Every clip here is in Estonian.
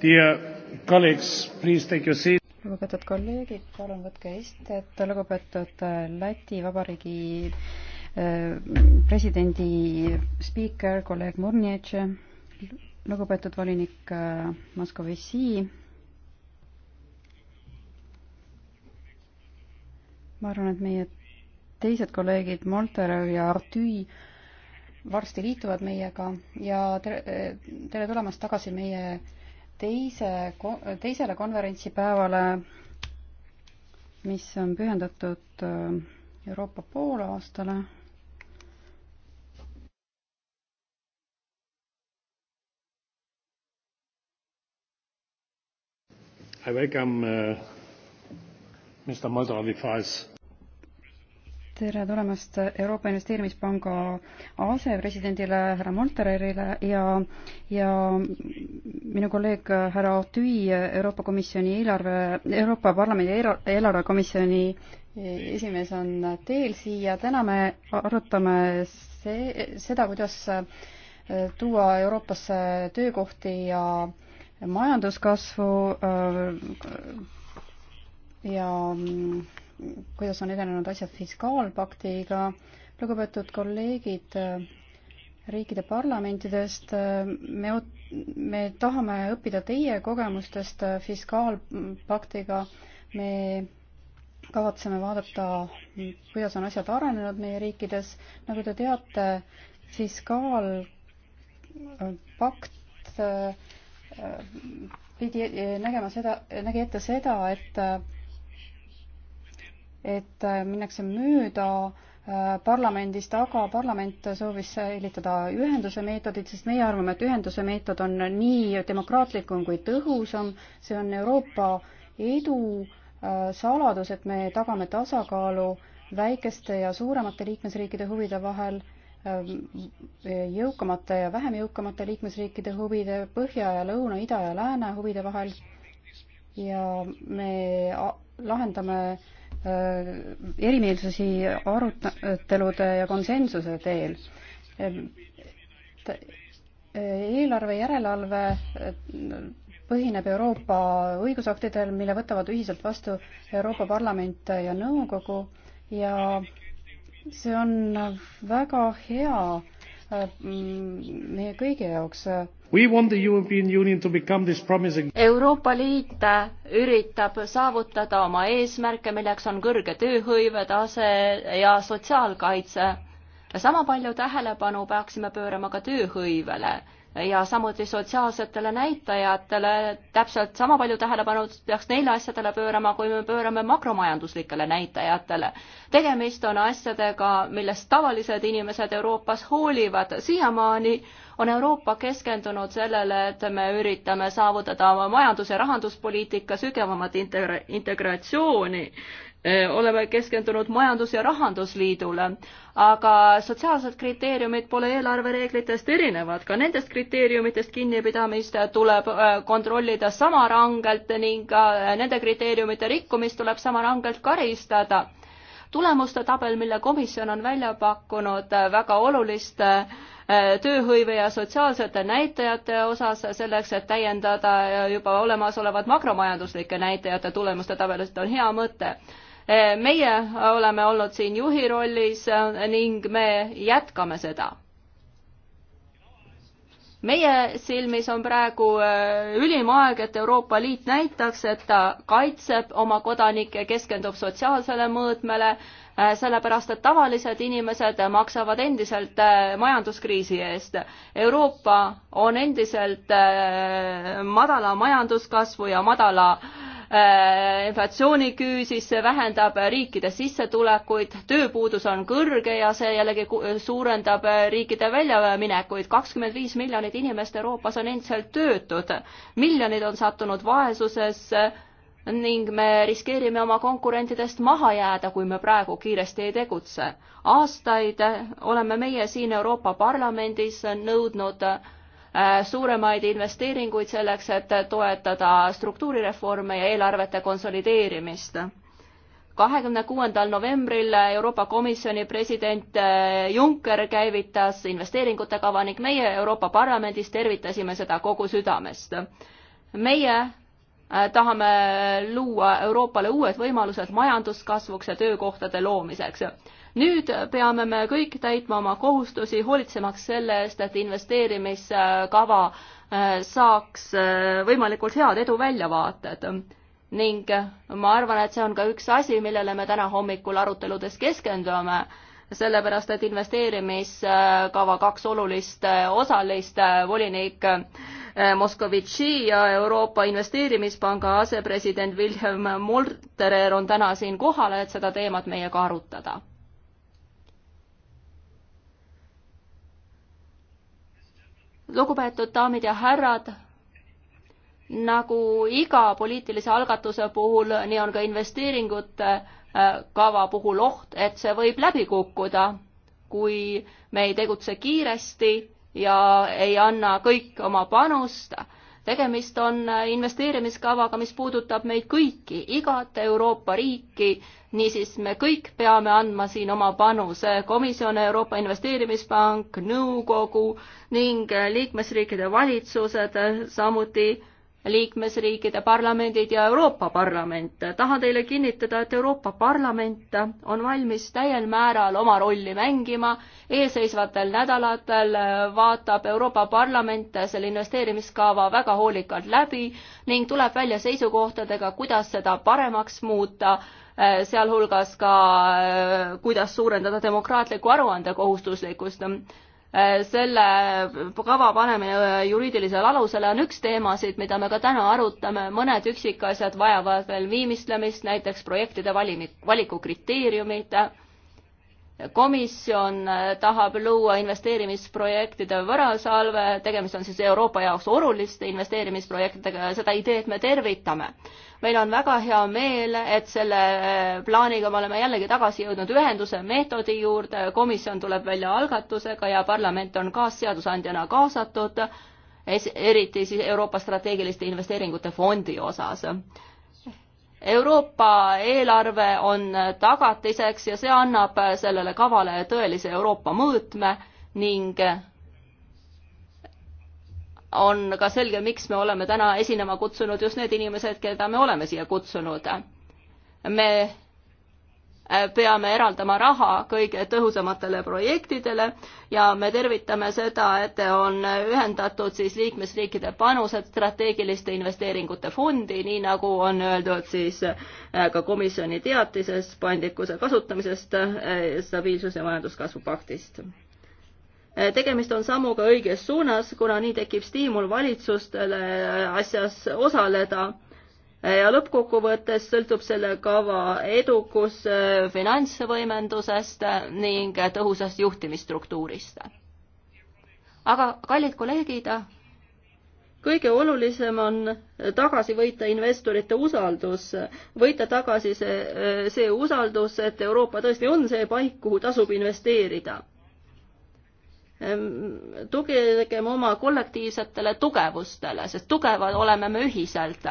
lugupeetud kolleegid, palun võtke istet, lugupeetud äh, Läti Vabariigi äh, presidendi spiiker, kolleeg Murnjatše, lugupeetud volinik äh, Moskovitsi. ma arvan, et meie teised kolleegid Molterov ja Artüi varsti liituvad meiega ja tere, tere tulemast tagasi meie teise, teisele konverentsipäevale, mis on pühendatud äh, Euroopa poolaastale. I welcome uh, äh, Mr. Moldova Vifas tere tulemast Euroopa Investeerimispanga asepresidendile härra Moltererile ja, ja minu kolleeg härra Tüi Euroopa Komisjoni eelarve, Euroopa Parlamendi eelarvekomisjoni esimees on teel siia. täna me arutame see, seda, kuidas tuua Euroopasse töökohti ja majanduskasvu ja kuidas on edenenud asjad fiskaalpaktiga. lugupeetud kolleegid riikide parlamentidest, me, me tahame õppida teie kogemustest fiskaalpaktiga, me kavatseme vaadata, kuidas on asjad arenenud meie riikides. nagu te teate, fiskaalpakt äh, pidi äh, nägema seda, nägi ette seda, et äh, et äh, minnakse mööda äh, parlamendist, aga parlament soovis säilitada ühenduse meetodit, sest meie arvame, et ühenduse meetod on nii demokraatlikum kui tõhusam, see on Euroopa edu äh, saladus, et me tagame tasakaalu väikeste ja suuremate liikmesriikide huvide vahel, jõukamate ja vähem jõukamate liikmesriikide huvide, põhja ja lõuna, ida ja lääne huvide vahel ja me lahendame äh, Äh, erimeelsusi arutelude ja konsensuse teel. eelarve järelevalve äh, põhineb Euroopa õigusaktidel, mille võtavad ühiselt vastu Euroopa Parlament ja Nõukogu ja see on väga hea äh, meie kõigi jaoks Euroopa Liit üritab saavutada oma eesmärke, milleks on kõrge tööhõive tase ja sotsiaalkaitse. sama palju tähelepanu peaksime pöörama ka tööhõivele ja samuti sotsiaalsetele näitajatele täpselt sama palju tähelepanu peaks neile asjadele pöörama, kui me pöörame makromajanduslikele näitajatele. tegemist on asjadega, millest tavalised inimesed Euroopas hoolivad. siiamaani on Euroopa keskendunud sellele, et me üritame saavutada oma majandus- ja rahanduspoliitika sügavamat integra-, integratsiooni oleme keskendunud Majandus- ja Rahandusliidule, aga sotsiaalsed kriteeriumid pole eelarvereeglitest erinevad, ka nendest kriteeriumitest kinnipidamist tuleb kontrollida sama rangelt ning ka nende kriteeriumite rikkumist tuleb sama rangelt karistada. tulemuste tabel, mille komisjon on välja pakkunud väga oluliste tööhõive ja sotsiaalsete näitajate osas selleks, et täiendada juba olemasolevat makromajanduslikke näitajate tulemuste tabelit, on hea mõte meie oleme olnud siin juhi rollis äh, ning me jätkame seda. meie silmis on praegu äh, ülim aeg, et Euroopa Liit näitaks, et ta kaitseb oma kodanikke, keskendub sotsiaalsele mõõtmele, äh, sellepärast et tavalised inimesed maksavad endiselt majanduskriisi eest. Euroopa on endiselt madala majanduskasvu ja madala äh, Äh, inflatsiooniküüsis, see vähendab riikide sissetulekuid, tööpuudus on kõrge ja see jällegi suurendab riikide väljaminekuid. kakskümmend viis miljonit inimest Euroopas on endiselt töötud, miljonid on sattunud vaesusesse ning me riskeerime oma konkurentidest maha jääda, kui me praegu kiiresti ei tegutse. aastaid oleme meie siin Euroopa Parlamendis nõudnud Äh, suuremaid investeeringuid selleks, et toetada struktuurireforme ja eelarvete konsolideerimist. kahekümne kuuendal novembril Euroopa Komisjoni president äh, Juncker käivitas investeeringute kava ning meie Euroopa Parlamendis tervitasime seda kogu südamest. meie äh, tahame luua Euroopale uued võimalused majanduskasvuks ja töökohtade loomiseks nüüd peame me kõik täitma oma kohustusi, hoolitsemaks selle eest, et investeerimiskava äh, saaks äh, võimalikult head eduväljavaated ning äh, ma arvan, et see on ka üks asi, millele me täna hommikul aruteludes keskendume, sellepärast et investeerimiskava kaks olulist osalist, volinik Moskovitši ja Euroopa Investeerimispanga asepresident Wilhelm Molterer on täna siin kohal, et seda teemat meiega arutada. lugupeetud daamid ja härrad, nagu iga poliitilise algatuse puhul, nii on ka investeeringute äh, kava puhul oht, et see võib läbi kukkuda, kui me ei tegutse kiiresti ja ei anna kõik oma panust tegemist on investeerimiskavaga, mis puudutab meid kõiki, igat Euroopa riiki, niisiis me kõik peame andma siin oma panuse, komisjon, Euroopa Investeerimispank, nõukogu ning liikmesriikide valitsused, samuti liikmesriikide parlamendid ja Euroopa Parlament. tahan teile kinnitada, et Euroopa Parlament on valmis täiel määral oma rolli mängima. eelseisvatel nädalatel vaatab Euroopa Parlament selle investeerimiskava väga hoolikalt läbi ning tuleb välja seisukohtadega, kuidas seda paremaks muuta, sealhulgas ka kuidas suurendada demokraatlikku aruandekohustuslikkust Äh, selle kava panemine äh, juriidilisele alusele on üks teemasid, mida me ka täna arutame, mõned üksikasjad vajavad veel viimistlemist, näiteks projektide valimik, valikukriteeriumid komisjon äh, tahab luua investeerimisprojektide võrasalve, tegemist on siis Euroopa jaoks oluliste investeerimisprojektidega ja seda ideed me tervitame. meil on väga hea meel, et selle äh, plaaniga me oleme jällegi tagasi jõudnud ühenduse meetodi juurde, komisjon tuleb välja algatusega ja parlament on kaasseadusandjana kaasatud, eriti siis Euroopa strateegiliste investeeringute fondi osas Euroopa eelarve on tagatiseks ja see annab sellele kavale tõelise Euroopa mõõtme ning on ka selge, miks me oleme täna esinema kutsunud just need inimesed, keda me oleme siia kutsunud. me Äh, peame eraldama raha kõige tõhusamatele projektidele ja me tervitame seda, et on ühendatud siis liikmesriikide panused strateegiliste investeeringute fondi, nii nagu on öeldud siis äh, ka komisjoni teatises paindlikkuse kasutamisest äh, stabiilsus- ja majanduskasvu paktist tegemist on sammuga õiges suunas, kuna nii tekib stiimul valitsustele asjas osaleda ja lõppkokkuvõttes sõltub selle kava edukus äh, finantsvõimendusest ning tõhusast juhtimisstruktuurist. aga kallid kolleegid, kõige olulisem on tagasi võita investorite usaldus, võita tagasi see, äh, see usaldus, et Euroopa tõesti on see paik, kuhu tasub investeerida. Ehm, tugevgem oma kollektiivsetele tugevustele, sest tugevad oleme me ühiselt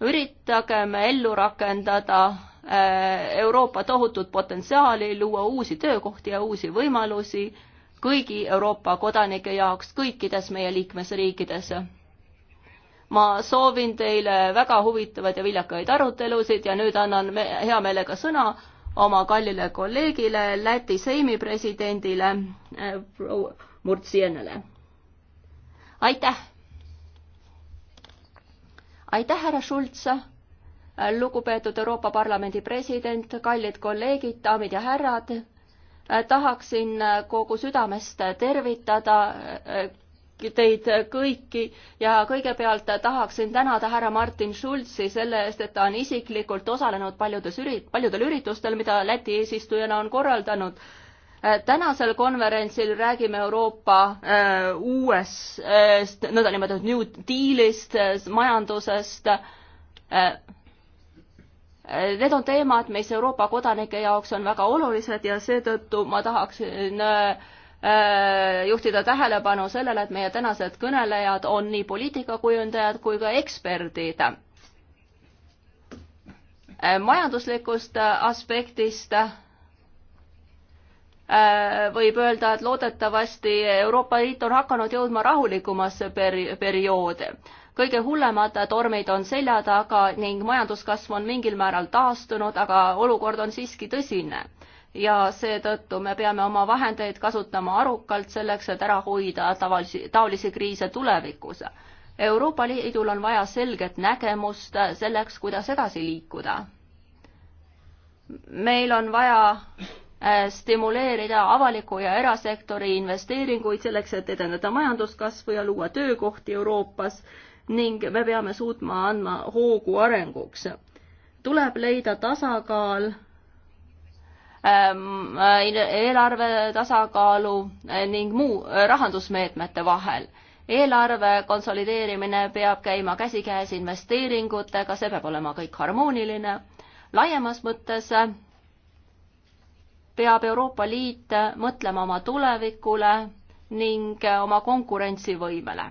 üritagem ellu rakendada äh, Euroopa tohutut potentsiaali, luua uusi töökohti ja uusi võimalusi kõigi Euroopa kodanike jaoks kõikides meie liikmesriikides. ma soovin teile väga huvitavaid ja viljakaid arutelusid ja nüüd annan me hea meelega sõna oma kallile kolleegile, Läti Seimi presidendile, äh, proua Murtsienele. aitäh! aitäh, härra Schulz, lugupeetud Euroopa Parlamendi president, kallid kolleegid, daamid ja härrad, tahaksin kogu südamest tervitada teid kõiki ja kõigepealt tahaksin tänada härra Martin Schulzi selle eest, et ta on isiklikult osalenud paljudes üri-, paljudel üritustel, mida Läti eesistujana on korraldanud Äh, tänasel konverentsil räägime Euroopa äh, uuest äh, nõndanimetatud New Dealist, majandusest. Need on teemad, mis Euroopa kodanike jaoks on väga olulised ja seetõttu ma tahaksin juhtida tähelepanu sellele, et meie tänased kõnelejad on nii poliitikakujundajad kui ka eksperdid. majanduslikust aspektist Äh, võib öelda, et loodetavasti Euroopa Liit on hakanud jõudma rahulikumasse peri-, perioodi. kõige hullemad tormid on selja taga ning majanduskasv on mingil määral taastunud, aga olukord on siiski tõsine. ja seetõttu me peame oma vahendeid kasutama arukalt selleks, et ära hoida tavalisi, taolisi kriise tulevikus. Euroopa Liidul on vaja selget nägemust selleks, kuidas edasi liikuda. meil on vaja Äh, stimuleerida avaliku ja erasektori investeeringuid selleks, et edendada majanduskasvu ja luua töökohti Euroopas ning me peame suutma andma hoogu arenguks. tuleb leida tasakaal ähm, äh, eelarve tasakaalu äh, ning muu rahandusmeetmete vahel. eelarve konsolideerimine peab käima käsikäes investeeringutega, see peab olema kõik harmooniline. laiemas mõttes peab Euroopa Liit mõtlema oma tulevikule ning oma konkurentsivõimele.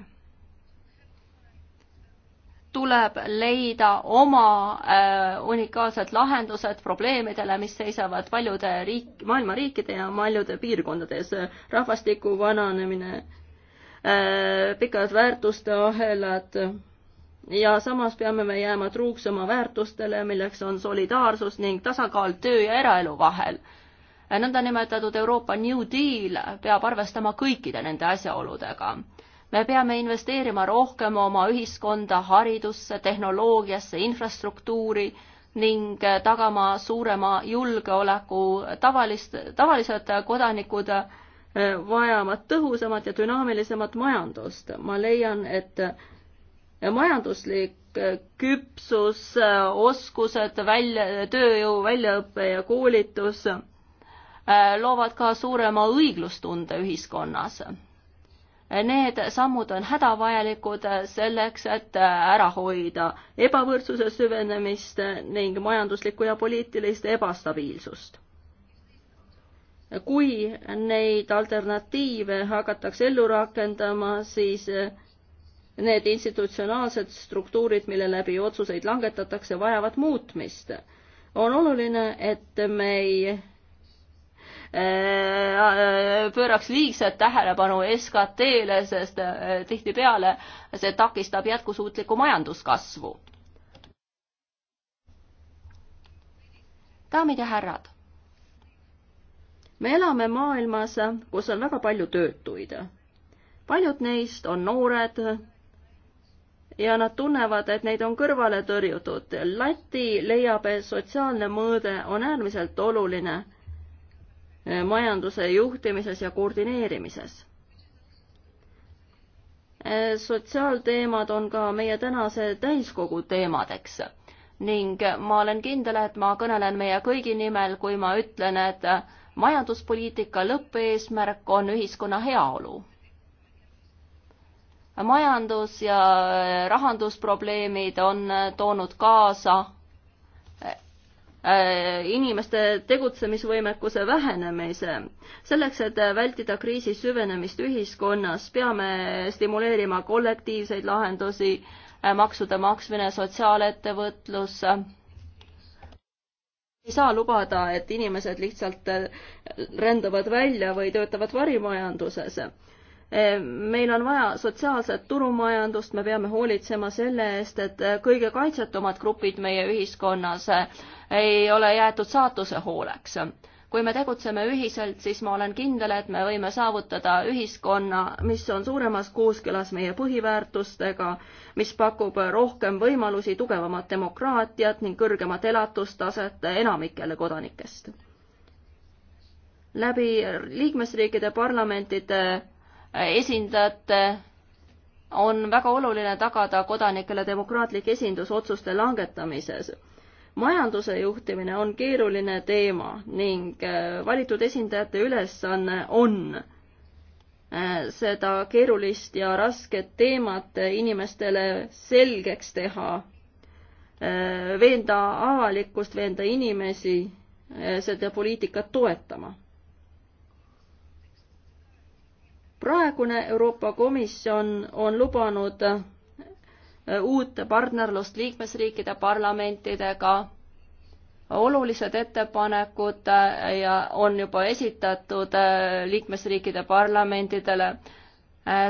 tuleb leida oma äh, unikaalsed lahendused probleemidele, mis seisavad paljude riik, maailma riikide ja paljude piirkondades. rahvastiku vananemine äh,, pikad väärtuste ahelad ja samas peame me jääma truuks oma väärtustele, milleks on solidaarsus ning tasakaal töö ja eraelu vahel nõndanimetatud Euroopa New Deal peab arvestama kõikide nende asjaoludega. me peame investeerima rohkem oma ühiskonda, haridusse, tehnoloogiasse, infrastruktuuri ning tagama suurema julgeoleku tavalist, tavalised kodanikud eh, vajavad tõhusamat ja dünaamilisemat majandust. ma leian, et majanduslik eh, küpsus, eh, oskused, välja, tööjõu väljaõpe ja koolitus Äh, loovad ka suurema õiglustunde ühiskonnas. Need sammud on hädavajalikud selleks, et äh, ära hoida ebavõrdsuse süvenemist ning majanduslikku ja poliitilist ebastabiilsust. kui neid alternatiive hakatakse ellu rakendama, siis äh, need institutsionaalsed struktuurid, mille läbi otsuseid langetatakse, vajavad muutmist. on oluline, et me ei Äh, äh, pööraks liigset tähelepanu SKT-le, sest äh, tihtipeale see takistab jätkusuutlikku majanduskasvu. daamid ja härrad, me elame maailmas, kus on väga palju töötuid. paljud neist on noored, ja nad tunnevad, et neid on kõrvale tõrjutud. Läti leiab, et sotsiaalne mõõde on äärmiselt oluline majanduse juhtimises ja koordineerimises. sotsiaalteemad on ka meie tänase täiskogu teemadeks ning ma olen kindel, et ma kõnelen meie kõigi nimel, kui ma ütlen, et majanduspoliitika lõppeesmärk on ühiskonna heaolu. majandus ja rahandusprobleemid on toonud kaasa Äh, inimeste tegutsemisvõimekuse vähenemise. selleks, et vältida kriisi süvenemist ühiskonnas, peame stimuleerima kollektiivseid lahendusi, äh, maksude maksmine, sotsiaalettevõtlus. ei saa lubada, et inimesed lihtsalt äh, rändavad välja või töötavad varimajanduses meil on vaja sotsiaalset turumajandust, me peame hoolitsema selle eest, et kõige kaitsetumad grupid meie ühiskonnas ei ole jäetud saatuse hooleks. kui me tegutseme ühiselt, siis ma olen kindel, et me võime saavutada ühiskonna, mis on suuremas kooskõlas meie põhiväärtustega, mis pakub rohkem võimalusi, tugevamat demokraatiat ning kõrgemat elatustaset enamikele kodanikest. läbi liikmesriikide parlamentide esindajate on väga oluline tagada kodanikele demokraatlik esindus otsuste langetamises majanduse juhtimine on keeruline teema ning äh, valitud esindajate ülesanne on, on äh, seda keerulist ja rasket teemat inimestele selgeks teha, äh, veenda avalikkust, veenda inimesi seda poliitikat toetama. praegune Euroopa Komisjon on lubanud Äh, uut partnerlust liikmesriikide parlamentidega. olulised ettepanekud äh, ja on juba esitatud äh, liikmesriikide parlamentidele.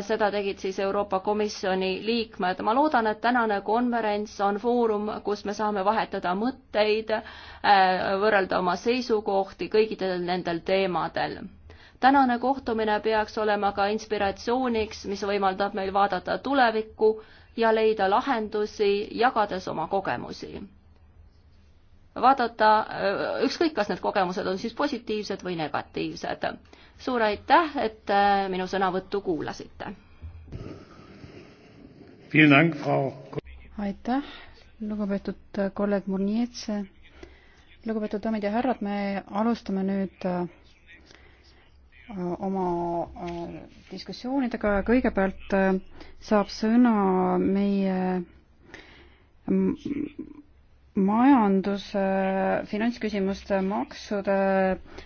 seda tegid siis Euroopa Komisjoni liikmed. ma loodan, et tänane konverents on foorum, kus me saame vahetada mõtteid, võrrelda oma seisukohti kõikidel nendel teemadel tänane kohtumine peaks olema ka inspiratsiooniks, mis võimaldab meil vaadata tulevikku ja leida lahendusi, jagades oma kogemusi. vaadata, äh, ükskõik, kas need kogemused on siis positiivsed või negatiivsed. suur aitäh, et äh, minu sõnavõttu kuulasite. aitäh, lugupeetud äh, kolleeg Murnietse. lugupeetud daamid ja härrad, me alustame nüüd oma äh, diskussioonidega ja kõigepealt äh, saab sõna meie mm, majanduse, äh, finantsküsimuste, maksude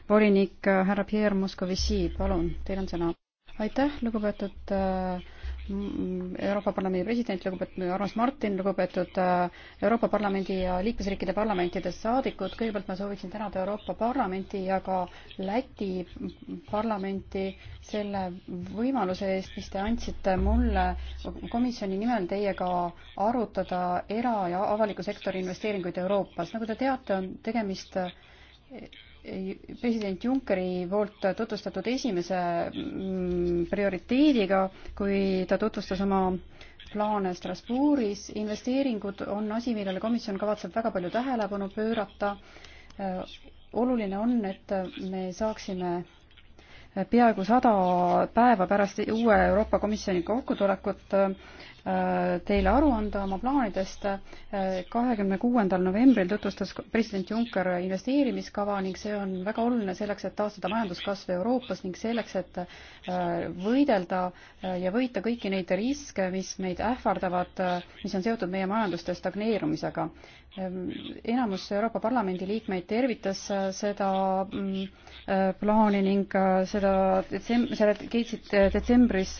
volinik härra Pierre Moscovici, palun, teil on sõna. aitäh, lugupeetud äh, Euroopa Parlamendi president, lugupeetud armas Martin, lugupeetud äh, Euroopa Parlamendi ja liikmesriikide parlamentide saadikud, kõigepealt ma sooviksin tänada Euroopa Parlamenti ja ka Läti parlamenti selle võimaluse eest, mis te andsite mulle komisjoni nimel teiega arutada era- ja avaliku sektori investeeringuid Euroopas. nagu te teate, on tegemist president Junckeri poolt tutvustatud esimese mm, prioriteediga, kui ta tutvustas oma plaane Strasbourgis. investeeringud on asi, millele komisjon kavatseb väga palju tähelepanu pöörata. Äh, oluline on, et me saaksime peaaegu sada päeva pärast uue Euroopa Komisjoni kokkutulekut äh, Äh, teile aru anda oma plaanidest. Äh, kahekümne kuuendal novembril tutvustas president Juncker investeerimiskava ning see on väga oluline selleks, et taastada majanduskasv Euroopas ning selleks, et äh, võidelda ja võita kõiki neid riske, mis meid ähvardavad, mis on seotud meie majanduste stagneerumisega. Ähm, enamus Euroopa Parlamendi liikmeid tervitas seda mm, plaani ning seda detsem-, selle kiitsid detsembris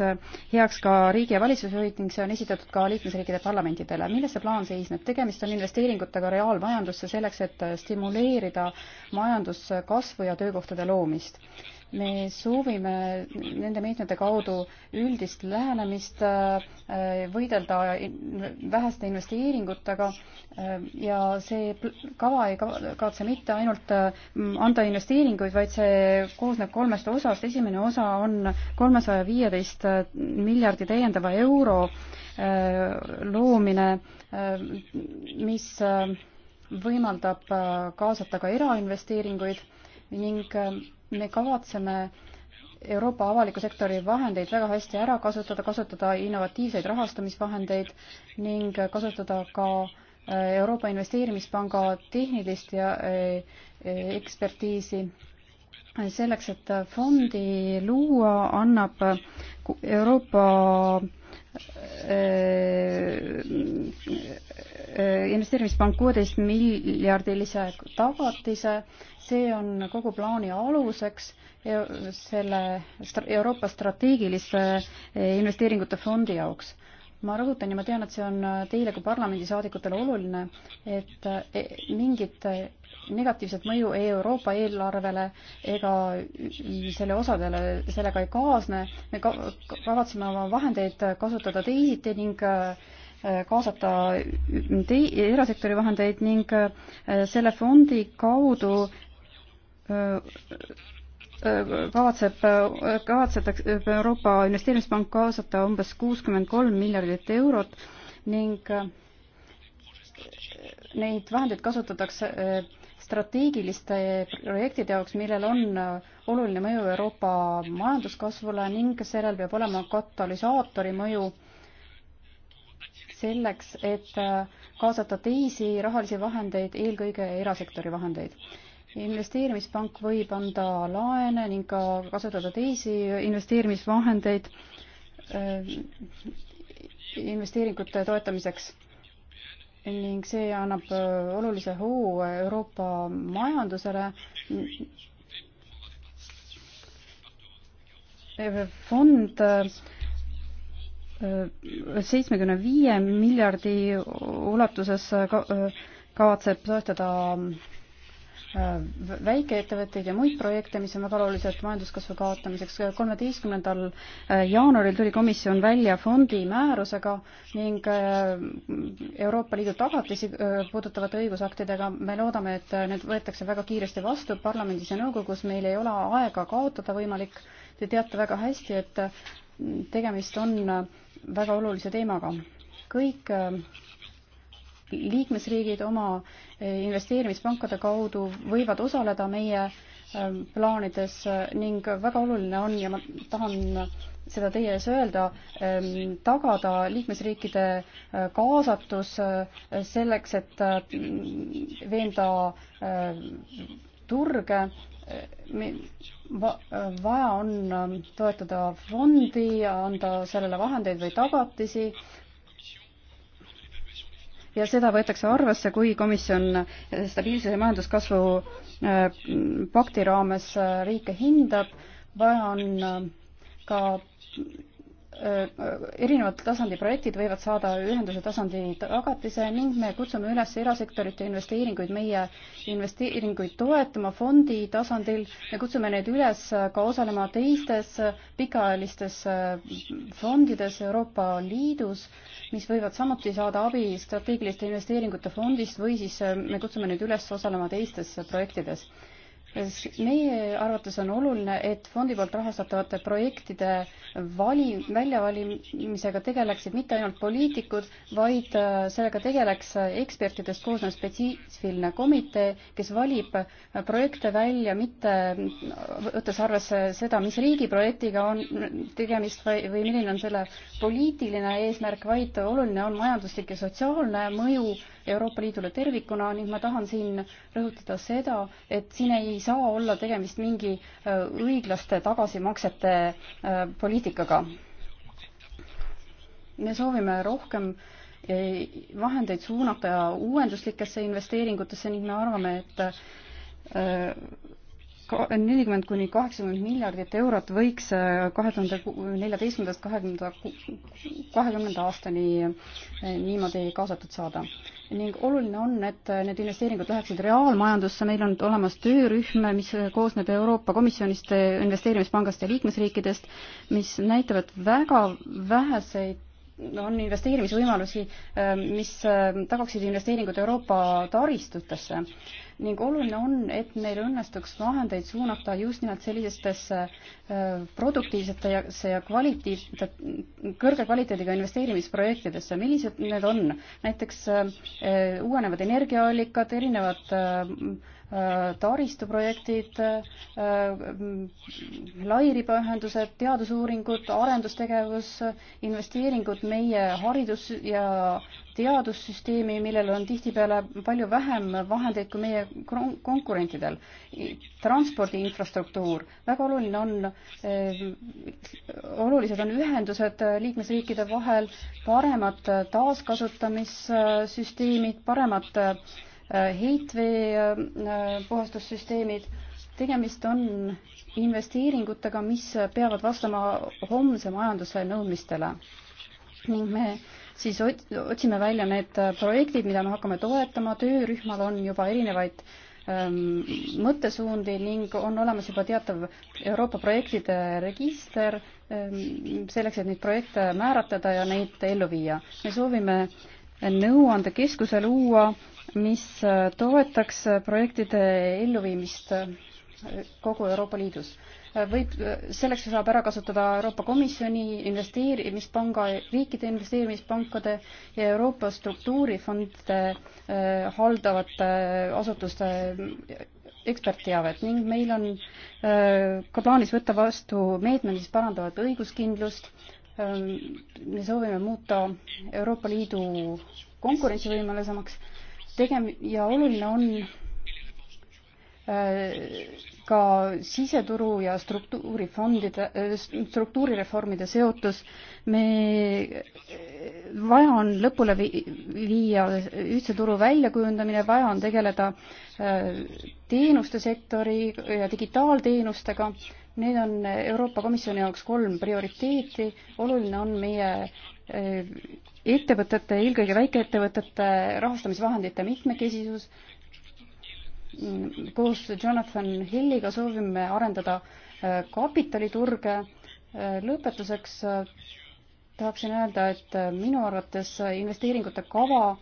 heaks ka riigi- ja valitsusjuhid ning see on esitatud ka liikmesriikide parlamentidele. milles see plaan seisneb? tegemist on investeeringutega reaalmajandusse selleks, et stimuleerida majanduskasvu ja töökohtade loomist. me soovime nende meetmete kaudu üldist lähenemist äh, võidelda väheste investeeringutega äh, ja see kava ei kavatse mitte ainult äh, anda investeeringuid, vaid see koosneb kolmest osast. esimene osa on kolmesaja viieteist miljardi täiendava euro loomine, mis võimaldab kaasata ka erainvesteeringuid ning me kavatseme Euroopa avaliku sektori vahendeid väga hästi ära kasutada, kasutada innovatiivseid rahastamisvahendeid ning kasutada ka äh, Euroopa Investeerimispanga tehnilist ja äh, ekspertiisi. selleks, et fondi luua, annab Euroopa Äh, äh, investeerimispank kuueteist miljardilise tagatise, see on kogu plaani aluseks selle Euroopa strateegiliste äh, investeeringute fondi jaoks ma rõhutan ja ma tean, et see on teile kui parlamendisaadikutele oluline, et e-, mingit negatiivset mõju ei Euroopa eelarvele ega selle osadele sellega ei kaasne. me ka kavatseme oma vahendeid kasutada teisiti ning äh, kaasata te erasektori vahendeid ning äh, selle fondi kaudu äh, kavatseb, kavatsetakse Euroopa Investeerimispank kaasata umbes kuuskümmend kolm miljardit eurot ning neid vahendeid kasutatakse strateegiliste projektide jaoks, millel on oluline mõju Euroopa majanduskasvule ning sellel peab olema katalüsaatori mõju selleks, et kaasata teisi rahalisi vahendeid, eelkõige erasektori vahendeid. investeerimispank võib anda laene ning ka kasutada teisi investeerimisvahendeid äh, investeeringute toetamiseks ning see annab äh, olulise hoo Euroopa majandusele. fond äh, seitsmekümne viie miljardi ulatuses äh, kavatseb toetada Äh, väikeettevõtteid ja muid projekte, mis on väga olulised majanduskasvu kaotamiseks. kolmeteistkümnendal äh, jaanuaril tuli komisjon välja fondi määrusega ning äh, Euroopa Liidu tagatisi puudutavate õigusaktidega. me loodame, et need võetakse väga kiiresti vastu parlamendis ja nõukogus. meil ei ole aega kaotada võimalik. Te teate väga hästi, et tegemist on väga olulise teemaga. kõik liikmesriigid oma eh, investeerimispankade kaudu võivad osaleda meie eh, plaanides eh, ning väga oluline on ja ma tahan seda teie ees öelda, ehm, tagada liikmesriikide kaasatus selleks, et veenda turge va vaja on toetada fondi ja anda sellele vahendeid või tagatisi, ja seda võetakse arvesse, kui komisjon stabiilse majanduskasvu äh, pakti raames äh, riike hindab, vaja on äh, ka Äh, erinevate tasandi projektid võivad saada ühenduse tasandi tagatise ning me kutsume üles erasektorit ja investeeringuid meie investeeringuid toetama fondi tasandil. me kutsume neid üles ka osalema teistes pikaajalistes äh, fondides Euroopa Liidus, mis võivad samuti saada abi strateegiliste investeeringute fondist või siis äh, me kutsume neid üles osalema teistes projektides meie arvates on oluline, et fondi poolt rahastatavate projektide vali, väljavalimisega tegeleksid mitte ainult poliitikud, vaid äh, sellega tegeleks ekspertidest koosnev spetsiifiline komitee, kes valib äh, projekte välja mitte võttes arvesse seda, mis riigi projektiga on tegemist või, või milline on selle poliitiline eesmärk, vaid oluline on majanduslik ja sotsiaalne mõju Euroopa Liidule tervikuna ning ma tahan siin rõhutada seda, et siin ei saa olla tegemist mingi äh, õiglaste tagasimaksete äh, poliitikaga. me soovime rohkem äh, vahendeid suunata uuenduslikesse investeeringutesse ning me arvame, et nelikümmend kuni kaheksakümmend miljardit eurot võiks äh, kahe tuhande neljateistkümnendast kahekümnenda, kahekümnenda aastani äh, niimoodi kaasatud saada. ning oluline on, et äh, need investeeringud läheksid reaalmajandusse, meil on olemas töörühm, mis koosneb Euroopa Komisjonist, investeerimispangast ja liikmesriikidest, mis näitab, et väga väheseid on investeerimisvõimalusi, ähm, mis ähm, tagaksid investeeringud Euroopa taristutesse ning oluline on, et meil õnnestuks vahendeid suunata just nimelt sellisestesse äh, produktiivsetesse ja kvalitiivsete, kõrge kvaliteediga investeerimisprojektidesse. millised need on? näiteks äh, äh, uuenevad energiaallikad, erinevad Äh, taristuprojektid, äh, mm, lairibaühendused, teadusuuringud, arendustegevus, investeeringud meie haridus- ja teadussüsteemi, millel on tihtipeale palju vähem vahendeid kui meie konkurentidel. transpordi infrastruktuur, väga oluline on, äh, olulised on ühendused liikmesriikide vahel, paremad taaskasutamissüsteemid, paremad Äh, heitvee äh, äh, puhastussüsteemid. tegemist on investeeringutega, mis peavad vastama homse majanduse nõudmistele ning me siis otsime välja need projektid, mida me hakkame toetama, töörühmal on juba erinevaid ähm, mõttesuundi ning on olemas juba teatav Euroopa projektide register ähm, selleks, et neid projekte määratleda ja neid ellu viia. me soovime nõuandekeskuse luua mis äh, toetaks äh, projektide elluviimist äh, kogu Euroopa Liidus. võib, selleks saab ära kasutada Euroopa Komisjoni investeerimispanga, riikide investeerimispankade ja Euroopa struktuurifondide äh, haldavate asutuste ekspertteavet ning meil on äh, ka plaanis võtta vastu meetmed, mis parandavad õiguskindlust äh,. me soovime muuta Euroopa Liidu konkurentsivõimelisemaks tegem- ja oluline on äh, ka siseturu ja struktuurifondide, äh, struktuurireformide seotus. me, äh, vaja on lõpule viia ühtse turu väljakujundamine, vaja on tegeleda teenuste sektori ja digitaalteenustega. Need on Euroopa Komisjoni jaoks kolm prioriteeti. oluline on meie ettevõtete, eelkõige väikeettevõtete rahastamisvahendite mitmekesisus. koos Jonathan Hilliga soovime arendada äh, kapitaliturge. Äh, lõpetuseks äh, tahaksin öelda, et minu arvates investeeringute kava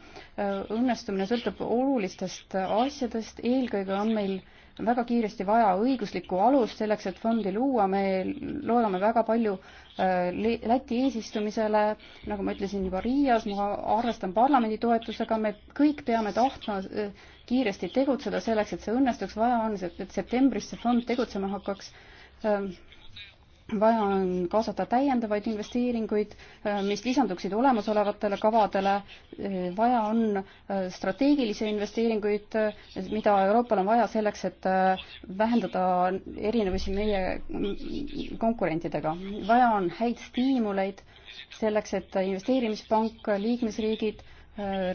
õnnestumine sõltub olulistest asjadest, eelkõige on meil väga kiiresti vaja õiguslikku alust selleks, et fondi luua, me loodame väga palju äh, Läti eesistumisele, nagu ma ütlesin juba Riias, ma arvestan parlamendi toetusega, me kõik peame tahtma äh, kiiresti tegutseda selleks, et see õnnestuks, vaja on, et septembris see fond tegutsema hakkaks ähm, vaja on kaasata täiendavaid investeeringuid, äh, mis lisanduksid olemasolevatele kavadele, äh, vaja on äh, strateegilisi investeeringuid, mida Euroopal on vaja selleks, et vähendada erinevusi meie mm, konkurentidega. vaja on häid stiimuleid selleks, et investeerimispank, liikmesriigid,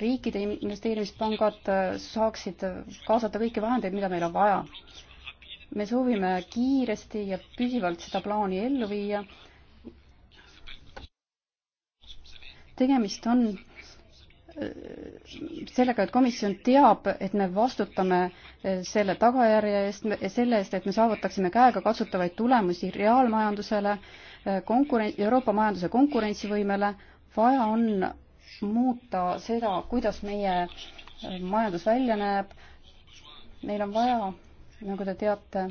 riikide investeerimispangad saaksid kaasata kõiki vahendeid, mida meil on vaja me soovime kiiresti ja püsivalt seda plaani ellu viia. tegemist on äh, sellega, et komisjon teab, et me vastutame äh, selle tagajärje eest, selle eest, et me saavutaksime käegakatsutavaid tulemusi reaalmajandusele, äh, konkurent-, Euroopa majanduse konkurentsivõimele, vaja on muuta seda, kuidas meie majandus välja näeb, meil on vaja nagu te teate,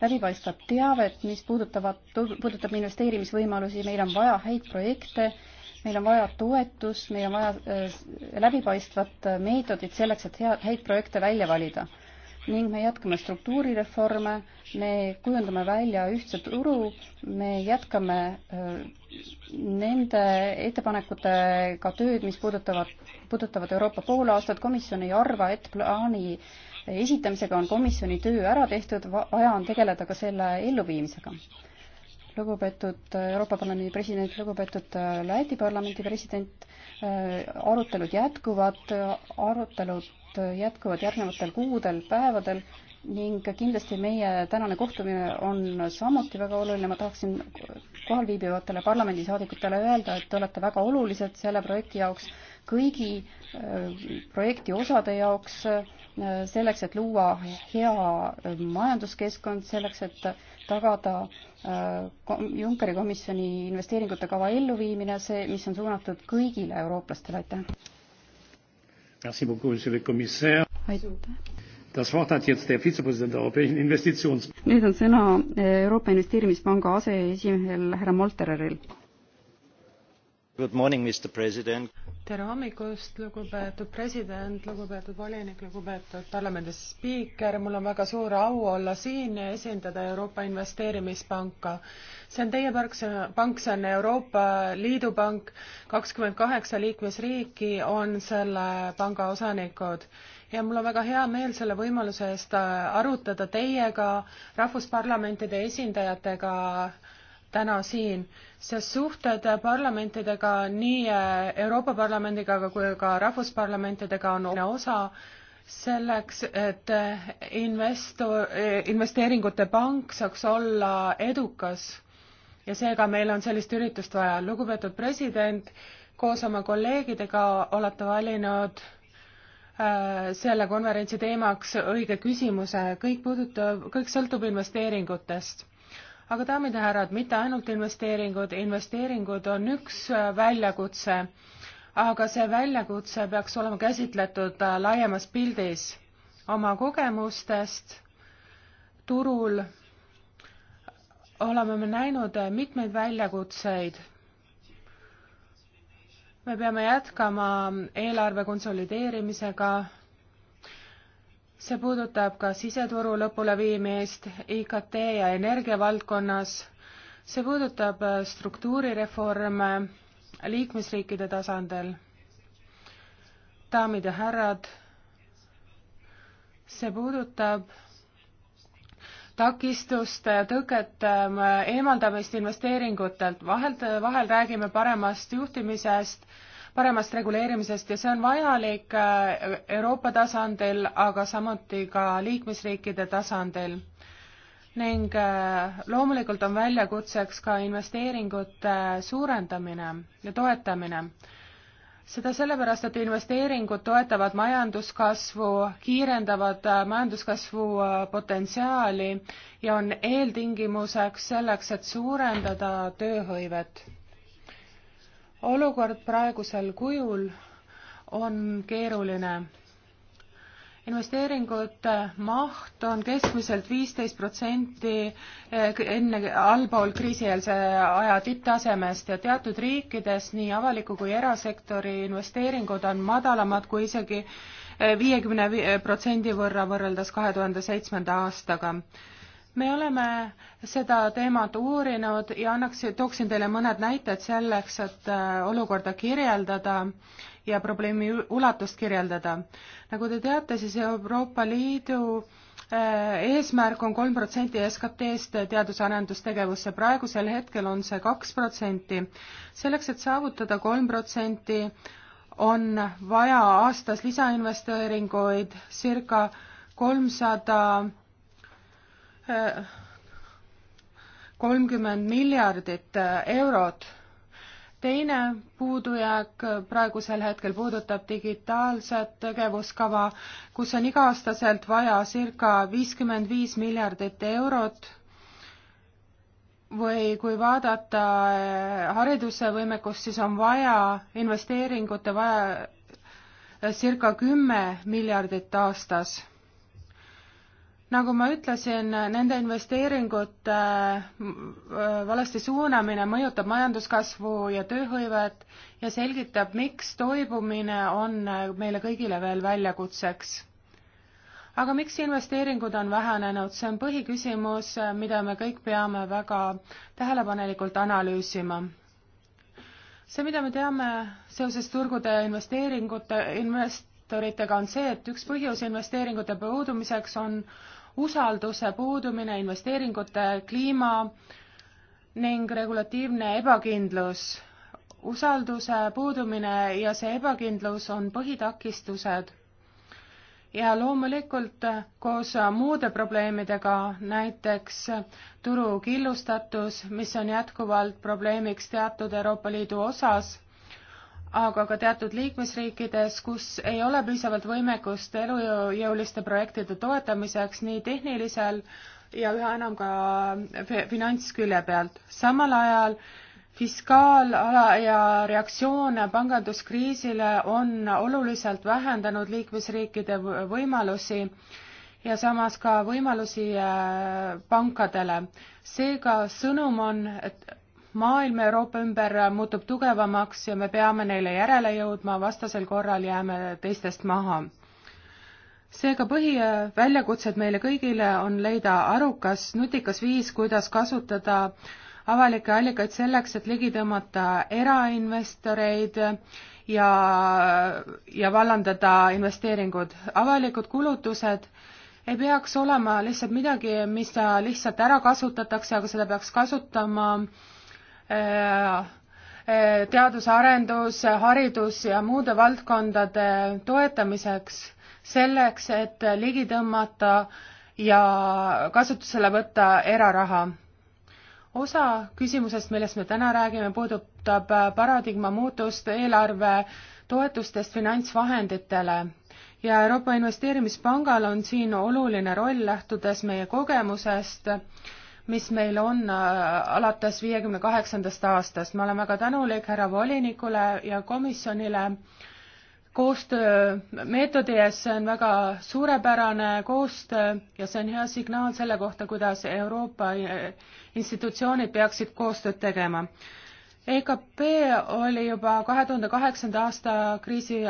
läbipaistvat teavet, mis puudutavad, puudutab investeerimisvõimalusi, meil on vaja häid projekte, meil on vaja toetust, meil on vaja äh, läbipaistvat äh, meetodit selleks, et head, häid projekte välja valida. ning me jätkame struktuurireforme, me kujundame välja ühtse turu, me jätkame äh, nende ettepanekutega tööd, mis puudutavad, puudutavad Euroopa poolaastat, komisjon ei arva, et plaani äh, esitamisega on komisjoni töö ära tehtud, vaja on tegeleda ka selle elluviimisega. lugupeetud äh, Euroopa Parlamendi president, lugupeetud äh, Läti parlamendi president, äh, arutelud jätkuvad, arutelud jätkuvad järgnevatel kuudel, päevadel ning kindlasti meie tänane kohtumine on samuti väga oluline, ma tahaksin kohalviibivatele parlamendisaadikutele öelda, et te olete väga olulised selle projekti jaoks kõigi äh, projekti osade jaoks, äh, selleks, et luua hea äh, majanduskeskkond, selleks, et tagada Junckeri komisjoni investeeringute kava elluviimine, see, mis on suunatud kõigile eurooplastele, aitäh. aitäh nüüd on sõna Euroopa Investeerimispanga aseesimehel härra Moltereril tere hommikust, lugupeetud president, lugupeetud volinik, lugupeetud parlamendi spiiker, mul on väga suur au olla siin ja esindada Euroopa Investeerimispanka. see on teie pank, see on, pank, see on Euroopa Liidu pank, kakskümmend kaheksa liikmesriiki on selle panga osanikud ja mul on väga hea meel selle võimaluse eest arutada teiega, rahvusparlamentide esindajatega, täna siin, sest suhted parlamentidega, nii äh, Euroopa Parlamendiga kui ka rahvusparlamentidega on oluline osa selleks, et äh, investor, äh, investeeringute pank saaks olla edukas ja seega meil on sellist üritust vaja. lugupeetud president, koos oma kolleegidega olete valinud selle konverentsi teemaks õige küsimuse, kõik puudutab, kõik sõltub investeeringutest aga daamid ja härrad, mitte ainult investeeringud, investeeringud on üks äh, väljakutse, aga see väljakutse peaks olema käsitletud äh, laiemas pildis oma kogemustest turul oleme me näinud äh, mitmeid väljakutseid. me peame jätkama eelarve konsolideerimisega see puudutab ka siseturu lõpuleviimist IKT ja energiavaldkonnas, see puudutab äh, struktuurireforme liikmesriikide tasandil. daamid ja härrad, see puudutab takistuste ja tõkete äh, eemaldamist investeeringutelt, vahel, vahel räägime paremast juhtimisest paremast reguleerimisest ja see on vajalik äh, Euroopa tasandil, aga samuti ka liikmesriikide tasandil. ning äh, loomulikult on väljakutseks ka investeeringute suurendamine ja toetamine seda sellepärast, et investeeringud toetavad majanduskasvu, kiirendavad äh, majanduskasvu potentsiaali ja on eeltingimuseks selleks, et suurendada tööhõivet olukord praegusel kujul on keeruline. investeeringute maht on keskmiselt viisteist protsenti eh, enne, allpool kriisieelse aja tipptasemest ja teatud riikides nii avaliku kui erasektori investeeringud on madalamad kui isegi eh, viiekümne protsendi võrra võrreldes kahe tuhande seitsmenda aastaga me oleme seda teemat uurinud ja annaks, tooksin teile mõned näited selleks, et äh, olukorda kirjeldada ja probleemi ulatust kirjeldada. nagu te teate, siis Euroopa Liidu äh, eesmärk on kolm protsenti SKT-st teadus-arendustegevusse, praegusel hetkel on see kaks protsenti. selleks, et saavutada kolm protsenti, on vaja aastas lisainvesteeringuid circa kolmsada 300 kolmkümmend miljardit äh, eurot. teine puudujääk praegusel hetkel puudutab digitaalset tegevuskava, kus on iga-aastaselt vaja circa viiskümmend viis miljardit eurot või kui vaadata äh, hariduse võimekust, siis on vaja investeeringute vaja äh, circa kümme miljardit aastas nagu ma ütlesin, nende investeeringute äh, äh, valesti suunamine mõjutab majanduskasvu ja tööhõivet ja selgitab, miks toibumine on äh, meile kõigile veel väljakutseks. aga miks investeeringud on vähenenud, see on põhiküsimus, mida me kõik peame väga tähelepanelikult analüüsima see, mida me teame seoses turgude ja investeeringute invest-, sektoritega on see, et üks põhjus investeeringute puudumiseks on usalduse puudumine, investeeringute kliima ning regulatiivne ebakindlus. usalduse puudumine ja see ebakindlus on põhitakistused. ja loomulikult koos muude probleemidega, näiteks turu killustatus, mis on jätkuvalt probleemiks teatud Euroopa Liidu osas aga ka teatud liikmesriikides, kus ei ole piisavalt võimekust elujõuliste projektide toetamiseks nii tehnilisel ja üha enam ka finantskülje pealt. samal ajal fiskaalala ja reaktsioon panganduskriisile on oluliselt vähendanud liikmesriikide võimalusi ja samas ka võimalusi äh, pankadele. seega sõnum on, et maailm Euroopa ümber muutub tugevamaks ja me peame neile järele jõudma, vastasel korral jääme teistest maha. seega põhiväljakutsed meile kõigile on leida arukas, nutikas viis, kuidas kasutada avalikke allikaid selleks, et ligi tõmmata erainvestoreid ja, ja vallandada investeeringud. avalikud kulutused ei peaks olema lihtsalt midagi, mis lihtsalt ära kasutatakse, aga seda peaks kasutama äh, Äh, äh, teadus-arendus, haridus ja muude valdkondade toetamiseks, selleks, et ligi tõmmata ja kasutusele võtta eraraha. osa küsimusest, millest me täna räägime, puudutab äh, paradigma muutust eelarve toetustest finantsvahenditele ja Euroopa Investeerimispangal on siin oluline roll, lähtudes meie kogemusest mis meil on äh, alates viiekümne kaheksandast aastast. ma olen väga tänulik härra volinikule ja komisjonile koostöömeetodi eest, see on väga suurepärane koostöö ja see on hea signaal selle kohta, kuidas Euroopa äh, institutsioonid peaksid koostööd tegema. EKP oli juba kahe tuhande kaheksanda aasta kriisi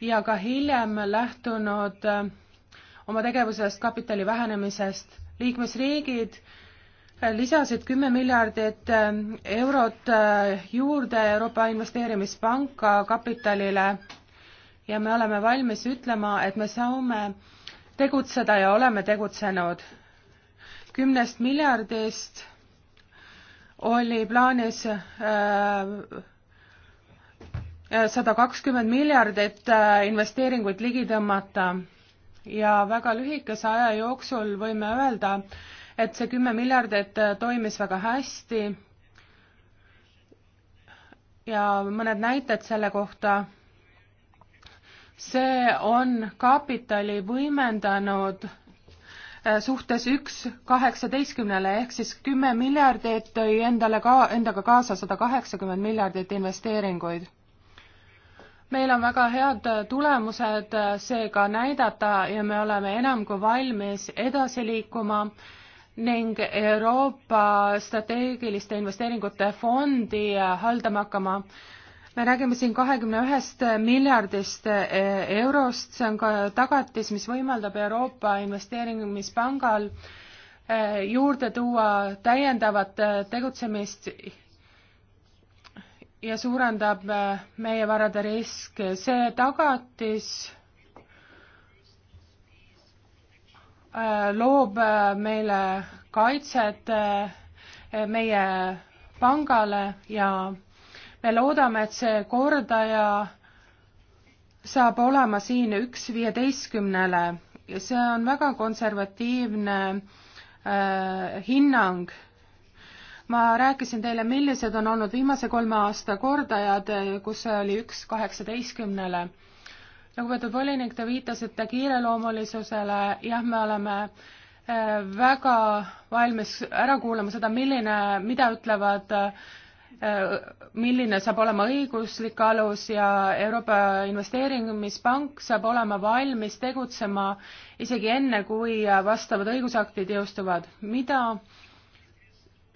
ja ka hiljem lähtunud äh, oma tegevusest kapitali vähenemisest. liikmesriigid lisasid kümme miljardit eh, eurot eh, juurde Euroopa Investeerimispanka kapitalile ja me oleme valmis ütlema, et me saame tegutseda ja oleme tegutsenud. kümnest miljardist oli plaanis eh, sada kakskümmend miljardit investeeringuid ligi tõmmata ja väga lühikese aja jooksul võime öelda, et see kümme miljardit äh, toimis väga hästi ja mõned näited selle kohta. see on kapitali võimendanud äh, suhtes üks kaheksateistkümnele ehk siis kümme miljardit tõi endale ka, endaga kaasa sada kaheksakümmend miljardit investeeringuid. meil on väga head äh, tulemused seega näidata ja me oleme enam kui valmis edasi liikuma ning Euroopa strateegiliste investeeringute fondi haldama hakkama. me räägime siin kahekümne ühest miljardist e, eurost, see on ka tagatis, mis võimaldab Euroopa Investeerimispangal e, juurde tuua täiendavat e, tegutsemist ja suurendab meie varade risk. see tagatis Äh, loob äh, meile kaitset äh, meie pangale ja me loodame, et see kordaja saab olema siin üks viieteistkümnele. see on väga konservatiivne äh, hinnang. ma rääkisin teile, millised on olnud viimase kolme aasta kordajad, kus see oli üks kaheksateistkümnele lugupeetud volinik, te viitasite kiireloomulisusele, jah, me oleme äh, väga valmis ära kuulama seda, milline, mida ütlevad äh, milline saab olema õiguslik alus ja Euroopa Investeerimispank saab olema valmis tegutsema isegi enne, kui vastavad õigusaktid jõustuvad. mida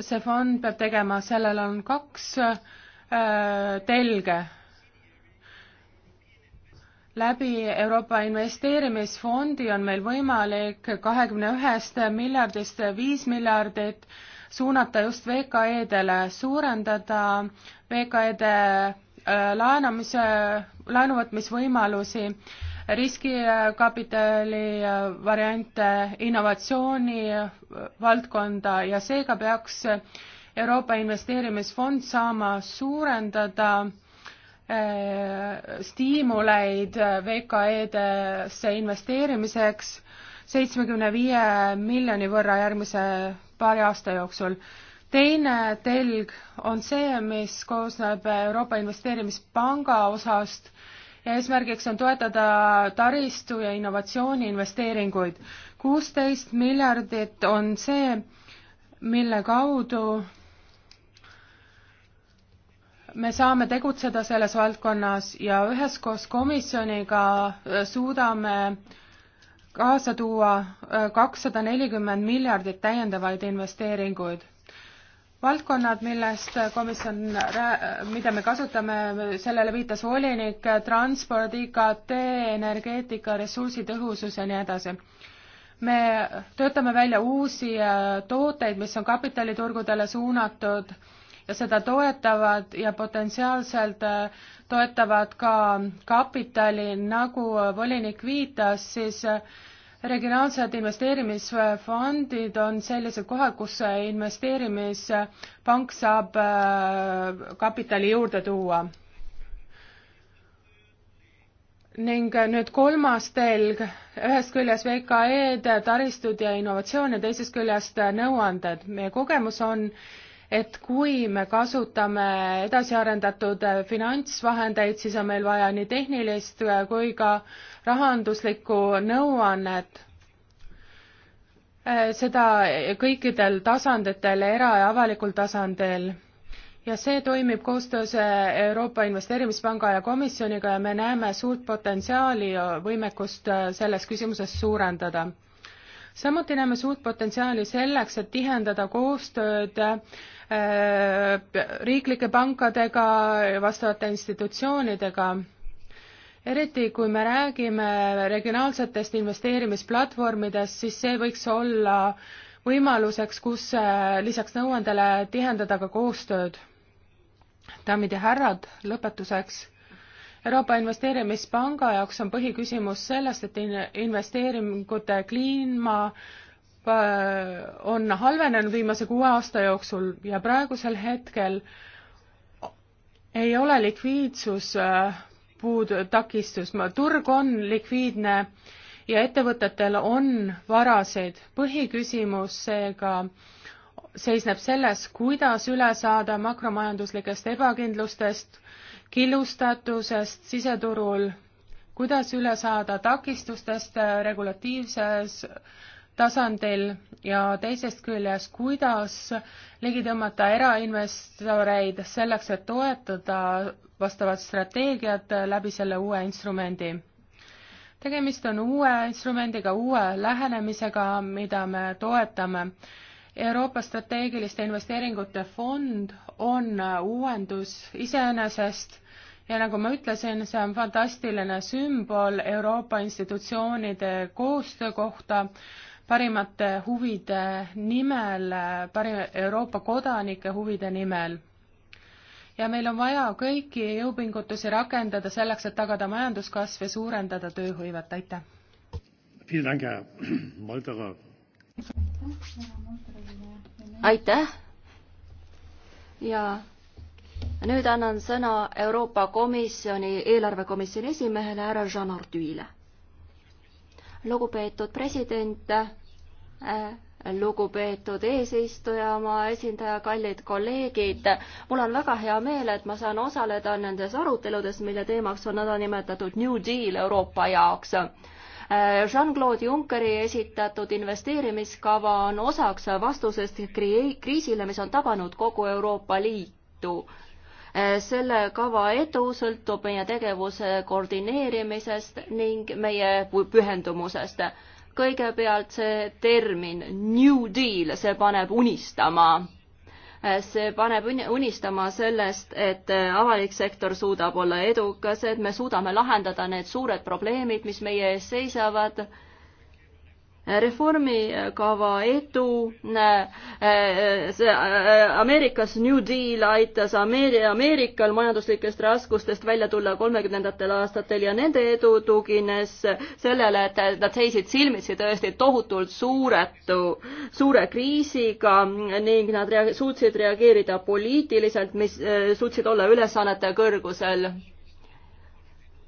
see fond peab tegema, sellel on kaks äh, telge läbi Euroopa Investeerimisfondi on meil võimalik kahekümne ühest miljardist viis miljardit suunata just VKE-dele, suurendada VKE-de äh, laenamise, laenuvõtmisvõimalusi, riskikapitali äh, variante, innovatsiooni äh, valdkonda ja seega peaks Euroopa Investeerimisfond saama suurendada äh, Äh, stiimuleid VKE-desse investeerimiseks seitsmekümne viie miljoni võrra järgmise paari aasta jooksul. teine telg on see, mis koosneb Euroopa Investeerimispanga osast ja eesmärgiks on toetada taristu ja innovatsiooni investeeringuid. kuusteist miljardit on see, mille kaudu me saame tegutseda selles valdkonnas ja üheskoos komisjoniga äh, suudame kaasa tuua äh, kakssada nelikümmend miljardit täiendavaid investeeringuid. valdkonnad, millest äh, komisjon, mida me kasutame, sellele viitas volinik, transport, IKT, energeetika, ressursitõhusus ja nii edasi me töötame välja uusi tooteid, mis on kapitaliturgudele suunatud ja seda toetavad ja potentsiaalselt äh, toetavad ka kapitali, nagu äh, volinik viitas, siis äh, regionaalsed investeerimisfondid on sellised kohad, kus investeerimispank saab kapitali juurde tuua. ning nüüd kolmas telg, ühest küljest VKE-d, taristud ja innovatsioon ja teisest küljest nõuanded. meie kogemus on, et kui me kasutame edasiarendatud äh, finantsvahendeid, siis on meil vaja nii tehnilist äh, kui ka rahanduslikku nõuannet. Äh, seda kõikidel tasanditel, era- ja avalikul tasandil. ja see toimib koostöös Euroopa Investeerimispanga ja komisjoniga ja me näeme suurt potentsiaali ja võimekust selles küsimuses suurendada samuti näeme suurt potentsiaali selleks, et tihendada koostööd Äh, riiklike pankadega, vastavate institutsioonidega eriti kui me räägime regionaalsetest investeerimisplatvormidest, siis see võiks olla võimaluseks, kus äh, lisaks nõuandele tihendada ka koostööd. daamid ja härrad, lõpetuseks. Euroopa Investeerimispanga jaoks on põhiküsimus sellest, et investeeringute kliima Äh, on halvenenud viimase kuue aasta jooksul ja praegusel hetkel ei ole likviidsus äh, puud-, takistus, turg on likviidne ja ettevõtetel on varasid. põhiküsimus seega seisneb selles, kuidas üle saada makromajanduslikest ebakindlustest, killustatusest siseturul, kuidas üle saada takistustest äh, regulatiivses tasandil ja teisest küljest, kuidas ligi tõmmata erainvestoreid selleks, et toetada vastavat strateegiat läbi selle uue instrumendi. tegemist on uue instrumendiga, uue lähenemisega, mida me toetame Euroopa strateegiliste investeeringute fond on uuendus iseenesest ja nagu ma ütlesin, see on fantastiline sümbol Euroopa institutsioonide koostöö kohta, parimate huvide nimel, pari-, Euroopa kodanike huvide nimel. ja meil on vaja kõiki jõupingutusi rakendada selleks, et tagada majanduskasv ja suurendada tööhõivet, aitäh! aitäh! ja nüüd annan sõna Euroopa Komisjoni, eelarvekomisjoni esimehele, härra Jean Artüile lugupeetud president, äh, lugupeetud eesistuja, oma esindaja, kallid kolleegid. mul on väga hea meel, et ma saan osaleda nendes aruteludes, mille teemaks on nõndanimetatud New Deal Euroopa jaoks äh, Jean-Claude Junckeri esitatud investeerimiskava on osaks vastusest kriisile, mis on tabanud kogu Euroopa Liitu Eh, selle kava edu sõltub meie tegevuse koordineerimisest ning meie pühendumusest. kõigepealt see termin New Deal, see paneb unistama. Eh, see paneb unistama sellest, et eh, avalik sektor suudab olla edukas, et me suudame lahendada need suured probleemid, mis meie ees seisavad reformikava eh, edu, eh, eh, see Ameerikas New Deal aitas Ameeri-, Ameerikal majanduslikest raskustest välja tulla kolmekümnendatel aastatel ja nende edu tugines sellele, et nad seisid silmitsi tõesti tohutult suuretu, suure kriisiga ning nad rea-, suutsid reageerida poliitiliselt, mis suutsid olla ülesannete kõrgusel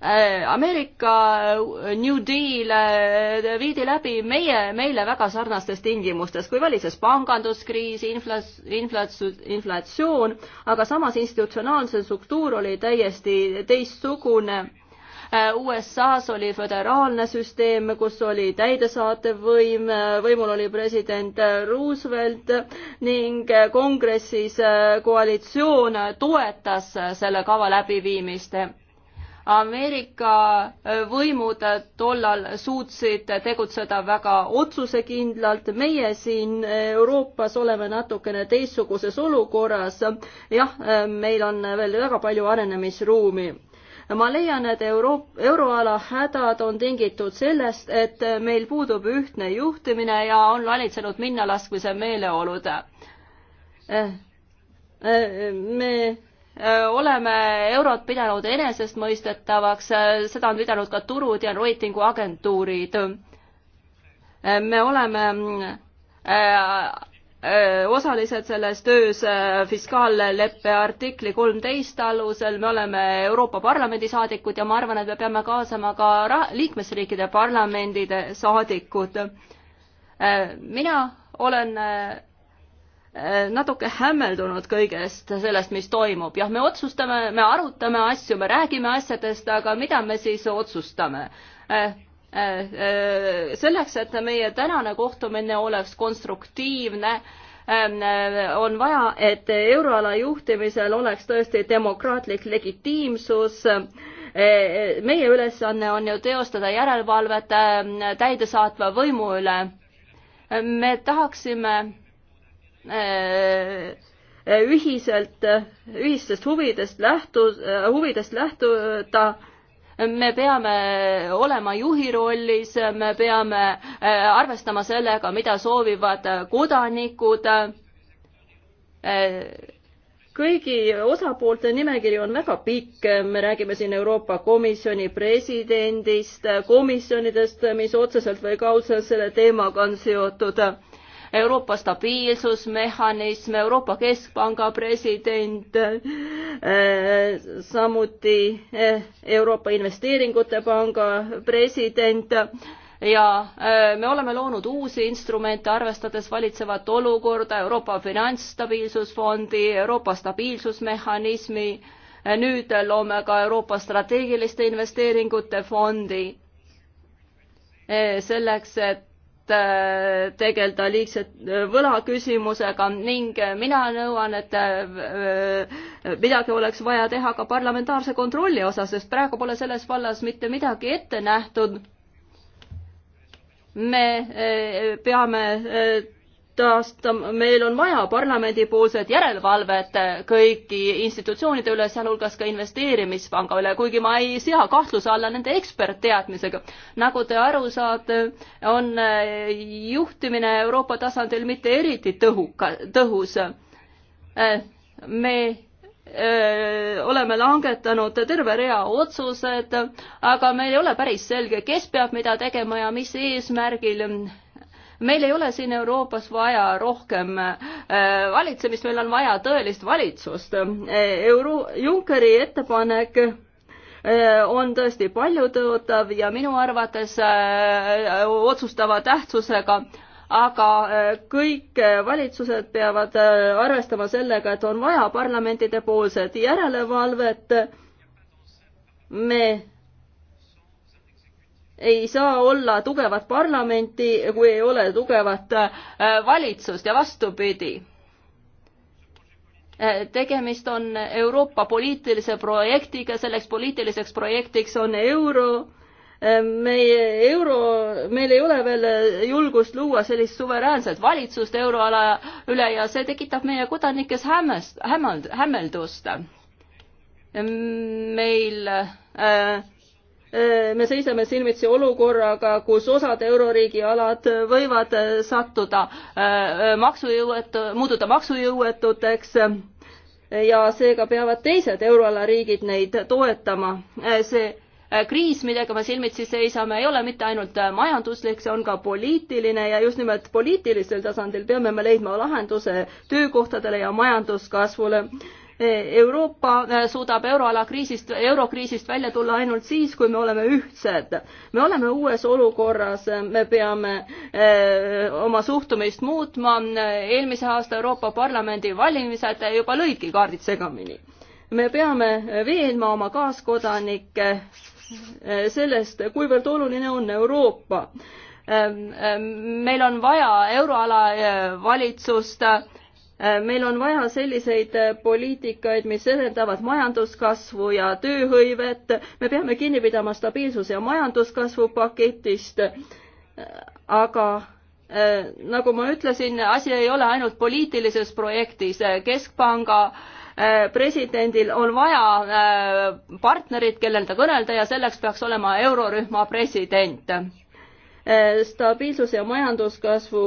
Äh, Ameerika äh, New Deal äh, viidi läbi meie, meile väga sarnastes tingimustes, kui valitses panganduskriis, inflas-, inflats-, inflatsioon, aga samas institutsionaalse struktuur oli täiesti teistsugune. USA-s oli föderaalne süsteem, kus oli täidesaatev võim, võimul oli president Roosevelt ning kongressis koalitsioon toetas selle kava läbiviimist Ameerika äh, võimud tollal suutsid tegutseda väga otsusekindlalt, meie siin Euroopas oleme natukene teistsuguses olukorras. jah, äh, meil on veel väga palju arenemisruumi ma leian, et Euroop-, euroala hädad on tingitud sellest, et meil puudub ühtne juhtimine ja on valitsenud minnalaskmise meeleolud. Äh, me oleme eurot pidanud enesestmõistetavaks, seda on pidanud ka turud ja reitinguagentuurid. me oleme osalised selles töös fiskaalleppe artikli kolmteist alusel, me oleme Euroopa Parlamendi saadikud ja ma arvan, et me peame kaasama ka liikmesriikide parlamendide saadikud. mina olen Äh, natuke hämmeldunud kõigest sellest, mis toimub. jah, me otsustame, me arutame asju, me räägime asjadest, aga mida me siis otsustame? Äh, äh, selleks, et meie tänane kohtumine oleks konstruktiivne, ähm, on vaja, et euroala juhtimisel oleks tõesti demokraatlik legitiimsus. meie ülesanne on ju teostada järelevalvet ähm, täidesaatva võimu üle. me tahaksime Äh, äh, ühiselt, ühistest huvidest lähtu, äh, huvidest lähtuda me peame olema juhi rollis, me peame arvestama sellega, mida soovivad kodanikud. kõigi osapoolte nimekiri on väga pikk, me räägime siin Euroopa Komisjoni presidendist, komisjonidest, mis otseselt või kaudselt selle teemaga on seotud Euroopa stabiilsusmehhanism, Euroopa Keskpanga president, eh, samuti eh, Euroopa Investeeringute Panga president ja eh, me oleme loonud uusi instrumente, arvestades valitsevat olukorda, Euroopa Finantsstabiilsusfondi, Euroopa stabiilsusmehhanismi, nüüd loome ka Euroopa strateegiliste investeeringute fondi selleks, et et äh, tegeleda liigse äh, võlaküsimusega ning äh, mina nõuan, et midagi oleks vaja teha ka parlamentaarse kontrolli osas, sest praegu pole selles vallas mitte midagi ette nähtud. me peame taast-, meil on vaja parlamendipoolset järelevalvet kõiki institutsioonide üle, sealhulgas ka investeerimispanga üle, kuigi ma ei sea kahtluse alla nende ekspertteadmisega. nagu te aru saate, on juhtimine Euroopa tasandil mitte eriti tõhuka, tõhus. me oleme langetanud terve rea otsused, aga meil ei ole päris selge, kes peab mida tegema ja mis eesmärgil meil ei ole siin Euroopas vaja rohkem äh, valitsemist, meil on vaja tõelist valitsust. Äh, Euro-, Junckeri ettepanek äh, on tõesti paljutõotav ja minu arvates otsustava tähtsusega aga kõik valitsused peavad arvestama sellega, et on vaja parlamentide poolset järelevalvet. me ei saa olla tugevat parlamenti, kui ei ole tugevat äh, valitsust ja vastupidi. Äh, tegemist on Euroopa poliitilise projektiga, selleks poliitiliseks projektiks on euro. Äh, meie euro, meil ei ole veel julgust luua sellist suveräänset valitsust euroala üle ja see tekitab meie kodanikes hämmest, hämmeld-, hämmeldust. meil äh, Äh, me seisame silmitsi olukorraga, kus osad euroriigi alad võivad sattuda äh, maksujõuetu, muutuda maksujõuetuteks äh, ja seega peavad teised euroala riigid neid toetama. see kriis, millega me silmitsi seisame, ei ole mitte ainult majanduslik, see on ka poliitiline ja just nimelt poliitilisel tasandil peame me leidma lahenduse töökohtadele ja majanduskasvule. Euroopa äh, suudab euroala kriisist, eurokriisist välja tulla ainult siis, kui me oleme ühtsed. me oleme uues olukorras, me peame äh, oma suhtumist muutma. eelmise aasta Euroopa Parlamendi valimised juba lõidki kaardid segamini. me peame veenma oma kaaskodanikke äh, sellest, kuivõrd oluline on Euroopa. meil on vaja euroala valitsust Äh, meil on vaja selliseid äh, poliitikaid, mis edendavad majanduskasvu ja tööhõivet, me peame kinni pidama stabiilsuse ja majanduskasvu paketist, äh, aga nagu ma ütlesin, asi ei ole ainult poliitilises projektis, keskpanga presidendil on vaja partnerit, kellel ta kõnelda ja selleks peaks olema eurorühma president. stabiilsuse ja majanduskasvu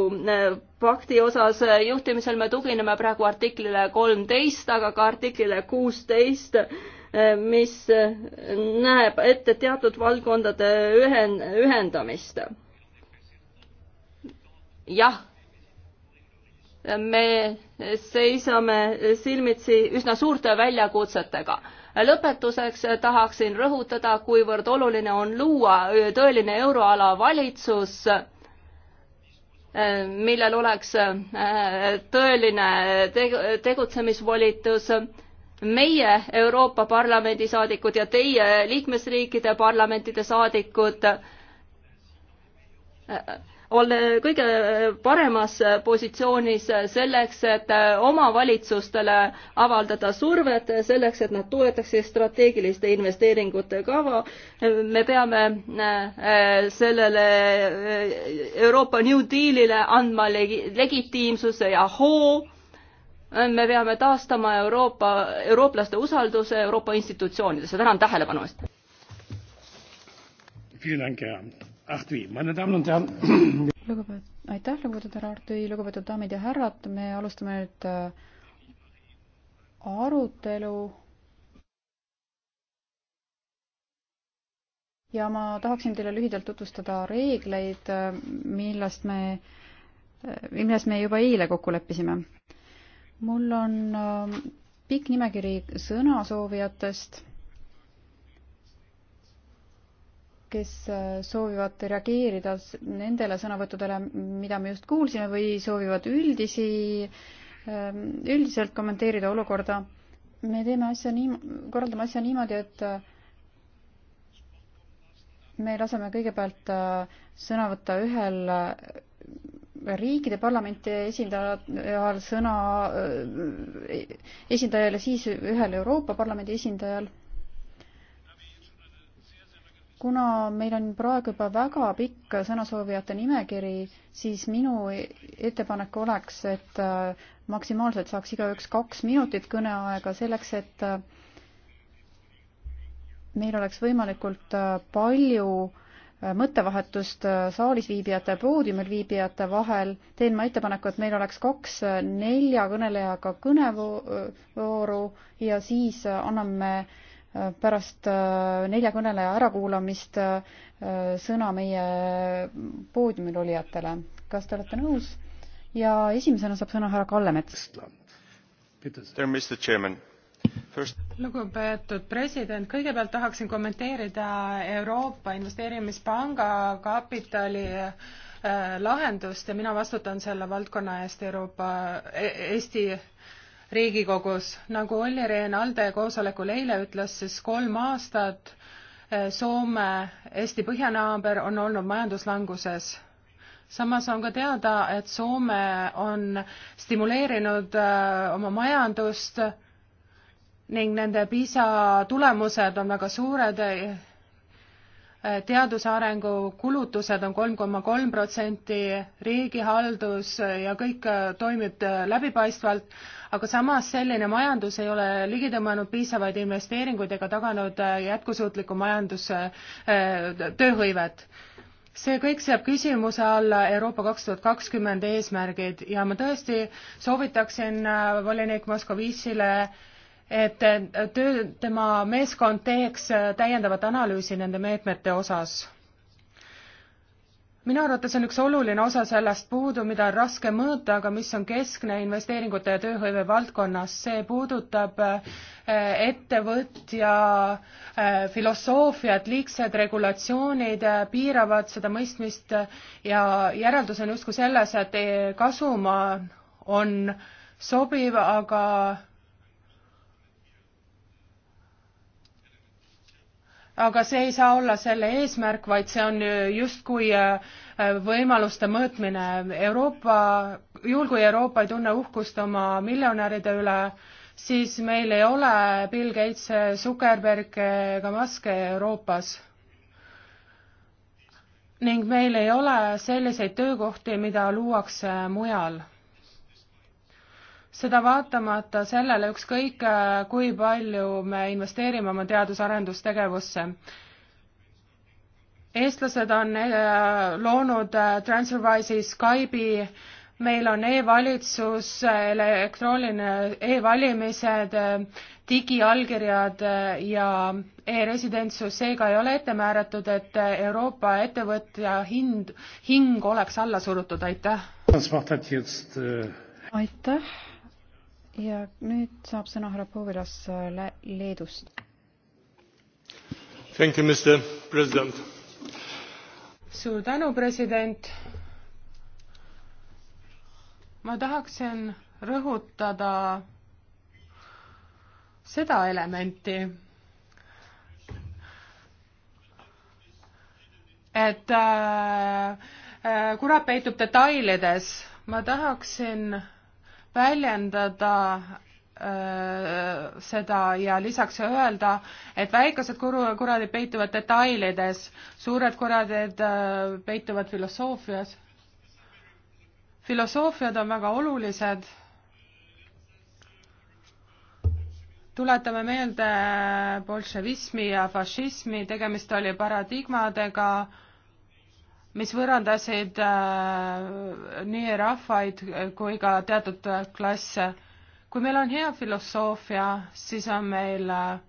pakti osas äh, juhtimisel me tugineme praegu artiklile kolmteist, aga ka artiklile kuusteist, äh, mis äh, näeb ette teatud valdkondade ühen-, ühendamist. jah, me seisame silmitsi üsna suurte väljakutsetega lõpetuseks tahaksin rõhutada, kuivõrd oluline on luua tõeline euroala valitsus millel oleks äh, tõeline tegutsemisvolitus. meie Euroopa Parlamendi saadikud ja teie liikmesriikide parlamentide saadikud äh, ole äh, kõige äh, paremas äh, positsioonis selleks, et omavalitsustele avaldada survet, selleks, et nad toetaksid strateegiliste investeeringute kava. me peame sellele Euroopa New Dealile andma legi-, legitiimsuse ja hoo. me peame taastama Euroopa, eurooplaste usalduse Euroopa institutsioonidesse. tänan tähelepanu eest! Artui, meine Damen und Herren. lugupeetud, aitäh, lugupeetud härra Artui, lugupeetud daamid ja härrad, me alustame nüüd äh, arutelu. ja ma tahaksin teile lühidalt tutvustada reegleid, äh, millest me, äh, milles me juba eile kokku leppisime. mul on pikk nimekiri sõnasoovijatest kes äh, soovivad reageerida nendele sõnavõttudele, mida me just kuulsime, või soovivad üldisi, ähm, üldiselt kommenteerida olukorda. me teeme asja nii, korraldame asja niimoodi, et äh, me laseme kõigepealt äh, sõna võtta ühel riikide parlamenti esindajal sõna e-, esindajal ja siis ühel Euroopa Parlamendi esindajal kuna meil on praegu juba väga pikk sõnasoovijate nimekiri, siis minu ettepanek oleks, et äh, maksimaalselt saaks igaüks kaks minutit kõneaega selleks, et äh, meil oleks võimalikult äh, palju mõttevahetust saalis viibijate ja poodiumil viibijate vahel, teen ma ettepaneku, et meil oleks kaks nelja kõnelejaga kõnevooru ja siis anname pärast äh, nelja kõneleja ärakuulamist äh, sõna meie poodiumil olijatele. kas te olete nõus? ja esimesena saab sõna härra Kallemets. First... lugupeetud president, kõigepealt tahaksin kommenteerida Euroopa Investeerimispanga kapitali äh, lahendust ja mina vastutan selle valdkonna eest Euroopa, e-, Eesti Riigikogus. nagu Olli Rehn Alde koosolekul eile ütles, siis kolm aastat eh, Soome, Eesti põhjanaaber, on olnud majanduslanguses. samas on ka teada, et Soome on stimuleerinud eh, oma majandust ning nende PISA tulemused on väga suured teaduse arengu kulutused on kolm koma kolm protsenti, riigihaldus ja kõik äh, toimib äh, läbipaistvalt, aga samas selline majandus ei ole ligi tõmmanud piisavaid investeeringuid ega taganud äh, jätkusuutlikku majanduse tööhõivet see kõik seab küsimuse alla Euroopa kaks tuhat kakskümmend eesmärgid ja ma tõesti soovitaksin volinik Moskovitšile et töö, tema meeskond teeks täiendavat analüüsi nende meetmete osas. minu arvates on üks oluline osa sellest puudu, mida on raske mõõta, aga mis on keskne investeeringute ja tööhõive valdkonnas, see puudutab eh, ettevõtja eh, filosoofiat, liigsed regulatsioonid eh, piiravad seda mõistmist ja järeldus on justkui selles, et kasum on sobiv, aga aga see ei saa olla selle eesmärk, vaid see on äh, justkui äh, äh, võimaluste mõõtmine. Euroopa, juhul kui Euroopa ei tunne uhkust oma miljonäride üle, siis meil ei ole Bill Gates, Zuckerberg ega Muske Euroopas. ning meil ei ole selliseid töökohti, mida luuakse mujal seda vaatamata sellele, ükskõik äh, kui palju me investeerime oma teadus-arendustegevusse. eestlased on äh, loonud äh, Transferwise'i Skype'i, meil on e-valitsus, elektrooniline e-valimised, digiallkirjad ja e-residentsus, seega ei ole ette määratud, et Euroopa ettevõtja hind, hing oleks alla surutud, aitäh! aitäh! ja nüüd saab sõna härra Povilas äh, Leedust. Thank you, Mr President. suur tänu, president. ma tahaksin rõhutada seda elementi, et äh, äh kurat peitub detailides. ma tahaksin väljendada öö, äh, seda ja lisaks öelda, et väikesed kuru, kuradid peituvad detailides, suured kuradid öö, äh, peituvad filosoofias. filosoofiad on väga olulised. tuletame meelde bolševismi ja fašismi, tegemist oli paradigmadega mis võõrandasid äh, nii rahvaid kui ka teatud klasse. kui meil on hea filosoofia, siis on meil äh,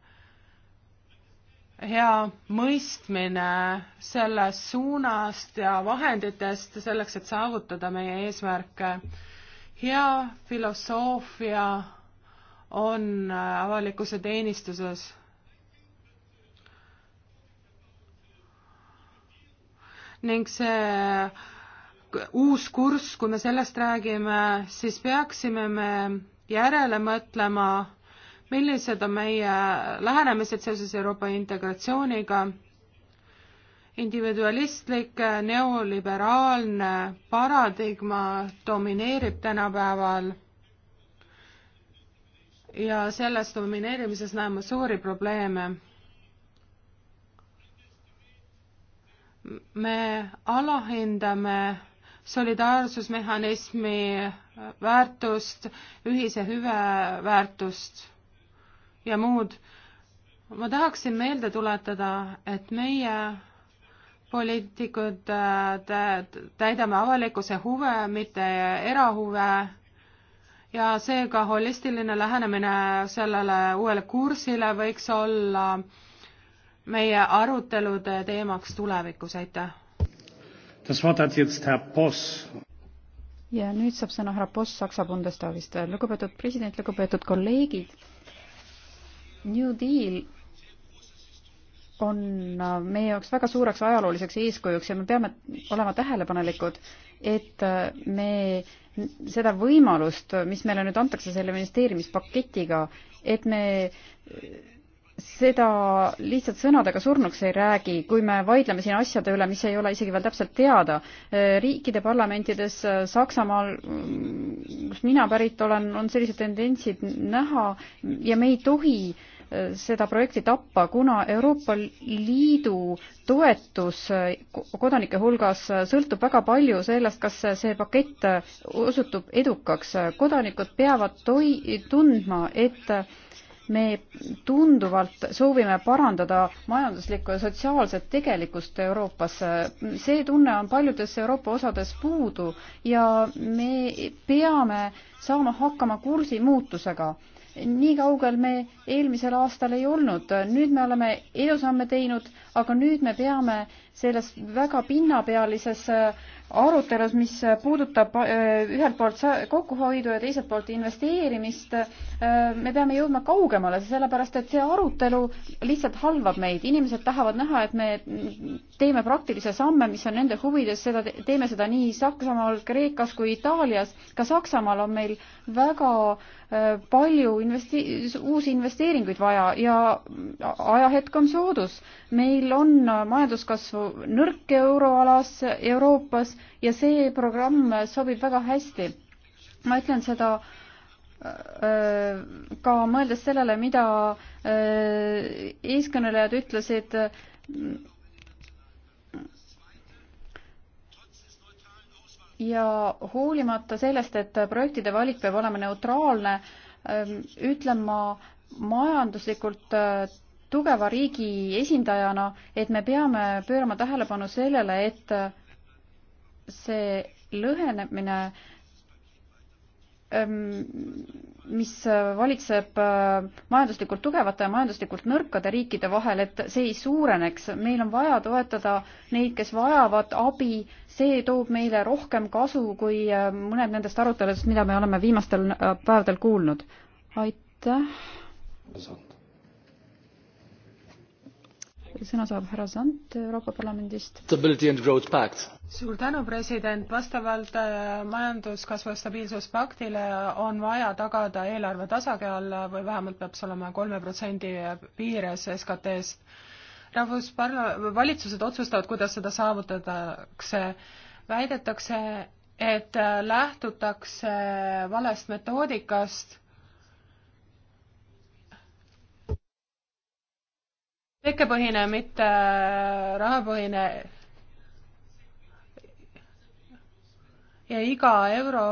hea mõistmine sellest suunast ja vahenditest selleks, et saavutada meie eesmärke. hea filosoofia on äh, avalikkuse teenistuses ning see uus kurss, kui me sellest räägime, siis peaksime me järele mõtlema, millised on meie lähenemised seoses Euroopa integratsiooniga. individualistlik neoliberaalne paradigma domineerib tänapäeval ja selles domineerimises näeme suuri probleeme me alahindame solidaarsusmehhanismi väärtust, ühise hüve väärtust ja muud. ma tahaksin meelde tuletada, et meie poliitikud äh, täidame avalikkuse huve, mitte erahuve ja seega holistiline lähenemine sellele uuele kursile võiks olla äh, meie arutelude teemaks tulevikus, aitäh! ja nüüd saab sõna härra Boss Saksa Bundestagist. lugupeetud president, lugupeetud kolleegid, New Deal on meie jaoks väga suureks ajalooliseks eeskujuks ja me peame olema tähelepanelikud, et me seda võimalust, mis meile nüüd antakse selle investeerimispaketiga, et me seda lihtsalt sõnadega surnuks ei räägi, kui me vaidleme siin asjade üle, mis ei ole isegi veel täpselt teada. riikide parlamentides Saksamaal, kust mina pärit olen, on sellised tendentsid näha ja me ei tohi äh, seda projekti tappa, kuna Euroopa Liidu toetus äh, kodanike hulgas äh, sõltub väga palju sellest, kas see pakett osutub edukaks. kodanikud peavad toi-, tundma, et me tunduvalt soovime parandada majanduslikku ja sotsiaalset tegelikkust Euroopas. see tunne on paljudes Euroopa osades puudu ja me peame saama hakkama kursi muutusega. nii kaugel me eelmisel aastal ei olnud, nüüd me oleme edusamme teinud, aga nüüd me peame selles väga pinnapealises arutelus, mis puudutab äh, ühelt poolt kokkuhoidu ja teiselt poolt investeerimist, äh, me peame jõudma kaugemale, sellepärast et see arutelu lihtsalt halvab meid. inimesed tahavad näha, et me teeme praktilisi samme, mis on nende huvides, seda, teeme seda nii Saksamaal, Kreekas kui Itaalias. ka Saksamaal on meil väga äh, palju investi-, uusi investeeringuid vaja ja ajahetk on soodus. meil on majanduskasvu nõrk euroalas Euroopas ja see programm sobib väga hästi. ma ütlen seda äh, äh, ka mõeldes sellele, mida äh, eeskõnelejad ütlesid, ja hoolimata sellest, et projektide valik peab olema neutraalne, ütlen ma majanduslikult tugeva riigi esindajana, et me peame pöörama tähelepanu sellele, et see lõhenemine, ähm, mis valitseb äh, majanduslikult tugevate ja majanduslikult nõrkade riikide vahel, et see ei suureneks. meil on vaja toetada neid, kes vajavad abi, see toob meile rohkem kasu kui äh, mõned nendest aruteludest, mida me oleme viimastel äh, päevadel kuulnud. aitäh! sõna saab härra Sant Euroopa Parlamendist. suur tänu, president. vastavalt äh, majanduskasvu ja stabiilsuspaktile on vaja tagada eelarve tasakaal või vähemalt peab see olema kolme protsendi piires SKT-st. rahvusparla-, valitsused otsustavad, kuidas seda saavutatakse. väidetakse, et äh, lähtutakse valest metoodikast tekkepõhine, mitte äh, rahapõhine. ja iga euro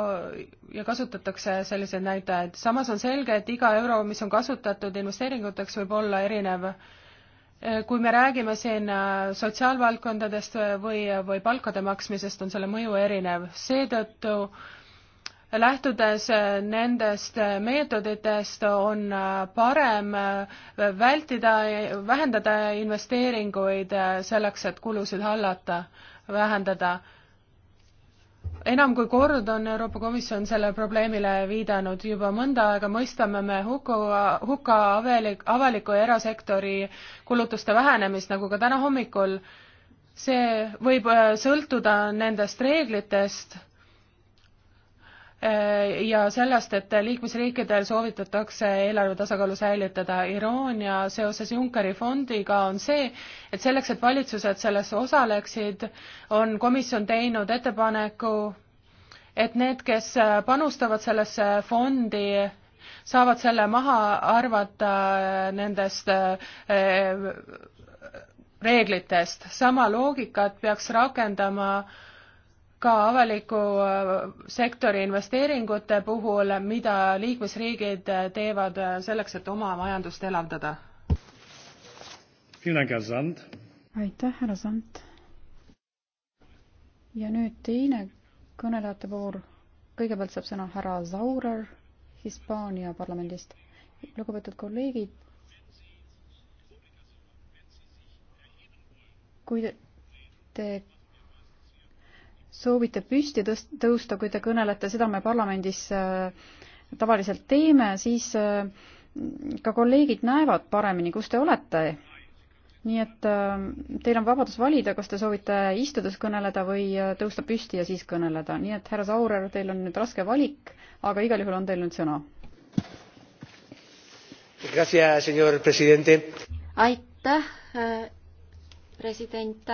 ja kasutatakse selliseid näitajaid, samas on selge, et iga euro, mis on kasutatud investeeringuteks, võib olla erinev. Äh, kui me räägime siin äh, sotsiaalvaldkondadest või, või palkade maksmisest, on selle mõju erinev, seetõttu äh, lähtudes nendest meetoditest on parem vältida, vähendada investeeringuid selleks, et kulusid hallata, vähendada. enam kui kord on Euroopa Komisjon sellele probleemile viidanud, juba mõnda aega mõistame me huku, hukka avalik, avaliku ja erasektori kulutuste vähenemist, nagu ka täna hommikul. see võib äh, sõltuda nendest reeglitest Äh, ja sellest, et liikmesriikidel soovitatakse eelarve tasakaalu säilitada. iroonia seoses Junckeri fondiga on see, et selleks, et valitsused selles osaleksid, on komisjon teinud ettepaneku, et need, kes panustavad sellesse fondi, saavad selle maha arvata nendest äh, reeglitest. sama loogikat peaks rakendama äh, ka avaliku äh, sektori investeeringute puhul, mida liikmesriigid äh, teevad äh, selleks, et oma majandust elavdada. aitäh, härra Sant. ja nüüd teine kõnelejate voor. kõigepealt saab sõna härra Zaurer Hispaania parlamendist. lugupeetud kolleegid, kui te soovite püsti tõst-, tõusta, kui te kõnelete, seda me parlamendis äh, tavaliselt teeme, siis äh, ka kolleegid näevad paremini, kus te olete. nii et äh, teil on vabadus valida, kas te soovite istudes kõneleda või tõusta püsti ja siis kõneleda, nii et härra Saurer, teil on nüüd raske valik, aga igal juhul on teil nüüd sõna. aitäh, president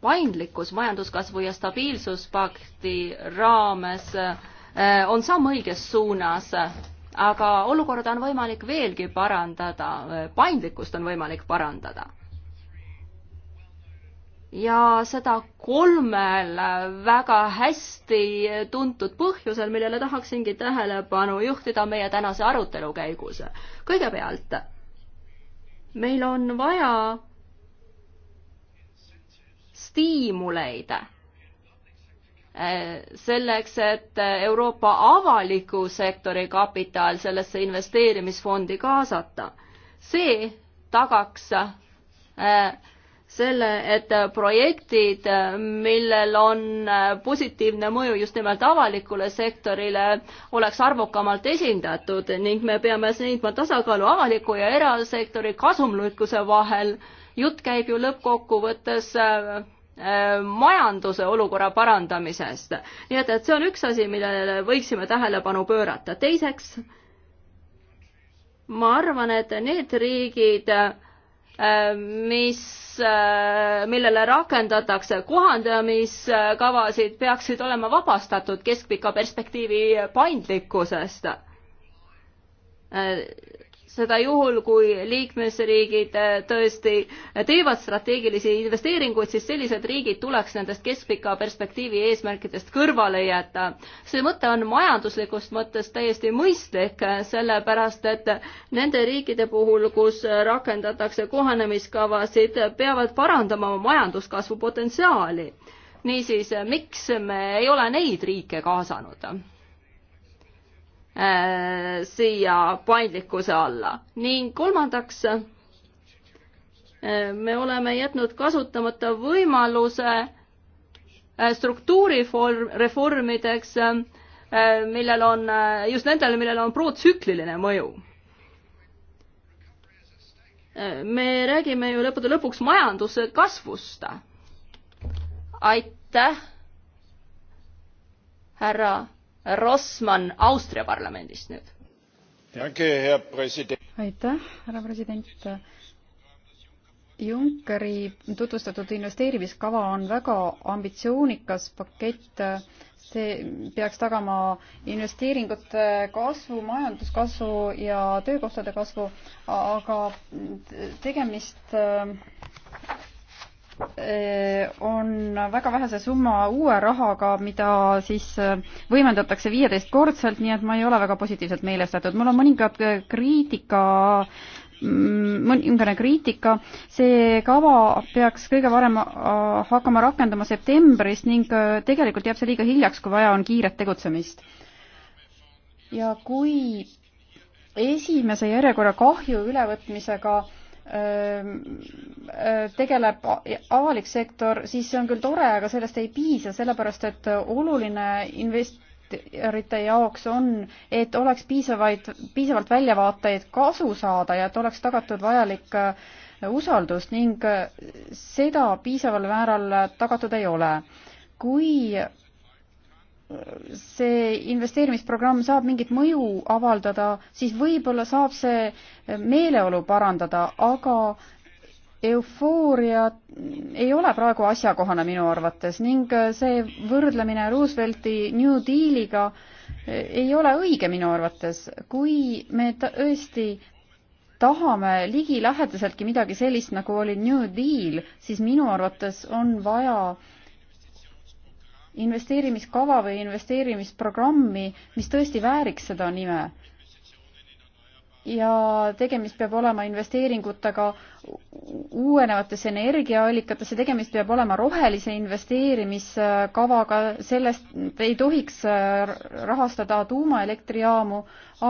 paindlikkus majanduskasvu ja stabiilsuspakti raames eh, on samm õiges suunas, aga olukorda on võimalik veelgi parandada, paindlikkust on võimalik parandada. ja seda kolmel väga hästi tuntud põhjusel, millele tahaksingi tähelepanu juhtida meie tänase arutelu käigus. kõigepealt, meil on vaja stiimuleid eh, selleks, et Euroopa avaliku sektori kapitaal sellesse investeerimisfondi kaasata. see tagaks eh, selle, et projektid, millel on eh, positiivne mõju just nimelt avalikule sektorile, oleks arvukamalt esindatud ning me peame leidma tasakaalu avaliku ja erasektori kasumlikkuse vahel äh, jutt käib ju lõppkokkuvõttes äh, äh, majanduse olukorra parandamisest. nii et, et see on üks asi, millele võiksime tähelepanu pöörata. teiseks, ma arvan, et need riigid, äh, mis, millele rakendatakse kohandamiskavasid, peaksid olema vabastatud keskpika perspektiivi paindlikkusest seda juhul, kui liikmesriigid äh, tõesti äh, teevad strateegilisi investeeringuid, siis sellised riigid tuleks nendest keskpika perspektiivi eesmärkidest kõrvale jätta. see mõte on majanduslikust mõttes täiesti mõistlik, äh, sellepärast et nende riikide puhul, kus rakendatakse kohanemiskavasid, peavad parandama oma majanduskasvu potentsiaali. niisiis, miks me ei ole neid riike kaasanud? Äh, siia paindlikkuse alla ning kolmandaks äh, me oleme jätnud kasutamata võimaluse äh, struktuurireformideks, millel on, just nendel, millel on protsükliline mõju. me räägime ju lõppude lõpuks majanduse kasvust. aitäh, härra Rossmann Austria parlamendist nüüd. aitäh, härra president. Junckeri tutvustatud investeerimiskava on väga ambitsioonikas pakett. see peaks tagama investeeringute kasvu, majanduskasvu ja töökohtade kasvu, aga tegemist Äh, on väga vähese summa uue rahaga, mida siis äh, võimendatakse viieteistkordselt, nii et ma ei ole väga positiivselt meelestatud. mul on mõningad äh, kriitika mm, mõningane kriitika, see kava peaks kõige varem hakkama rakendama septembris ning tegelikult jääb see liiga hiljaks, kui vaja on kiiret tegutsemist. ja kui esimese järjekorra kahju ülevõtmisega äh, tegeleb avalik sektor, siis see on küll tore, aga sellest ei piisa, sellepärast et oluline investorite jaoks on, et oleks piisavaid, piisavalt väljavaateid kasu saada ja et oleks tagatud vajalik usaldus ning seda piisaval määral tagatud ei ole. kui see investeerimisprogramm saab mingit mõju avaldada, siis võib-olla saab see meeleolu parandada, aga eufooria ei ole praegu asjakohane minu arvates ning see võrdlemine Roosevelti New Dealiga ei ole õige minu arvates. kui me tõesti tahame ligilähedaseltki midagi sellist, nagu oli New Deal, siis minu arvates on vaja äh, investeerimiskava või investeerimisprogrammi, mis tõesti vääriks seda nime. ja tegemist peab olema investeeringutega uuenevatesse energiaallikatesse, tegemist peab olema rohelise investeerimiskavaga, sellest ei tohiks rahastada tuumaelektrijaamu,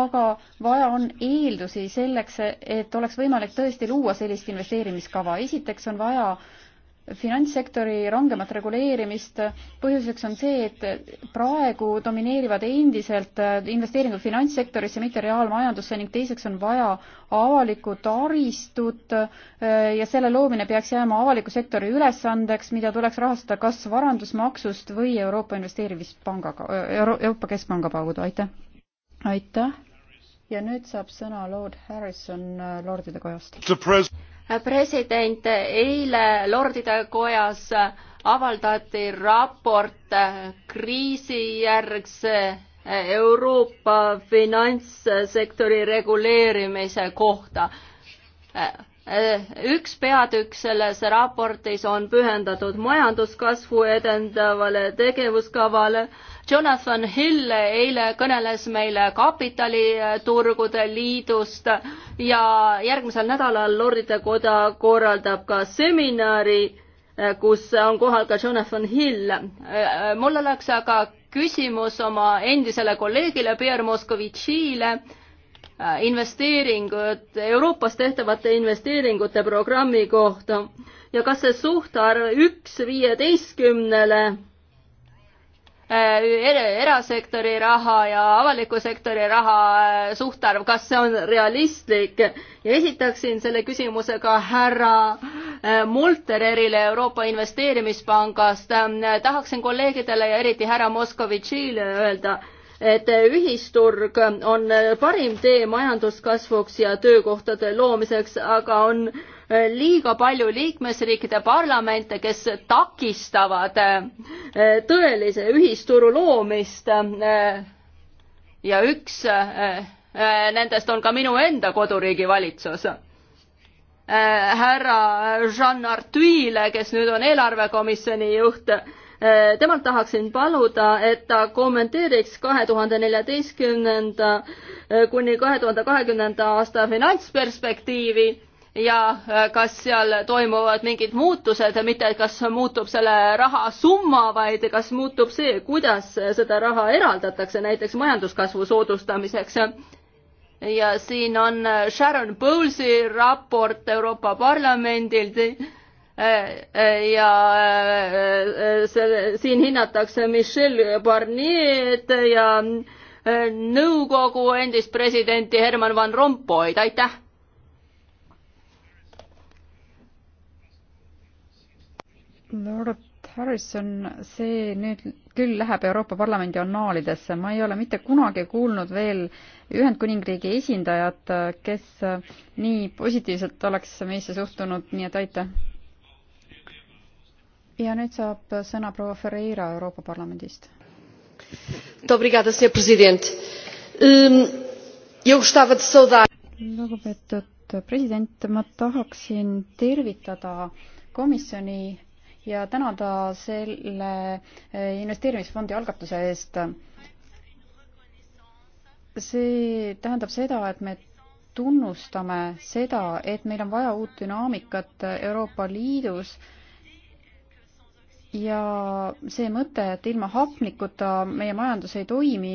aga vaja on eeldusi selleks, et oleks võimalik tõesti luua sellist investeerimiskava. esiteks on vaja äh, finantssektori rangemat reguleerimist. põhjuseks on see, et praegu domineerivad endiselt investeeringud finantssektorisse, mitte reaalmajandusse ning teiseks on vaja avalikku taristut eh, ja selle loomine peaks jääma avaliku sektori ülesandeks, mida tuleks rahastada kas varandusmaksust või Euroopa Investeerimispangaga Euro, Euroopa Keskpanga kaudu, aitäh. aitäh ja nüüd saab sõna Lord Harrison eh, Lordide Kojast president, eile Lordide Kojas avaldati raport kriisijärgse Euroopa finantssektori reguleerimise kohta üks peatükk selles raportis on pühendatud majanduskasvu edendavale tegevuskavale. Jonathan Hill eile kõneles meile kapitaliturgude liidust ja järgmisel nädalal Lordide Koda korraldab ka seminari, kus on kohal ka Jonathan Hill. mul oleks aga küsimus oma endisele kolleegile Pierre Moskovitšile Äh, investeeringud, Euroopas tehtavate investeeringute programmi kohta ja kas see suhtarv üks viieteistkümnele äh, e-, erasektori raha ja avaliku sektori raha äh, suhtarv, kas see on realistlik ja esitaksin selle küsimuse ka härra Multererile Euroopa Investeerimispangast. tahaksin kolleegidele ja eriti härra Moskovitšile öelda et ühisturg on parim tee majanduskasvuks ja töökohtade loomiseks, aga on liiga palju liikmesriikide parlamente, kes takistavad eh, tõelise ühisturu loomist. Eh, ja üks eh, nendest on ka minu enda koduriigi valitsus härra Jean Artuile, kes nüüd on eelarvekomisjoni juht Äh, temalt tahaksin paluda, et ta kommenteeriks kahe tuhande neljateistkümnenda äh, kuni kahe tuhande kahekümnenda aasta finantsperspektiivi ja äh, kas seal toimuvad mingid muutused, mitte kas muutub selle raha summa, vaid kas muutub see, kuidas seda raha eraldatakse näiteks majanduskasvu soodustamiseks. ja siin on Sharon Bowles'i raport Euroopa Parlamendilt ja äh, selle, siin hinnatakse Michel Barnier'd ja äh, nõukogu endist presidenti Herman Van Rompuyd, aitäh! Lord Harrison, see nüüd küll läheb Euroopa Parlamendi annaalidesse, ma ei ole mitte kunagi kuulnud veel Ühendkuningriigi esindajat, kes nii positiivselt oleks meisse suhtunud, nii et aitäh! ja nüüd saab sõna proua Ferreira Euroopa Parlamendist. lugupeetud president, ma tahaksin tervitada komisjoni ja tänada selle investeerimisfondi algatuse eest. see tähendab seda, et me tunnustame seda, et meil on vaja uut dünaamikat Euroopa Liidus ja see mõte, et ilma hapnikuta meie majandus ei toimi,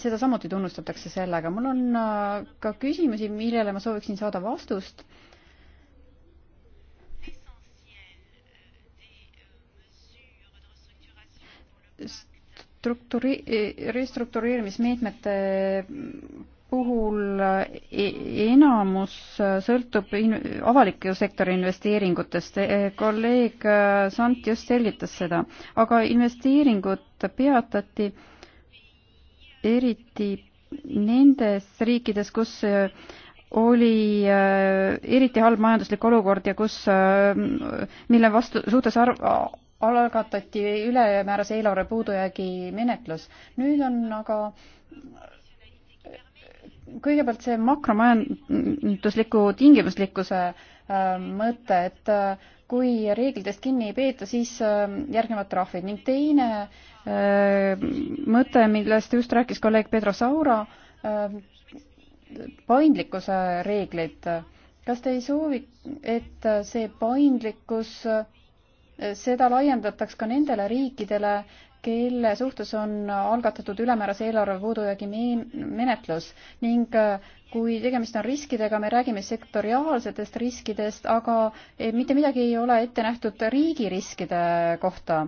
seda samuti tunnustatakse sellega. mul on äh, ka küsimusi, millele ma sooviksin saada vastust. struktuuri-, restruktureerimismeetmete puhul e-, enamus sõltub in-, avaliku sektori investeeringutest, e-, kolleeg Sant just selgitas seda, aga investeeringud peatati eriti nendes riikides, kus oli e, eriti halb majanduslik olukord ja kus, mille vastu, suhtes arv-, algatati ülemäärase eelarve puudujäägi menetlus. nüüd on aga kõigepealt see makromajandusliku tingimuslikkuse äh, mõte, et äh, kui reeglitest kinni ei peeta, siis äh, järgnevad trahvid ning teine mõte, millest just rääkis kolleeg Pedro Saura, paindlikkuse reeglid. kas te ei soovi, et see paindlikkus, seda laiendataks ka nendele riikidele, kelle suhtes on algatatud ülemäärase eelarve puudujäägi menetlus ning äh, kui tegemist on riskidega, me räägime sektoriaalsetest riskidest, aga eh, mitte midagi ei ole ette nähtud riigi riskide kohta.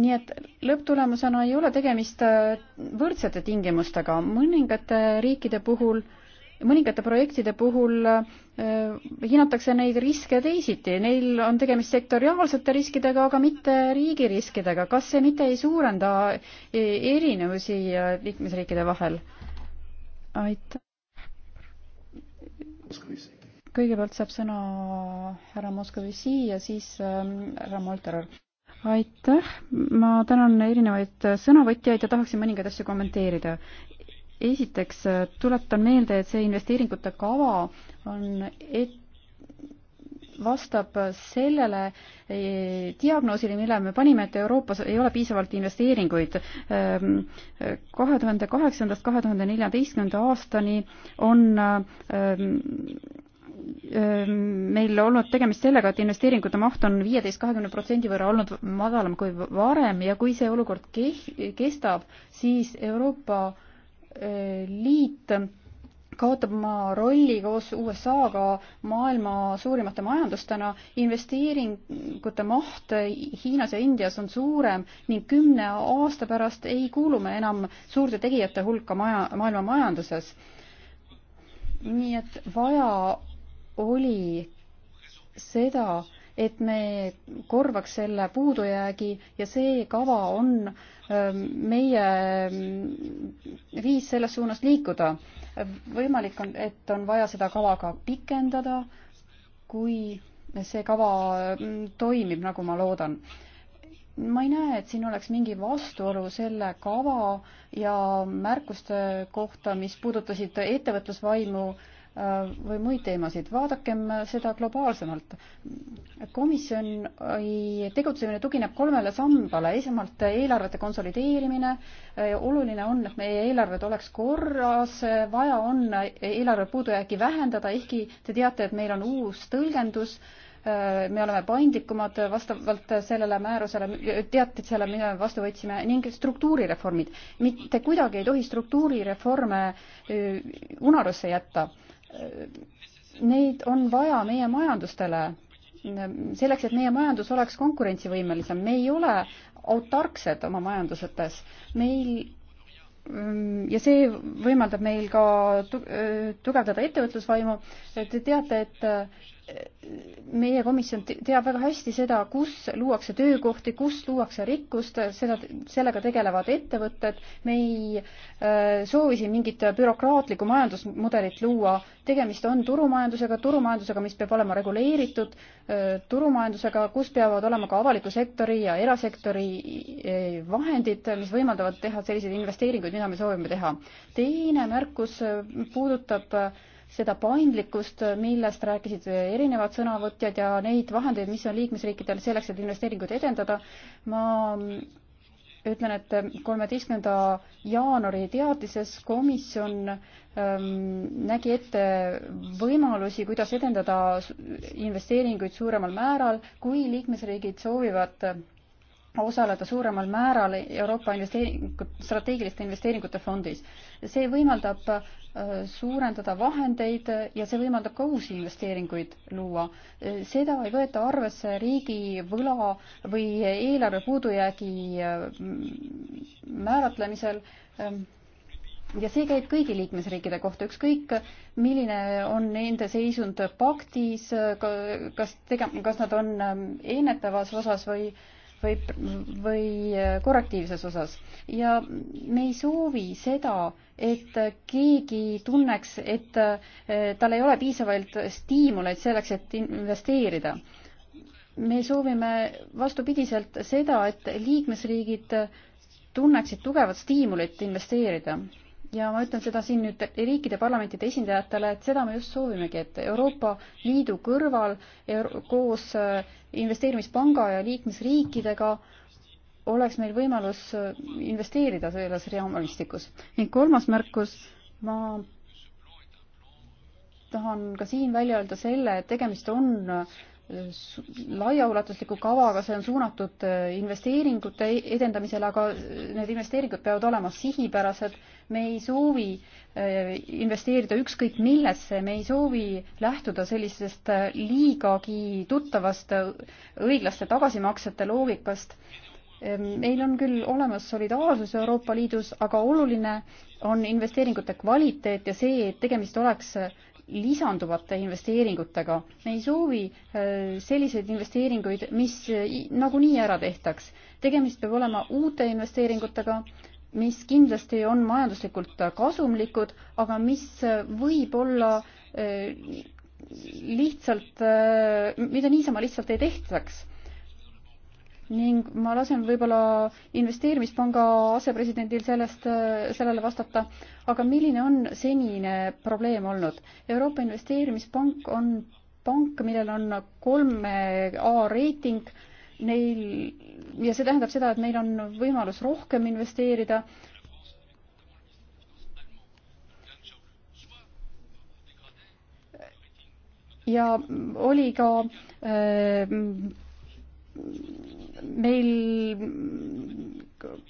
nii et lõpptulemusena ei ole tegemist äh, võrdsete tingimustega. mõningate riikide puhul äh, mõningate projektide puhul äh, hinnatakse neid riske teisiti, neil on tegemist sektoriaalsete riskidega, aga mitte riigi riskidega. kas see mitte ei suurenda e-, erinevusi liikmesriikide vahel? aitäh. kõigepealt saab sõna härra Moskovitši ja siis ähm, härra Molterer. aitäh, ma tänan erinevaid sõnavõtjaid ja tahaksin mõningaid asju kommenteerida esiteks äh, tuletan meelde, et see investeeringute kava on et-, vastab sellele äh, diagnoosile, mille me panime, et Euroopas ei ole piisavalt investeeringuid. Ähm, kahe tuhande kaheksandast kahe tuhande neljateistkümnenda aastani on ähm, ähm, meil olnud tegemist sellega, et investeeringute maht on viieteist, kahekümne protsendi võrra olnud madalam kui varem ja kui see olukord keh-, kestab, siis Euroopa Liit kaotab oma rolli koos USA-ga maailma suurimate majandustena, investeeringute maht Hiinas ja Indias on suurem ning kümne aasta pärast ei kuulu me enam suurte tegijate hulka maja, maailma majanduses. nii et vaja oli seda, et me korvaks selle puudujäägi ja see kava on ähm, meie ähm, viis selles suunas liikuda. võimalik on, et on vaja seda kava ka pikendada, kui see kava ähm, toimib, nagu ma loodan ma ei näe, et siin oleks mingi vastuolu selle kava ja märkuste kohta, mis puudutasid ettevõtlusvaimu äh, Äh, või muid teemasid, vaadakem seda globaalsemalt. komisjoni tegutsemine tugineb kolmele sambale, esmalt eelarvete konsolideerimine, äh, oluline on, et meie eelarved oleks korras, vaja on eelarve puudujääki vähendada, ehkki te teate, et meil on uus tõlgendus, äh, me oleme paindlikumad vastavalt sellele määrusele, teatisele, mille me vastu võtsime ning struktuurireformid. mitte kuidagi ei tohi struktuurireforme unarusse jätta neid on vaja meie majandustele, selleks, et meie majandus oleks konkurentsivõimelisem. me ei ole autarksed oma majandusetes, meil ja see võimaldab meil ka tugevdada ettevõtlusvaimu. Te teate, et meie komisjon teab väga hästi seda, kus luuakse töökohti, kus luuakse rikkust, seda, sellega tegelevad ettevõtted. me ei äh, soovi siin mingit bürokraatlikku majandusmudelit luua. tegemist on turumajandusega, turumajandusega, mis peab olema reguleeritud äh,, turumajandusega, kus peavad olema ka avaliku sektori ja erasektori äh, vahendid, mis võimaldavad teha selliseid investeeringuid, mida me soovime teha. teine märkus äh, puudutab äh, seda paindlikkust, millest rääkisid erinevad sõnavõtjad ja neid vahendeid, mis on liikmesriikidel selleks, et investeeringuid edendada. ma ütlen, et kolmeteistkümnenda jaanuari teatises komisjon ähm, nägi ette võimalusi, kuidas edendada investeeringuid suuremal määral, kui liikmesriigid soovivad osaleda suuremal määral Euroopa investeeringut, strateegiliste investeeringute fondis. see võimaldab Äh, suurendada vahendeid ja see võimaldab ka uusi investeeringuid luua. Äh, seda ei võeta arvesse riigi võla või eelarve puudujäägi äh, määratlemisel. Ähm, ja see käib kõigi liikmesriikide kohta, ükskõik milline on nende seisund paktis, kas tege-, kas nad on ähm, ennetavas osas või äh, või, või korrektiivses osas. ja me ei soovi seda, et keegi tunneks, et eh, tal ei ole piisavalt stiimuleid selleks, et investeerida. me soovime vastupidiselt seda, et liikmesriigid tunneksid tugevat stiimulit investeerida ja ma ütlen seda siin nüüd riikide parlamentide esindajatele, et seda me just soovimegi, et Euroopa Liidu kõrval Euro koos äh, investeerimispanga ja liikmesriikidega oleks meil võimalus äh, investeerida selles reaalistikus. ning kolmas märkus, ma tahan ka siin välja öelda selle, et tegemist on äh, laiaulatusliku kavaga, see on suunatud äh, investeeringute e-, edendamisele, aga äh, need investeeringud peavad olema sihipärased. me ei soovi äh, investeerida ükskõik millesse, me ei soovi lähtuda sellisest liigagi tuttavast õiglaste tagasimaksete loogikast. meil on küll olemas solidaarsus Euroopa Liidus, aga oluline on investeeringute kvaliteet ja see, et tegemist oleks lisanduvate investeeringutega. me ei soovi äh, selliseid investeeringuid, mis äh, nagunii ära tehtaks. tegemist peab olema uute investeeringutega, mis kindlasti on majanduslikult äh, kasumlikud, aga mis võib olla lihtsalt, mida niisama lihtsalt ei tehtaks ning ma lasen võib-olla investeerimispanga asepresidendil sellest, sellele vastata. aga milline on senine probleem olnud? Euroopa Investeerimispank on pank, millel on kolme A reiting, neil, ja see tähendab seda, et meil on võimalus rohkem investeerida, ja oli ka äh, meil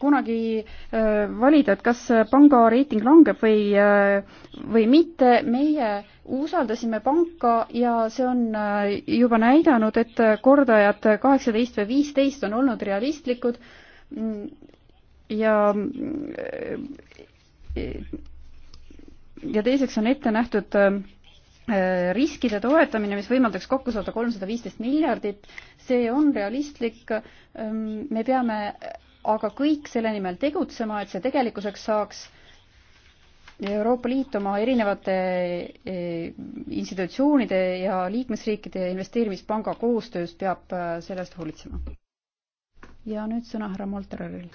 kunagi äh, valida, et kas panga reiting langeb või, äh, või mitte. meie usaldasime panka ja see on äh, juba näidanud, et kordajad kaheksateist või viisteist on olnud realistlikud ja ja teiseks on ette nähtud Äh, riskide toetamine, mis võimaldaks kokku saada kolmsada viisteist miljardit, see on realistlik. Ähm, me peame aga kõik selle nimel tegutsema, et see tegelikkuseks saaks Euroopa Liit oma erinevate äh, institutsioonide ja liikmesriikide investeerimispanga koostöös peab äh, selle eest hoolitsema. ja nüüd sõna härra Molteril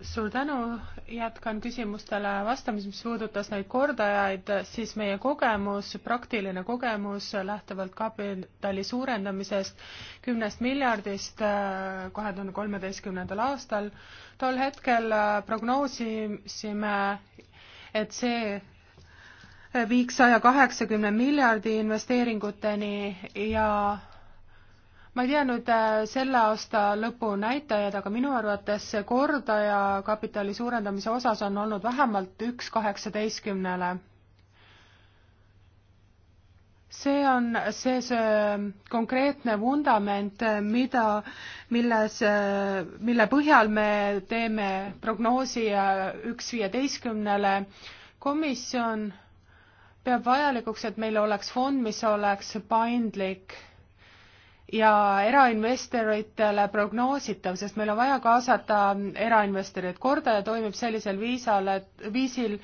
suur tänu, jätkan küsimustele vastamist, mis puudutas neid kordajaid, siis meie kogemus, praktiline kogemus lähtuvalt kapitali suurendamisest kümnest miljardist äh, kahe tuhande kolmeteistkümnendal aastal. tol hetkel äh, prognoosisime, et see viiks saja kaheksakümne miljardi investeeringuteni ja ma ei tea nüüd äh, selle aasta lõpu näitajaid, aga minu arvates see kordaja kapitali suurendamise osas on olnud vähemalt üks kaheksateistkümnele. see on see, see konkreetne vundament, mida, milles, äh, mille põhjal me teeme prognoosi äh, üks viieteistkümnele. komisjon peab vajalikuks, et meil oleks fond, mis oleks paindlik ja erainvestoritele prognoositav, sest meil on vaja kaasata erainvestoreid. kordaja toimib sellisel viisal, et viisil,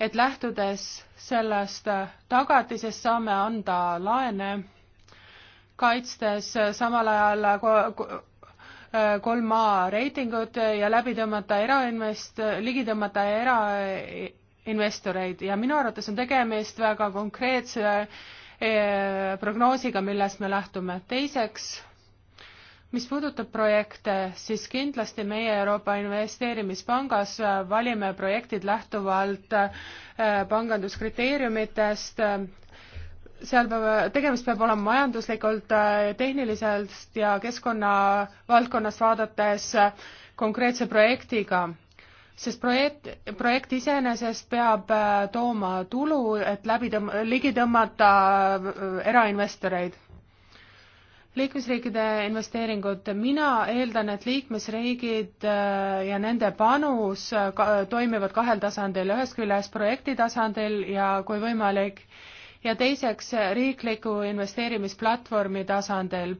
et lähtudes sellest tagatisest saame anda laene, kaitstes samal ajal kolm A reitingut ja läbi tõmmata erainvest-, ligi tõmmata erainvestoreid ja minu arvates on tegemist väga konkreetse Eh, prognoosiga, millest me lähtume. teiseks, mis puudutab projekte, siis kindlasti meie Euroopa Investeerimispangas eh, valime projektid lähtuvalt eh, panganduskriteeriumitest, seal peab, tegemist peab olema majanduslikult, tehniliselt ja keskkonna valdkonnas vaadates konkreetse projektiga sest projekt, projekt iseenesest peab äh, tooma tulu, et läbi tõmm-, ligi tõmmata äh, erainvestoreid. liikmesriikide investeeringud, mina eeldan, et liikmesriigid äh, ja nende panus ka, toimivad kahel tasandil, ühest küljest projekti tasandil ja kui võimalik, ja teiseks riikliku investeerimisplatvormi tasandil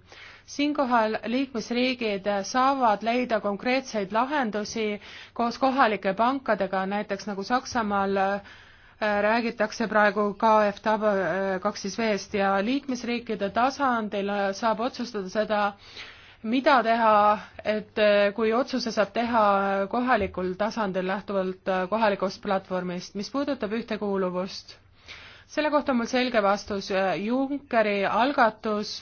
siinkohal liikmesriigid saavad leida konkreetseid lahendusi koos kohalike pankadega, näiteks nagu Saksamaal äh, räägitakse praegu KFW äh, kaks siis V-st ja liikmesriikide tasandil äh, saab otsustada seda, mida teha, et kui otsuse saab teha kohalikul tasandil lähtuvalt kohalikust platvormist, mis puudutab ühtekuuluvust? selle kohta on mul selge vastus, Junckeri algatus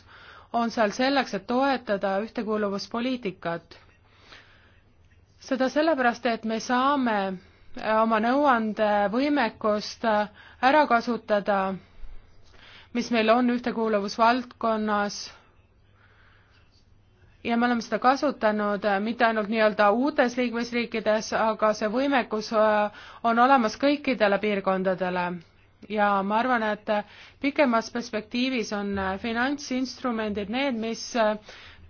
on seal selleks, et toetada ühtekuuluvuspoliitikat. seda sellepärast, et me saame äh, oma nõuandevõimekust äh, ära kasutada, mis meil on ühtekuuluvusvaldkonnas ja me oleme seda kasutanud äh, mitte ainult nii-öelda uutes liikmesriikides, aga see võimekus on olemas kõikidele piirkondadele ja ma arvan, et pikemas perspektiivis on äh, finantsinstrumendid need, mis äh,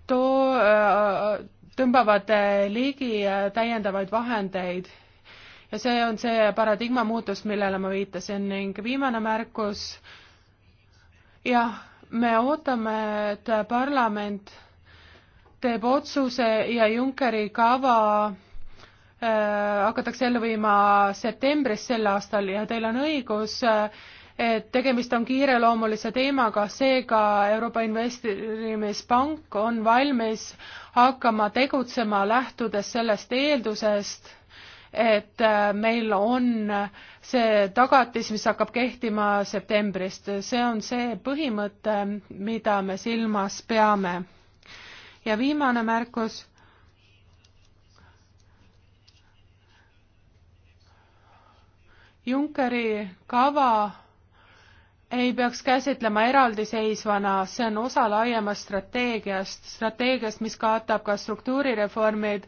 too, äh, tõmbavad ligi täiendavaid vahendeid. ja see on see paradigma muutus, millele ma viitasin ning viimane märkus, jah, me ootame, et parlament teeb otsuse ja Junckeri kava Äh, hakatakse ellu viima septembris sel aastal ja teil on õigus, äh, et tegemist on kiireloomulise teemaga, seega Euroopa Investeerimispank on valmis hakkama tegutsema, lähtudes sellest eeldusest, et äh, meil on see tagatis, mis hakkab kehtima septembrist, see on see põhimõte, mida me silmas peame. ja viimane märkus Junckeri kava ei peaks käsitlema eraldiseisvana, see on osa laiemast strateegiast, strateegiast, mis katab ka struktuurireformid,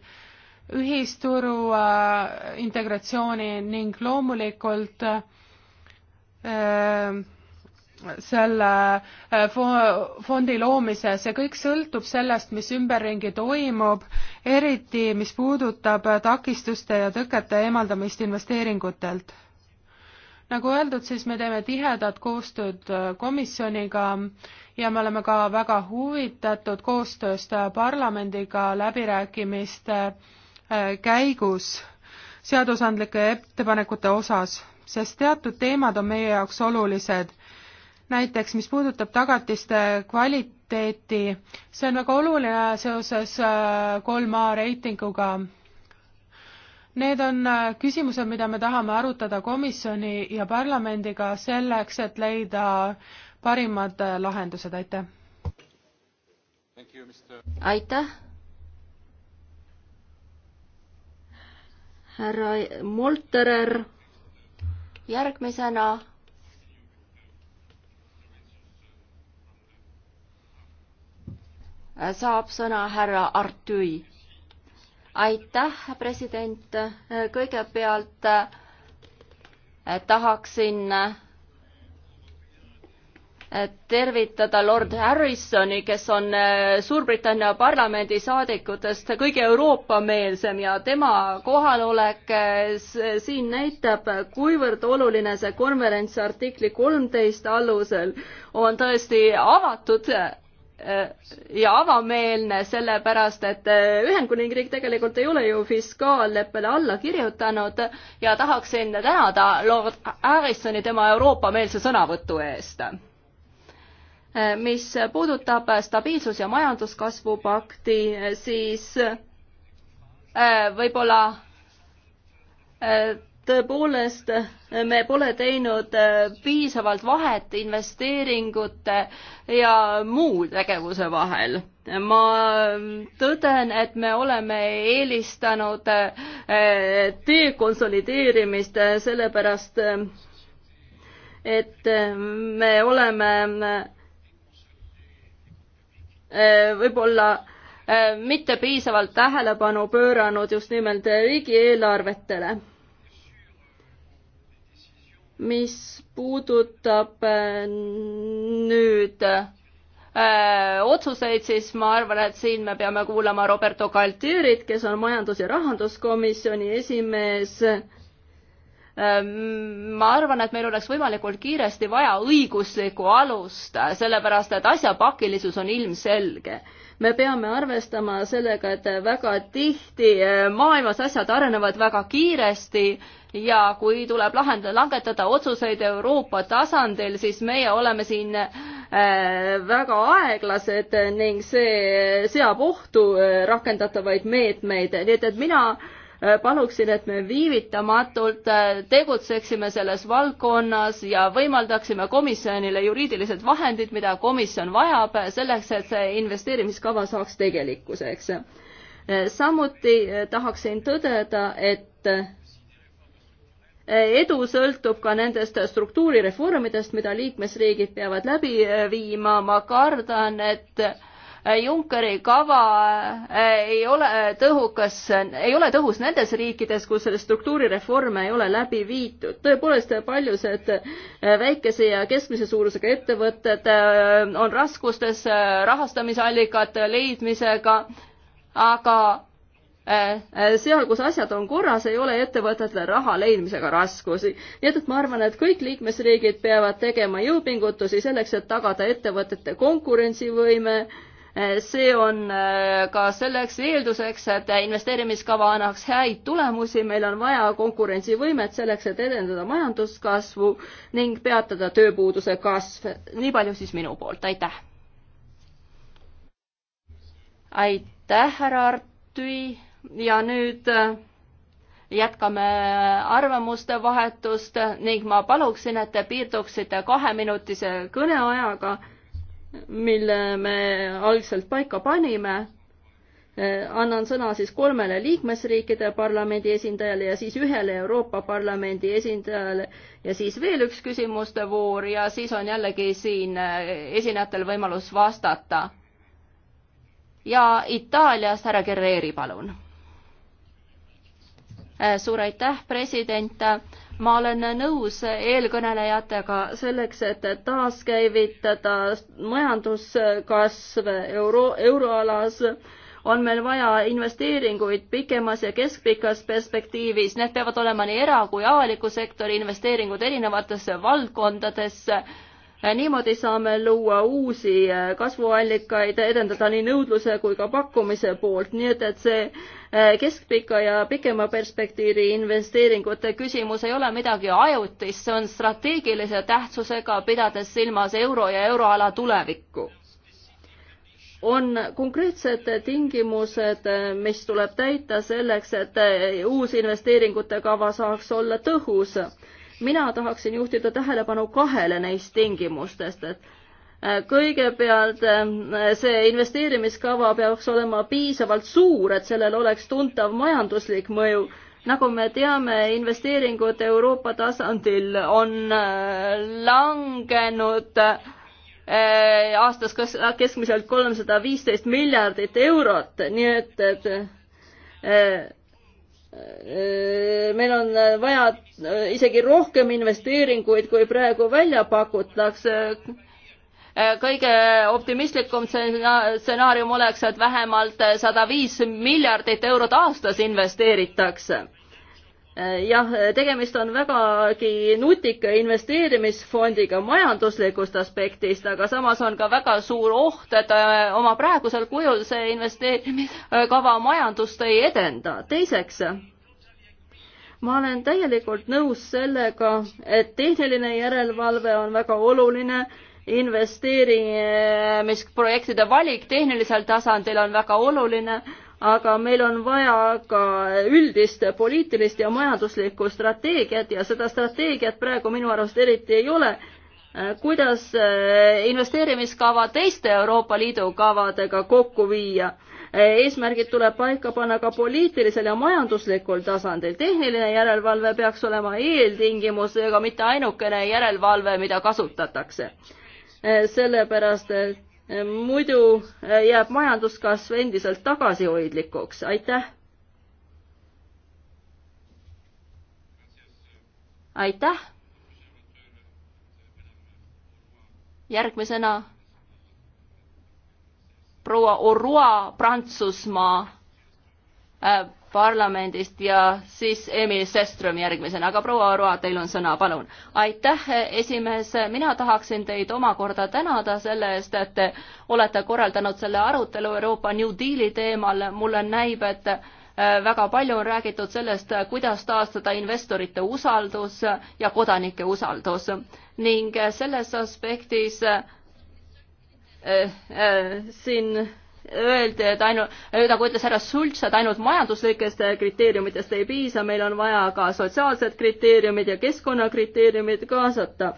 ühisturu äh, integratsiooni ning loomulikult äh, selle äh, fondi loomise, see kõik sõltub sellest, mis ümberringi toimub, eriti mis puudutab takistuste ja tõkete eemaldamist investeeringutelt nagu öeldud, siis me teeme tihedat koostööd äh, komisjoniga ja me oleme ka väga huvitatud koostööst äh, parlamendiga läbirääkimiste äh, käigus seadusandlike ettepanekute osas, sest teatud teemad on meie jaoks olulised. näiteks, mis puudutab tagatiste kvaliteeti, see on väga oluline seoses kolm A reitinguga Need on äh, küsimused, mida me tahame arutada komisjoni ja parlamendiga selleks, et leida parimad äh, lahendused, aitäh. aitäh. härra Molterer, järgmisena saab sõna härra Artüi aitäh, president, kõigepealt eh, tahaksin eh, tervitada lord Harrisoni, kes on eh, Suurbritannia parlamendi saadikutest kõige Euroopa-meelsem ja tema kohalolek siin näitab, kuivõrd oluline see konverents artikli kolmteist alusel on tõesti avatud Äh, ja avameelne, sellepärast et äh, Ühendkuningriik tegelikult ei ole ju fiskaalleppele alla kirjutanud ja tahaksin tänada Lord Harrisoni tema Euroopa-meelse sõnavõtu eest. Äh, mis puudutab stabiilsus- ja majanduskasvupakti, siis võib-olla tõepoolest me pole teinud äh, piisavalt vahet investeeringute ja muu tegevuse vahel. ma tõden, et me oleme eelistanud dekonsolideerimist äh, äh, sellepärast, et me oleme võib-olla mitte piisavalt tähelepanu pööranud just nimelt riigieelarvetele mis puudutab äh, nüüd äh, otsuseid, siis ma arvan, et siin me peame kuulama Roberto Galtierit, kes on majandus- ja rahanduskomisjoni esimees. Äh, ma arvan, et meil oleks võimalikult kiiresti vaja õiguslikku alust, sellepärast et asja pakilisus on ilmselge me peame arvestama sellega, et väga tihti eh, maailmas asjad arenevad väga kiiresti ja kui tuleb lahendada, langetada otsuseid Euroopa tasandil, siis meie oleme siin eh, väga aeglased ning see seab ohtu eh, rakendatavaid meetmeid, nii et, et mina Äh, paluksin, et me viivitamatult äh, tegutseksime selles valdkonnas ja võimaldaksime komisjonile juriidilised vahendid, mida komisjon vajab äh, selleks, et see investeerimiskava saaks tegelikkuseks. samuti tahaksin tõdeda, et edu sõltub ka nendest struktuurireformidest, mida liikmesriigid peavad läbi viima, ma kardan, et Äh, Junckeri kava äh, ei ole äh, tõhukas, ei ole tõhus nendes riikides, kus struktuurireforme ei ole läbi viidud. tõepoolest, paljused väikese ja keskmise suurusega ettevõtted on raskustes rahastamisallikate leidmisega, aga seal, kus asjad on korras, ei ole ettevõtetel raha leidmisega raskusi. nii et, et ma arvan, et kõik liikmesriigid peavad tegema jõupingutusi selleks, et tagada ettevõtete konkurentsivõime Eh, see on eh, ka selleks eelduseks, et investeerimiskava annaks häid tulemusi, meil on vaja konkurentsivõimet selleks, et edendada majanduskasvu ning peatada tööpuuduse kasv. nii palju siis minu poolt, aitäh! aitäh, härra Artui ja nüüd eh, jätkame arvamuste vahetust ning ma paluksin, et te piirduksite kaheminutise kõneajaga mille me algselt paika panime. annan sõna siis kolmele liikmesriikide parlamendi esindajale ja siis ühele Euroopa Parlamendi esindajale ja siis veel üks küsimuste voor ja siis on jällegi siin esinejatel võimalus vastata. ja Itaaliast härra Guerreri, palun. suur aitäh, president ma olen nõus eelkõnelejatega selleks, et taaskäivitada majanduskasv euro, euroalas, on meil vaja investeeringuid pikemas ja keskpikas perspektiivis, need peavad olema nii era- kui avaliku sektori investeeringud erinevatesse valdkondadesse Äh, niimoodi saame luua uusi äh, kasvuallikaid, edendada nii nõudluse kui ka pakkumise poolt, nii et, et see äh, keskpika ja pikema perspektiivi investeeringute küsimus ei ole midagi ajutist, see on strateegilise tähtsusega, pidades silmas euro ja euroala tulevikku on konkreetsed tingimused, mis tuleb täita selleks, et uus investeeringute kava saaks olla tõhus mina tahaksin juhtida tähelepanu kahele neist tingimustest, et äh, kõigepealt äh, see investeerimiskava peaks olema piisavalt suur, et sellel oleks tuntav majanduslik mõju. nagu me teame, investeeringud Euroopa tasandil on äh, langenud aastas kas-, keskmiselt kolmsada viisteist miljardit eurot, nii et, et Äh, meil on äh, vaja äh, isegi rohkem investeeringuid, kui praegu välja pakutakse. kõige optimistlikum stsenaarium oleks, et vähemalt sada viis miljardit eurot aastas investeeritakse Äh, jah, tegemist on vägagi nutika investeerimisfondiga majanduslikust aspektist, aga samas on ka väga suur oht, et äh, oma praegusel kujul see investeerimiskava majandust ei edenda. teiseks, ma olen täielikult nõus sellega, et tehniline järelevalve on väga oluline investeerimisprojektide valik tehnilisel tasandil on väga oluline, aga meil on vaja ka üldist poliitilist ja majanduslikku strateegiat ja seda strateegiat praegu minu arust eriti ei ole. kuidas eh, investeerimiskava teiste Euroopa Liidu kavadega kokku viia? Eh, eesmärgid tuleb paika panna ka poliitilisel ja majanduslikul tasandil. tehniline järelevalve peaks olema eeltingimus ega mitte ainukene järelevalve, mida kasutatakse. Eh, sellepärast, et muidu äh, jääb majanduskasv endiselt tagasihoidlikuks, aitäh. aitäh. järgmisena proua Orua Prantsusmaa äh, parlamendist ja siis Emil Sestrom järgmisena, aga proua Aroa, teil on sõna, palun. aitäh, esimees, mina tahaksin teid omakorda tänada selle eest, et te olete korraldanud selle arutelu Euroopa New Deali teemal, mulle näib, et äh, väga palju on räägitud sellest, kuidas taastada investorite usaldus ja kodanike usaldus ning selles aspektis äh, äh, siin öeldi, et ainult, nagu ütles härra Schultz, et ainult majanduslikest kriteeriumitest ei piisa, meil on vaja ka sotsiaalsed kriteeriumid ja keskkonnakriteeriumid kaasata.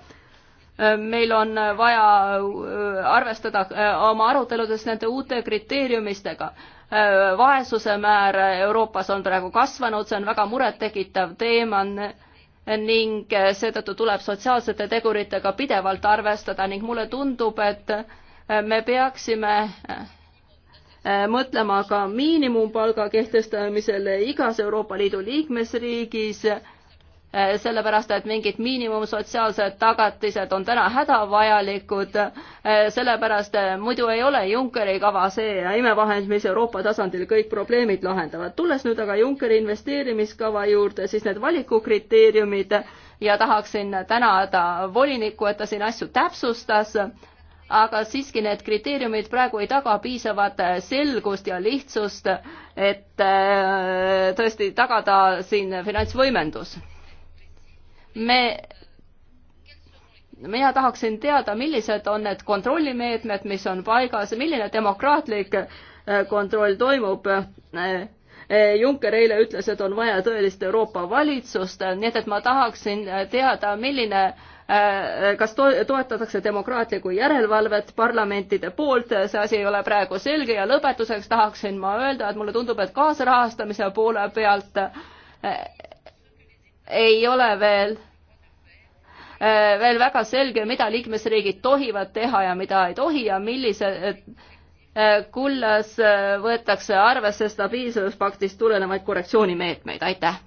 meil on vaja äh, arvestada äh, oma aruteludes nende uute kriteeriumistega. Äh, vaesuse määr Euroopas on praegu kasvanud, see on väga murettekitav teema ning seetõttu tuleb sotsiaalsete teguritega pidevalt arvestada ning mulle tundub, et me peaksime Äh, mõtlema ka miinimumpalga kehtestamisele igas Euroopa Liidu liikmesriigis, äh, sellepärast et mingid miinimumsotsiaalsed tagatised on täna hädavajalikud, äh, sellepärast muidu ei ole Junckeri kava see imevahend, mis Euroopa tasandil kõik probleemid lahendavad. tulles nüüd aga Junckeri investeerimiskava juurde, siis need valikukriteeriumid ja tahaksin tänada volinikku, et ta siin asju täpsustas aga siiski need kriteeriumid praegu ei taga piisavat äh, selgust ja lihtsust, et äh, tõesti tagada siin finantsvõimendus. me, mina tahaksin teada, millised on need kontrollimeetmed, mis on paigas, milline demokraatlik äh, kontroll toimub. Juncker eile ütles, et on vaja tõelist Euroopa valitsust, nii et, et ma tahaksin teada, milline äh, Äh, kas to toetatakse demokraatlikku järelevalvet parlamentide poolt, see asi ei ole praegu selge ja lõpetuseks tahaksin ma öelda, et mulle tundub, et kaasrahastamise poole pealt äh, ei ole veel äh, veel väga selge, mida liikmesriigid tohivad teha ja mida ei tohi ja millise, kullas võetakse arvesse stabiilsuspaktist tulenevaid korrektsioonimeetmeid, aitäh.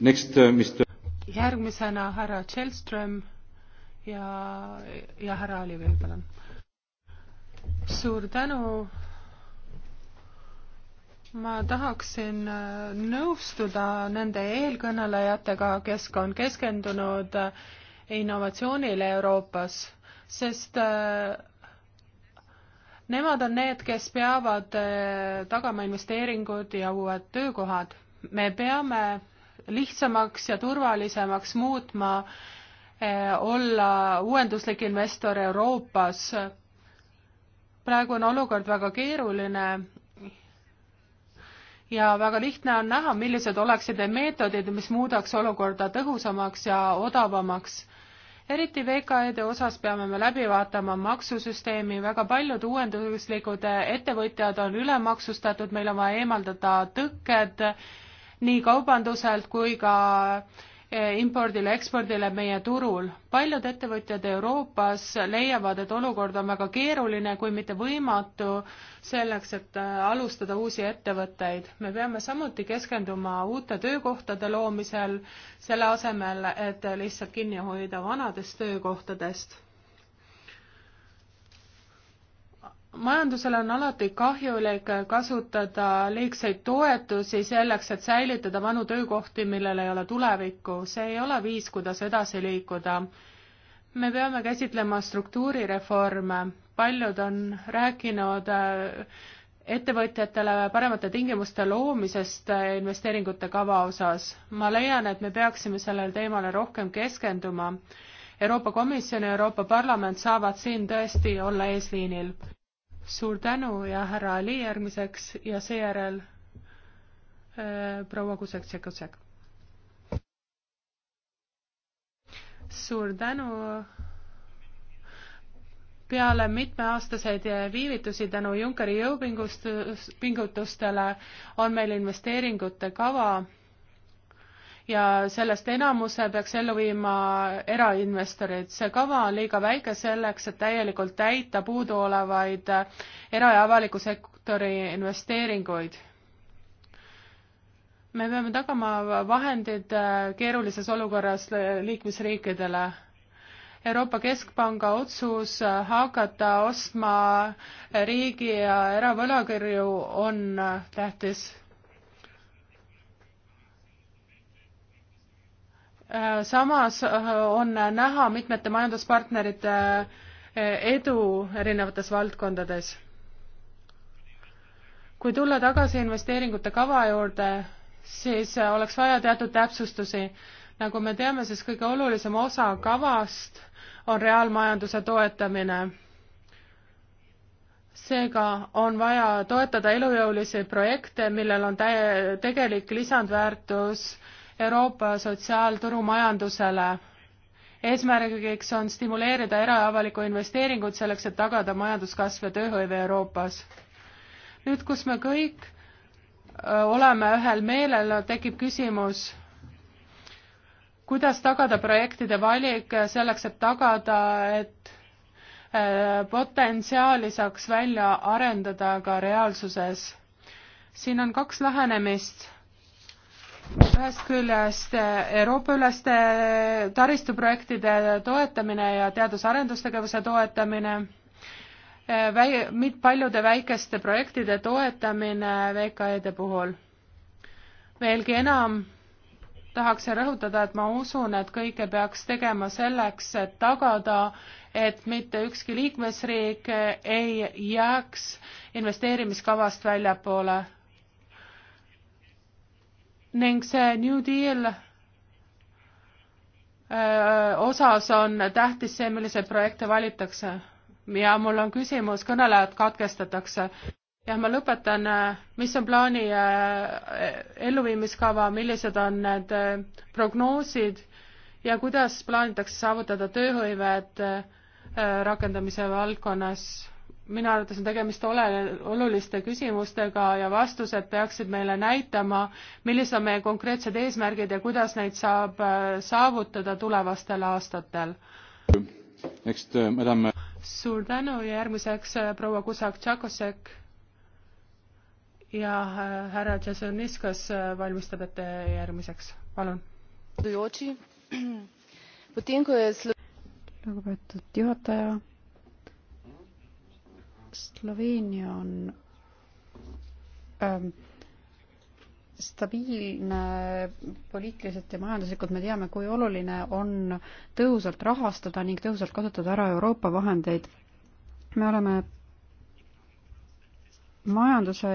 Next uh,, Mr järgmisena härra Tšelström ja, ja härra Alivel, palun. suur tänu. ma tahaksin äh, nõustuda nende eelkõnelejatega, kes on keskendunud äh, innovatsioonile Euroopas, sest äh, nemad on need, kes peavad tagama investeeringud ja uued töökohad. me peame lihtsamaks ja turvalisemaks muutma eh, olla uuenduslik investor Euroopas. praegu on olukord väga keeruline ja väga lihtne on näha, millised oleksid need meetodid, mis muudaks olukorda tõhusamaks ja odavamaks. eriti VKE-de osas peame me läbi vaatama maksusüsteemi, väga paljud uuenduslikud ettevõtjad on ülemaksustatud, meil on vaja eemaldada tõkked nii kaubanduselt kui ka eh, impordile, ekspordile meie turul. paljud ettevõtjad Euroopas leiavad, et olukord on väga keeruline, kui mitte võimatu, selleks, et eh, alustada uusi ettevõtteid. me peame samuti keskenduma uute töökohtade loomisel, selle asemel, et lihtsalt kinni hoida vanadest töökohtadest majandusele on alati kahjulik kasutada liigseid toetusi selleks, et säilitada vanu töökohti, millel ei ole tulevikku. see ei ole viis, kuidas edasi liikuda. me peame käsitlema struktuurireforme. paljud on rääkinud äh, ettevõtjatele paremate tingimuste loomisest äh, investeeringute kava osas. ma leian, et me peaksime sellele teemale rohkem keskenduma Euroopa Komisjon ja Euroopa Parlament saavad siin tõesti olla eesliinil suur tänu ja härra Ali järgmiseks ja seejärel äh, proua Kusek-Tšekosek. suur tänu. peale mitmeaastaseid viivitusi tänu Junckeri jõupingustustele on meil investeeringute kava ja sellest enamuse peaks ellu viima erainvestorid. see kava on liiga väike selleks, et täielikult täita puuduolevaid era- ja avaliku sektori investeeringuid me peame tagama vahendid keerulises olukorras liikmesriikidele. Euroopa Keskpanga otsus hakata ostma riigi ja eravõlakirju on tähtis Äh, samas äh, on näha mitmete majanduspartnerite äh, edu erinevates valdkondades. kui tulla tagasi investeeringute kava juurde, siis oleks vaja teatud täpsustusi. nagu me teame, siis kõige olulisem osa kavast on reaalmajanduse toetamine. seega on vaja toetada elujõulisi projekte, millel on täie, tegelik lisandväärtus Euroopa sotsiaalturumajandusele. eesmärgiks on stimuleerida era- ja avalikku investeeringut selleks, et tagada majanduskasv ja tööhõive Euroopas. nüüd, kus me kõik oleme ühel meelel, tekib küsimus, kuidas tagada projektide valik selleks, et tagada, et potentsiaali saaks välja arendada ka reaalsuses. siin on kaks lähenemist ühest küljest Euroopa-üleste taristuprojektide toetamine ja teadus-arendustegevuse toetamine, väi-, paljude väikeste projektide toetamine VKE-de puhul. veelgi enam tahaks rõhutada, et ma usun, et kõike peaks tegema selleks, et tagada, et mitte ükski liikmesriik ei jääks investeerimiskavast väljapoole ning see New Deal äh, osas on tähtis see, milliseid projekte valitakse. ja mul on küsimus, kõnelejad katkestatakse. jah, ma lõpetan, äh, mis on plaani äh, elluviimiskava, millised on need prognoosid ja kuidas plaanitakse saavutada tööhõivet rakendamise valdkonnas minu arvates on tegemist ole-, oluliste küsimustega ja vastused peaksid meile näitama, millised on meie konkreetsed eesmärgid ja kuidas neid saab äh, saavutada tulevastel aastatel. Next uh,, madam. suur tänu ja järgmiseks äh, proua Kusak Tšakosek ja härra Tšesoniskas valmistab ette järgmiseks, palun. lugupeetud juhataja Sloveenia on ähm, stabiilne poliitiliselt ja majanduslikult me teame, kui oluline on tõhusalt rahastada ning tõhusalt kasutada ära Euroopa vahendeid. me oleme majanduse,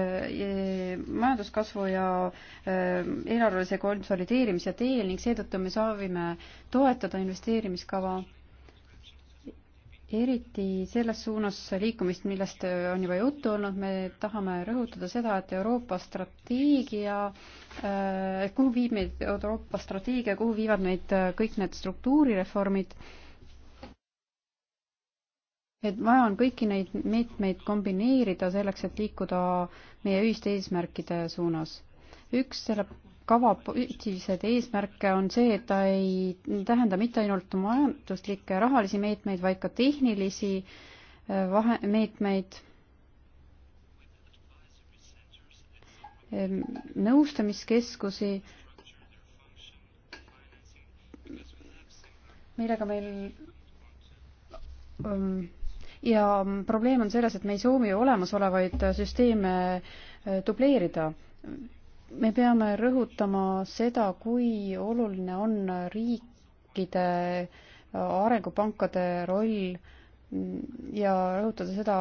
majanduskasvu ja ähm, eelarvelise konsolideerimise teel ning seetõttu me soovime toetada investeerimiskava eriti selles suunas liikumist, millest on juba juttu olnud, me tahame rõhutada seda, et Euroopa strateegia, äh, kuhu viib meid Euroopa strateegia, kuhu viivad meid äh, kõik need struktuurireformid, et vaja on kõiki neid meetmeid kombineerida selleks, et liikuda meie ühiste eesmärkide suunas. üks selle kava positiivseid eesmärke on see, et ta ei tähenda mitte ainult majanduslikke rahalisi meetmeid, vaid ka tehnilisi äh, vahe, meetmeid, ehm, nõustamiskeskusi, millega meil ähm, ja mm, probleem on selles, et me ei soovi olemasolevaid äh, süsteeme äh, dubleerida me peame rõhutama seda, kui oluline on riikide arengupankade roll ja rõhutada seda,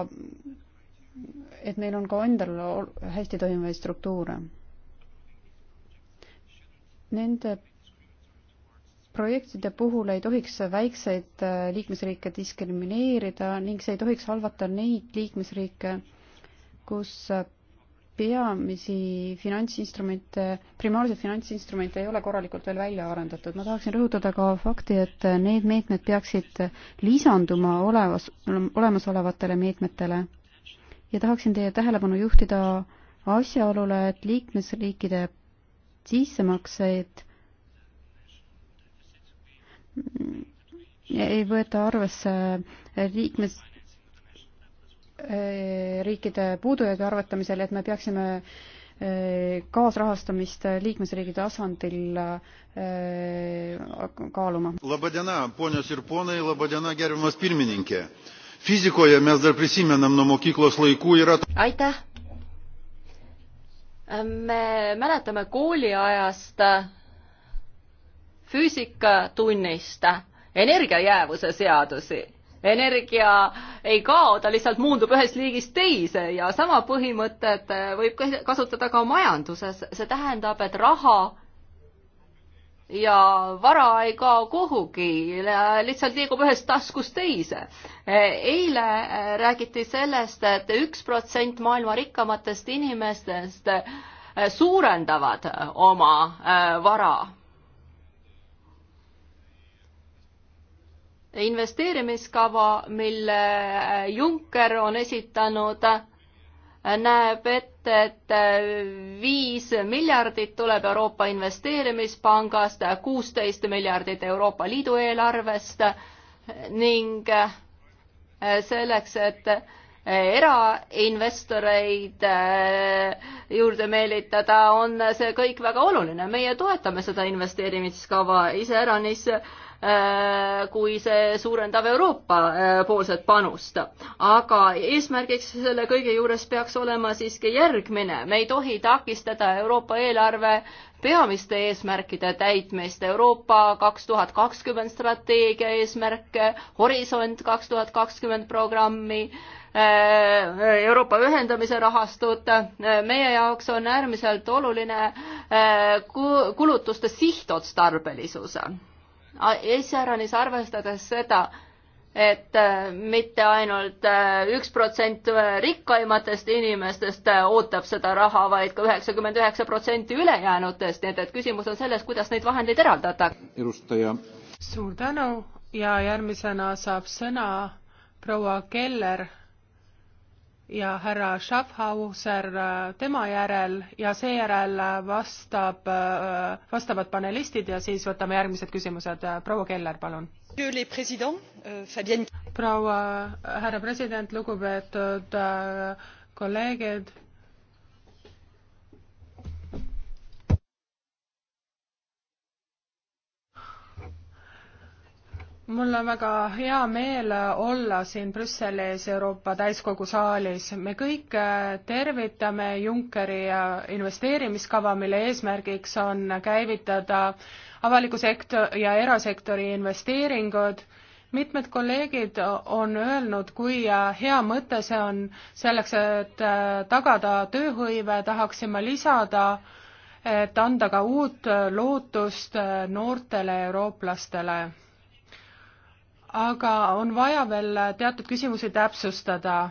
et neil on ka endal hästi toimivaid struktuure. Nende projektide puhul ei tohiks väikseid liikmesriike diskrimineerida ning see ei tohiks halvata neid liikmesriike, kus peamisi finantsinstrumente, primaarseid finantsinstrumente ei ole korralikult veel välja arendatud. ma tahaksin rõhutada ka fakti, et need meetmed peaksid lisanduma olevas, olemasolevatele meetmetele. ja tahaksin teie tähelepanu juhtida asjaolule, et liikmesriikide sissemakseid ei võeta arvesse liikmes, Eh, riikide puudujäägi arvatamisel, et me peaksime eh, kaasrahastamist liikmesriigi tasandil eh, kaaluma. Labadiena, ponios ir ponai, labadiena, gerbiamas pirmininkė. Fizikoje mes dar prisimenam nuo mokyklos laikų yra. aitäh. me mäletame kooliajast füüsikatunnist energiajäävuse seadusi energia ei kao, ta lihtsalt muundub ühest liigist teise ja sama põhimõtet äh, võib kasutada ka majanduses, see tähendab, et raha ja vara ei kao kuhugi, äh, lihtsalt liigub ühest taskust teise. Äh, eile räägiti sellest et, et üks protsent maailma rikkamatest inimestest suurendavad oma vara investeerimiskava, mille äh, Juncker on esitanud, äh, näeb ette, et äh, viis miljardit tuleb Euroopa Investeerimispangast, kuusteist miljardit Euroopa Liidu eelarvest ning selleks, et erainvestoreid juurde meelitada, on see kõik väga oluline. meie toetame seda investeerimiskava iseäranis Äh, kui see suurendab Euroopa äh, poolset panust. aga eesmärgiks selle kõige juures peaks olema siiski järgmine, me ei tohi takistada Euroopa eelarve peamiste eesmärkide täitmist, Euroopa kaks tuhat kakskümmend strateegia eesmärke, Horisont kaks tuhat kakskümmend programmi, äh, Euroopa ühendamise rahastut, meie jaoks on äärmiselt oluline kulutuste sihtotstarbelisuse iseäranis arvestades seda, et äh, mitte ainult äh, üks protsent äh, rikkaimatest inimestest ootab seda raha, vaid ka üheksakümmend üheksa protsenti ülejäänutest, nii et, et küsimus on selles, kuidas neid vahendeid eraldatakse. ilustaja. suur tänu ja järgmisena saab sõna proua Keller ja härra Schaffhauser äh, tema järel ja seejärel vastab, äh, vastavad panelistid ja siis võtame järgmised küsimused. proua Keller, palun. proua äh, härra president, lugupeetud kolleegid mul on väga hea meel olla siin Brüsselis Euroopa täiskogu saalis. me kõik äh, tervitame Junckeri äh, investeerimiskava, mille eesmärgiks on käivitada avaliku sektor- ja erasektori investeeringud. mitmed kolleegid on öelnud, kui äh, hea mõte see on selleks, et tagada tööhõive, tahaksin ma lisada, et anda ka uut lootust noortele eurooplastele aga on vaja veel teatud küsimusi täpsustada.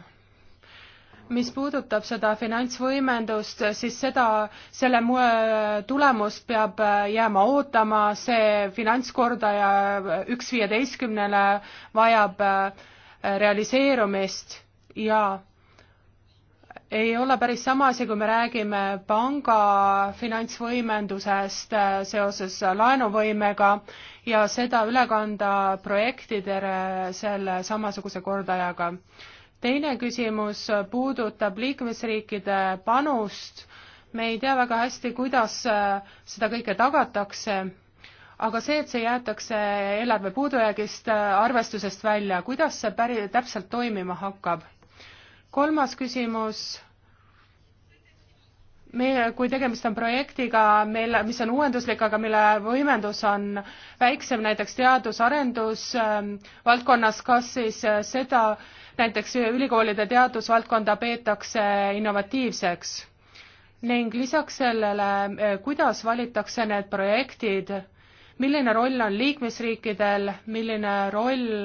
mis puudutab seda finantsvõimendust, siis seda, selle tulemust peab jääma ootama, see finantskordaja üks viieteistkümnele vajab äh, realiseerumist ja ei ole päris sama asi, kui me räägime panga finantsvõimendusest äh, seoses laenuvõimega ja seda üle kanda projektidele selle samasuguse kordajaga. teine küsimus puudutab liikmesriikide panust. me ei tea väga hästi, kuidas äh, seda kõike tagatakse aga see, et see jäetakse eelarve puudujäägist äh, arvestusest välja, kuidas see päri-, täpselt toimima hakkab? kolmas küsimus meie, kui tegemist on projektiga, mille, mis on uuenduslik, aga mille võimendus on väiksem näiteks teadus-arendus ähm, valdkonnas, kas siis äh, seda näiteks ülikoolide teadusvaldkonda peetakse innovatiivseks? ning lisaks sellele, äh, kuidas valitakse need projektid, milline roll on liikmesriikidel, milline roll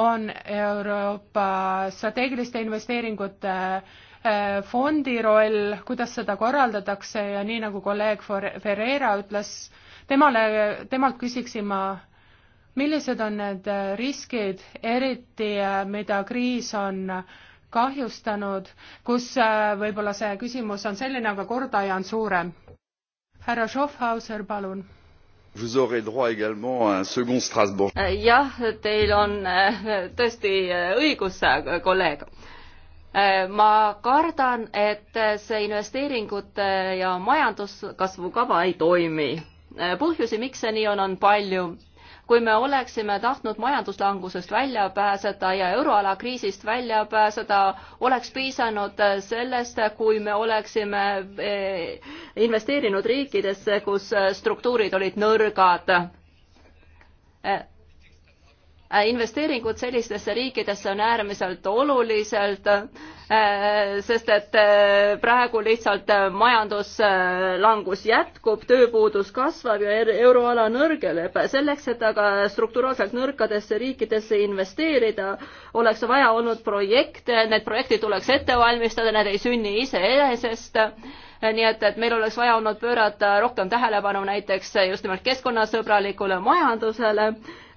on Euroopa strateegiliste investeeringute äh, Äh, fondi roll, kuidas seda korraldatakse ja nii, nagu kolleeg Ferreira ütles, temale, temalt küsiksin ma, millised on need äh, riskid, eriti äh, mida kriis on kahjustanud, kus võib-olla see küsimus on selline, aga kordaja on suurem. härra Schaffhauser, palun vous aurez droit également à un second Strasbourg. jah, teil on tõesti õigus, kolleeg ma kardan, et see investeeringute ja majanduskasvu kava ei toimi. põhjusi, miks see nii on, on palju. kui me oleksime tahtnud majanduslangusest välja pääseda ja euroala kriisist välja pääseda, oleks piisanud sellest, kui me oleksime eh, investeerinud riikidesse, kus struktuurid olid nõrgad eh, Äh, investeeringud sellistesse riikidesse on äärmiselt olulised, äh, sest et äh, praegu lihtsalt majanduslangus jätkub, tööpuudus kasvab ja er-, euroala nõrgeleb. selleks, et aga strukturaalselt nõrkadesse riikidesse investeerida, oleks vaja olnud projekte, need projektid tuleks ette valmistada, need ei sünni iseenesest nii et, et meil oleks vaja olnud pöörata rohkem tähelepanu näiteks just nimelt keskkonnasõbralikule majandusele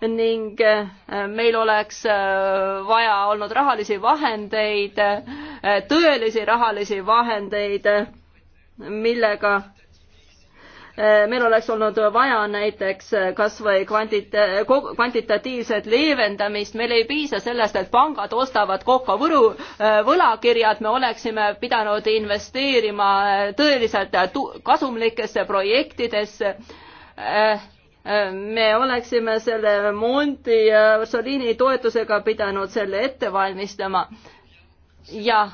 ning äh, meil oleks äh, vaja olnud rahalisi vahendeid, äh, tõelisi rahalisi vahendeid, millega meil oleks olnud vaja näiteks kas või kvantita-, kvantitatiivset leevendamist, meil ei piisa sellest, et pangad ostavad kokku võru, võlakirjad, me oleksime pidanud investeerima tõeliselt kasumlikesse projektidesse me oleksime selle Monti ja Soliini toetusega pidanud selle ette valmistama. jah,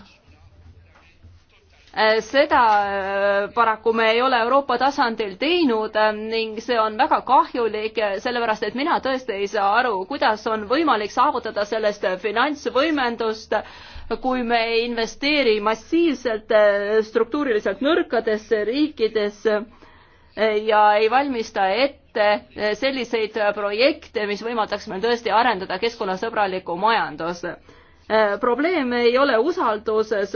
äh, seda äh, paraku me ei ole Euroopa tasandil teinud äh, ning see on väga kahjulik, sellepärast et mina tõesti ei saa aru, kuidas on võimalik saavutada sellest finantsvõimendust, kui me ei investeeri massiivselt struktuuriliselt nõrkadesse riikidesse ja ei valmista ette selliseid projekte, mis võimaldaks meil tõesti arendada keskkonnasõbralikku majandust. probleem ei ole usalduses,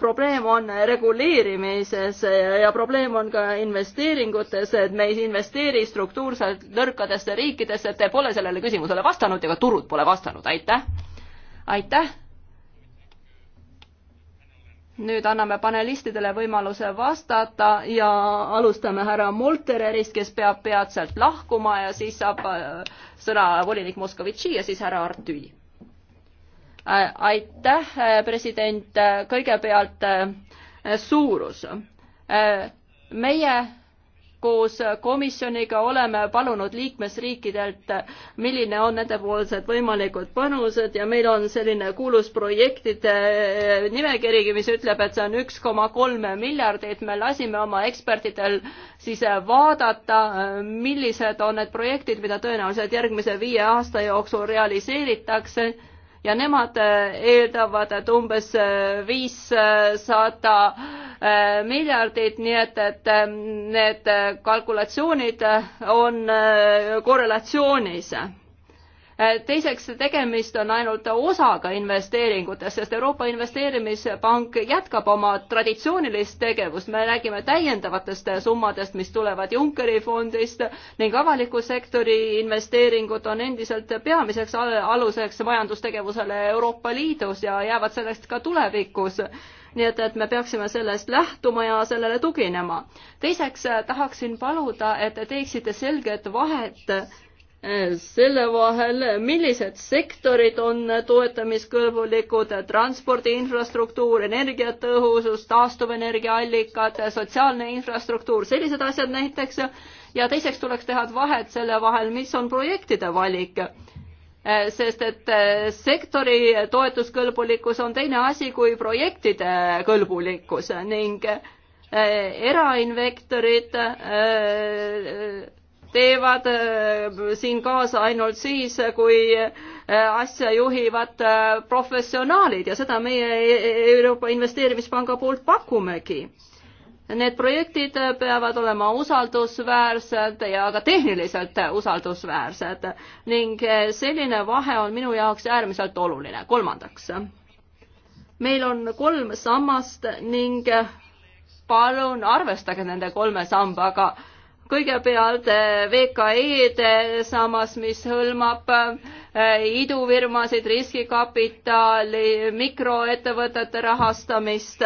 probleem on reguleerimises ja probleem on ka investeeringutes, et me ei investeeri struktuurselt nõrkadesse riikidesse, te pole sellele küsimusele vastanud ja ka turud pole vastanud, aitäh. aitäh nüüd anname panelistidele võimaluse vastata ja alustame härra Moltererist, kes peab peatselt lahkuma ja siis saab äh, sõna volinik Moskovitši ja siis härra Artüi. Äh, aitäh, äh, president, kõigepealt suurus. meie koos komisjoniga oleme palunud liikmesriikidelt, milline on nendepoolsed võimalikud panused ja meil on selline kuulus projektide eh, nimekiri, mis ütleb, et see on üks koma kolm miljardit, me lasime oma ekspertidel siis eh, vaadata, eh, millised on need projektid, mida tõenäoliselt järgmise viie aasta jooksul realiseeritakse ja nemad äh, eeldavad, et umbes äh, viissada äh, miljardit, nii et, et ähm, need kalkulatsioonid on korrelatsioonis Äh, teiseks, tegemist on ainult osaga investeeringutest, sest Euroopa Investeerimispank jätkab oma traditsioonilist tegevust, me räägime täiendavatest summadest, mis tulevad Junckeri fondist ning avaliku sektori investeeringud on endiselt peamiseks aluseks majandustegevusele Euroopa Liidus ja jäävad sellest ka tulevikus nii et, et me peaksime sellest lähtuma ja sellele tuginema. teiseks äh, tahaksin paluda, et te teeksite selget vahet Eh, selle vahel, millised sektorid on toetamiskõlbulikud, transpordi infrastruktuur, energiatõhusus, taastuvenergiaallikad, sotsiaalne infrastruktuur, sellised asjad näiteks. ja teiseks tuleks teha vahet selle vahel, mis on projektide valik. Eh, sest et eh, sektori toetuskõlbulikkus on teine asi kui projektide kõlbulikkus ning erainvektorid teevad äh, siin kaasa ainult siis, kui äh, asja juhivad äh, professionaalid ja seda meie e-, e-, e-, Euroopa Investeerimispanga poolt pakumegi. Need projektid peavad olema usaldusväärsed ja ka tehniliselt usaldusväärsed ning selline vahe on minu jaoks äärmiselt oluline. kolmandaks, meil on kolm sammast ning palun arvestage nende kolme sambaga kõigepealt eh, VKE-de eh, sammas, mis hõlmab eh, idufirmasid, riskikapitali, mikroettevõtete rahastamist,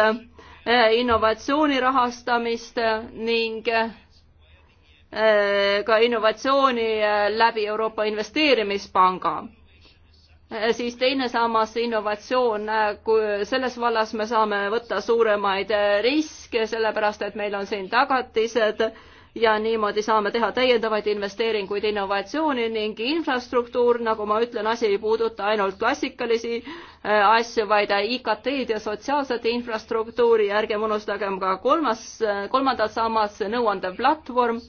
innovatsiooni rahastamist ning ka innovatsiooni läbi Euroopa Investeerimispanga siis teine sammas, innovatsioon, kui selles vallas me saame võtta suuremaid riske, sellepärast et meil on siin tagatised ja niimoodi saame teha täiendavaid investeeringuid innovatsiooni ning infrastruktuur, nagu ma ütlen, asi ei puuduta ainult klassikalisi äh, asju, vaid äh, IKT-d ja sotsiaalset infrastruktuuri ja ärgem unustagem ka kolmas, äh, kolmandas sammas nõuandev platvorm.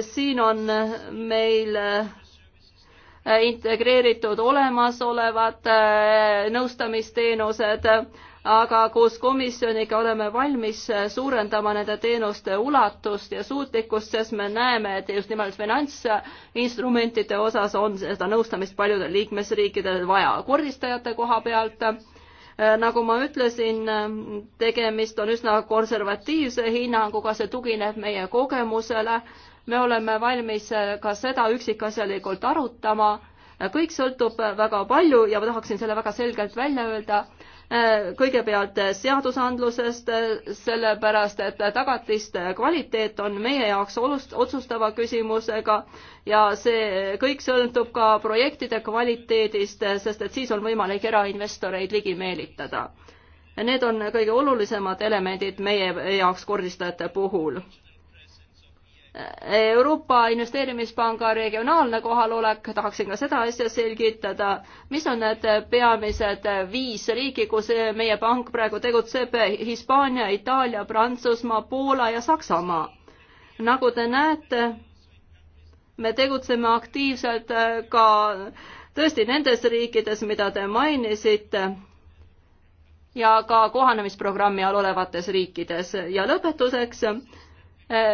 siin on meil integreeritud olemasolevad nõustamisteenused aga koos komisjoniga oleme valmis suurendama nende teenuste ulatust ja suutlikkust, sest me näeme, et just nimelt finantsinstrumentide osas on seda nõustamist paljudel liikmesriikidel vaja. kordistajate koha pealt, eh, nagu ma ütlesin, tegemist on üsna konservatiivse hinnanguga, see tugineb meie kogemusele, me oleme valmis eh, ka seda üksikasjalikult arutama kõik sõltub väga palju ja ma tahaksin selle väga selgelt välja öelda, kõigepealt seadusandlusest, sellepärast et tagatiste kvaliteet on meie jaoks otsustava küsimusega ja see kõik sõltub ka projektide kvaliteedist, sest et siis on võimalik erainvestoreid ligi meelitada. Need on kõige olulisemad elemendid meie jaoks kordistajate puhul Euroopa Investeerimispanga regionaalne kohalolek, tahaksin ka seda asja selgitada. mis on need peamised viis riiki, kus meie pank praegu tegutseb? Hispaania, Itaalia, Prantsusmaa, Poola ja Saksamaa. nagu te näete, me tegutseme aktiivselt ka tõesti nendes riikides, mida te mainisite ja ka kohanemisprogrammi all olevates riikides ja lõpetuseks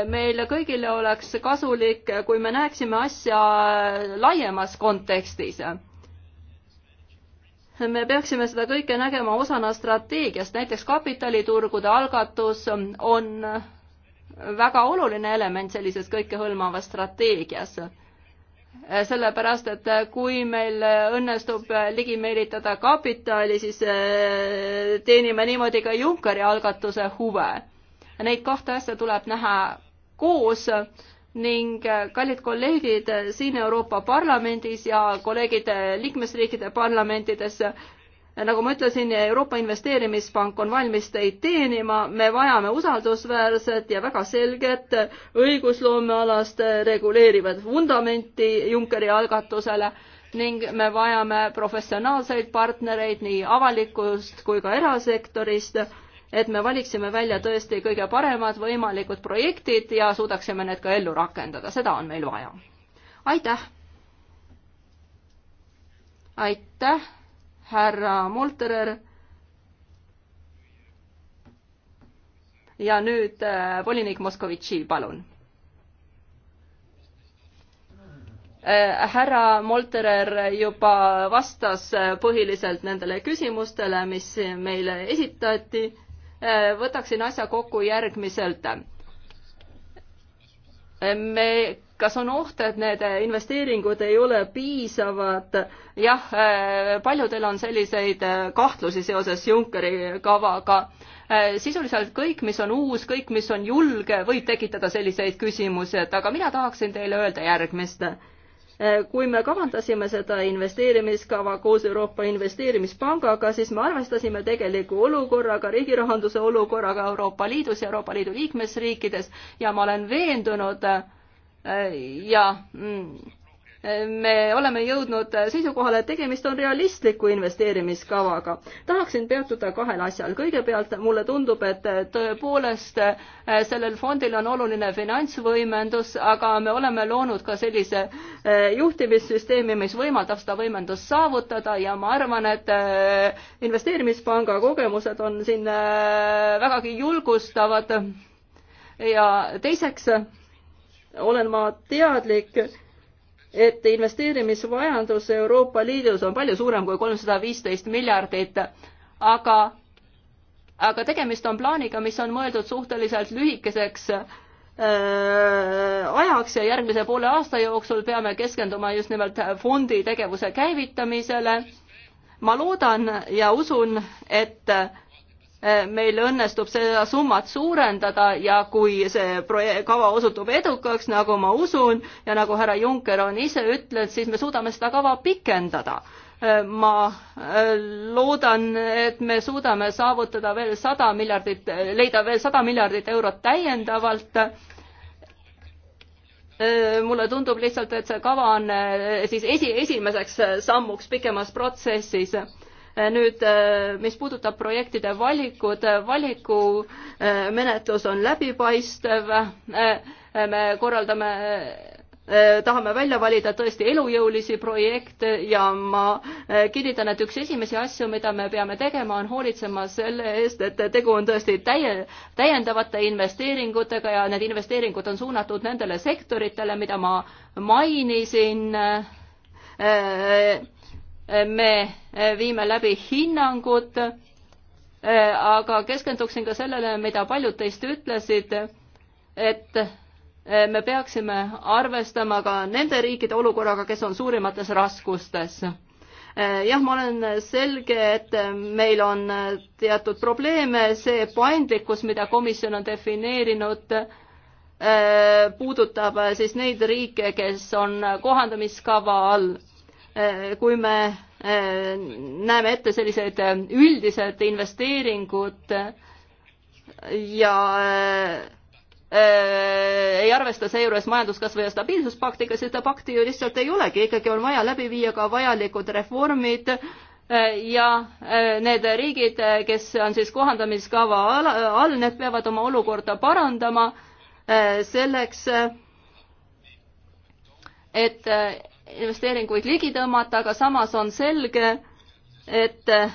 meile kõigile oleks kasulik, kui me näeksime asja laiemas kontekstis. me peaksime seda kõike nägema osana strateegiast, näiteks kapitaliturgude algatus on väga oluline element sellises kõikehõlmavas strateegias sellepärast, et kui meil õnnestub ligi meelitada kapitali, siis teenime niimoodi ka Junckeri algatuse huve Neid kahte asja tuleb näha koos ning äh, kallid kolleegid äh, siin Euroopa Parlamendis ja kolleegid äh, liikmesriikide parlamentides, nagu ma ütlesin, Euroopa Investeerimispank on valmis teid teenima, me vajame usaldusväärset ja väga selget õigusloomealast reguleerivat vundamenti Junckeri algatusele ning me vajame professionaalseid partnereid nii avalikust kui ka erasektorist et me valiksime välja tõesti kõige paremad võimalikud projektid ja suudaksime need ka ellu rakendada, seda on meil vaja. aitäh! aitäh, härra Molterer! ja nüüd äh, volinik Moskovitši, palun äh, härra Molterer juba vastas äh, põhiliselt nendele küsimustele, mis meile esitati Äh, võtaksin asja kokku järgmiselt. Äh, me, kas on oht, et need investeeringud ei ole piisavad? jah, äh, paljudel on selliseid kahtlusi seoses Junckeri kavaga. sisuliselt kõik, mis on uus, kõik, mis on julge, võib tekitada selliseid küsimusi, et aga mina tahaksin teile öelda järgmist Eh, kui me kavandasime seda investeerimiskava koos Euroopa Investeerimispangaga, siis me arvestasime tegeliku olukorraga, riigi rahanduse olukorraga Euroopa Liidus ja Euroopa Liidu liikmesriikides ja ma olen veendunud eh, ja mm, me oleme jõudnud seisukohale, et tegemist on realistliku investeerimiskavaga. tahaksin peatuda kahel asjal. kõigepealt mulle tundub, et tõepoolest eh, sellel fondil on oluline finantsvõimendus, aga me oleme loonud ka sellise eh, juhtimissüsteemi, mis võimaldab seda võimendust saavutada ja ma arvan, et eh, investeerimispanga kogemused on siin vägagi julgustavad. ja teiseks olen ma teadlik et investeerimisvajadus Euroopa Liidus on palju suurem kui kolmsada viisteist miljardit, aga, aga tegemist on plaaniga, mis on mõeldud suhteliselt lühikeseks äh, ajaks ja järgmise poole aasta jooksul peame keskenduma just nimelt fondi tegevuse käivitamisele. ma loodan ja usun, et äh, meil õnnestub seda summat suurendada ja kui see projekt, kava osutub edukaks, nagu ma usun ja nagu härra Juncker on ise ütlenud, siis me suudame seda kava pikendada. ma äh, loodan, et me suudame saavutada veel sada miljardit, leida veel sada miljardit eurot täiendavalt äh, mulle tundub lihtsalt, et see kava on äh, siis esi, esimeseks sammuks pikemas protsessis nüüd, äh, mis puudutab projektide valikud, äh, valikumenetlus äh, on läbipaistev, me korraldame tahame välja valida tõesti elujõulisi projekte ja ma kinnitan, et üks esimesi asju, mida me peame tegema, on hoolitsema selle eest, et tegu on tõesti täie, täiendavate investeeringutega ja need investeeringud on suunatud nendele sektoritele, mida ma mainisin me eh, viime läbi hinnangud, eh, aga keskenduksin ka sellele, mida paljud teist ütlesid, et eh, me peaksime arvestama ka nende riikide olukorraga, kes on suurimates raskustes. jah, ma olen selge, et meil on teatud probleeme, see paindlikkus, mida komisjon on defineerinud, puudutab siis neid riike, kes on kohandamiskava all Eh, kui me eh, näeme ette sellised eh, üldised investeeringud ja ei arvesta seejuures majanduskasvu ja stabiilsuspaktiga, seda pakti ju lihtsalt ei olegi, ikkagi on vaja läbi viia ka vajalikud reformid ja need riigid, kes on siis kohandamiskava all, need peavad oma olukorda parandama selleks, et investeeringuid ligi tõmmata, aga samas on selge, et eh,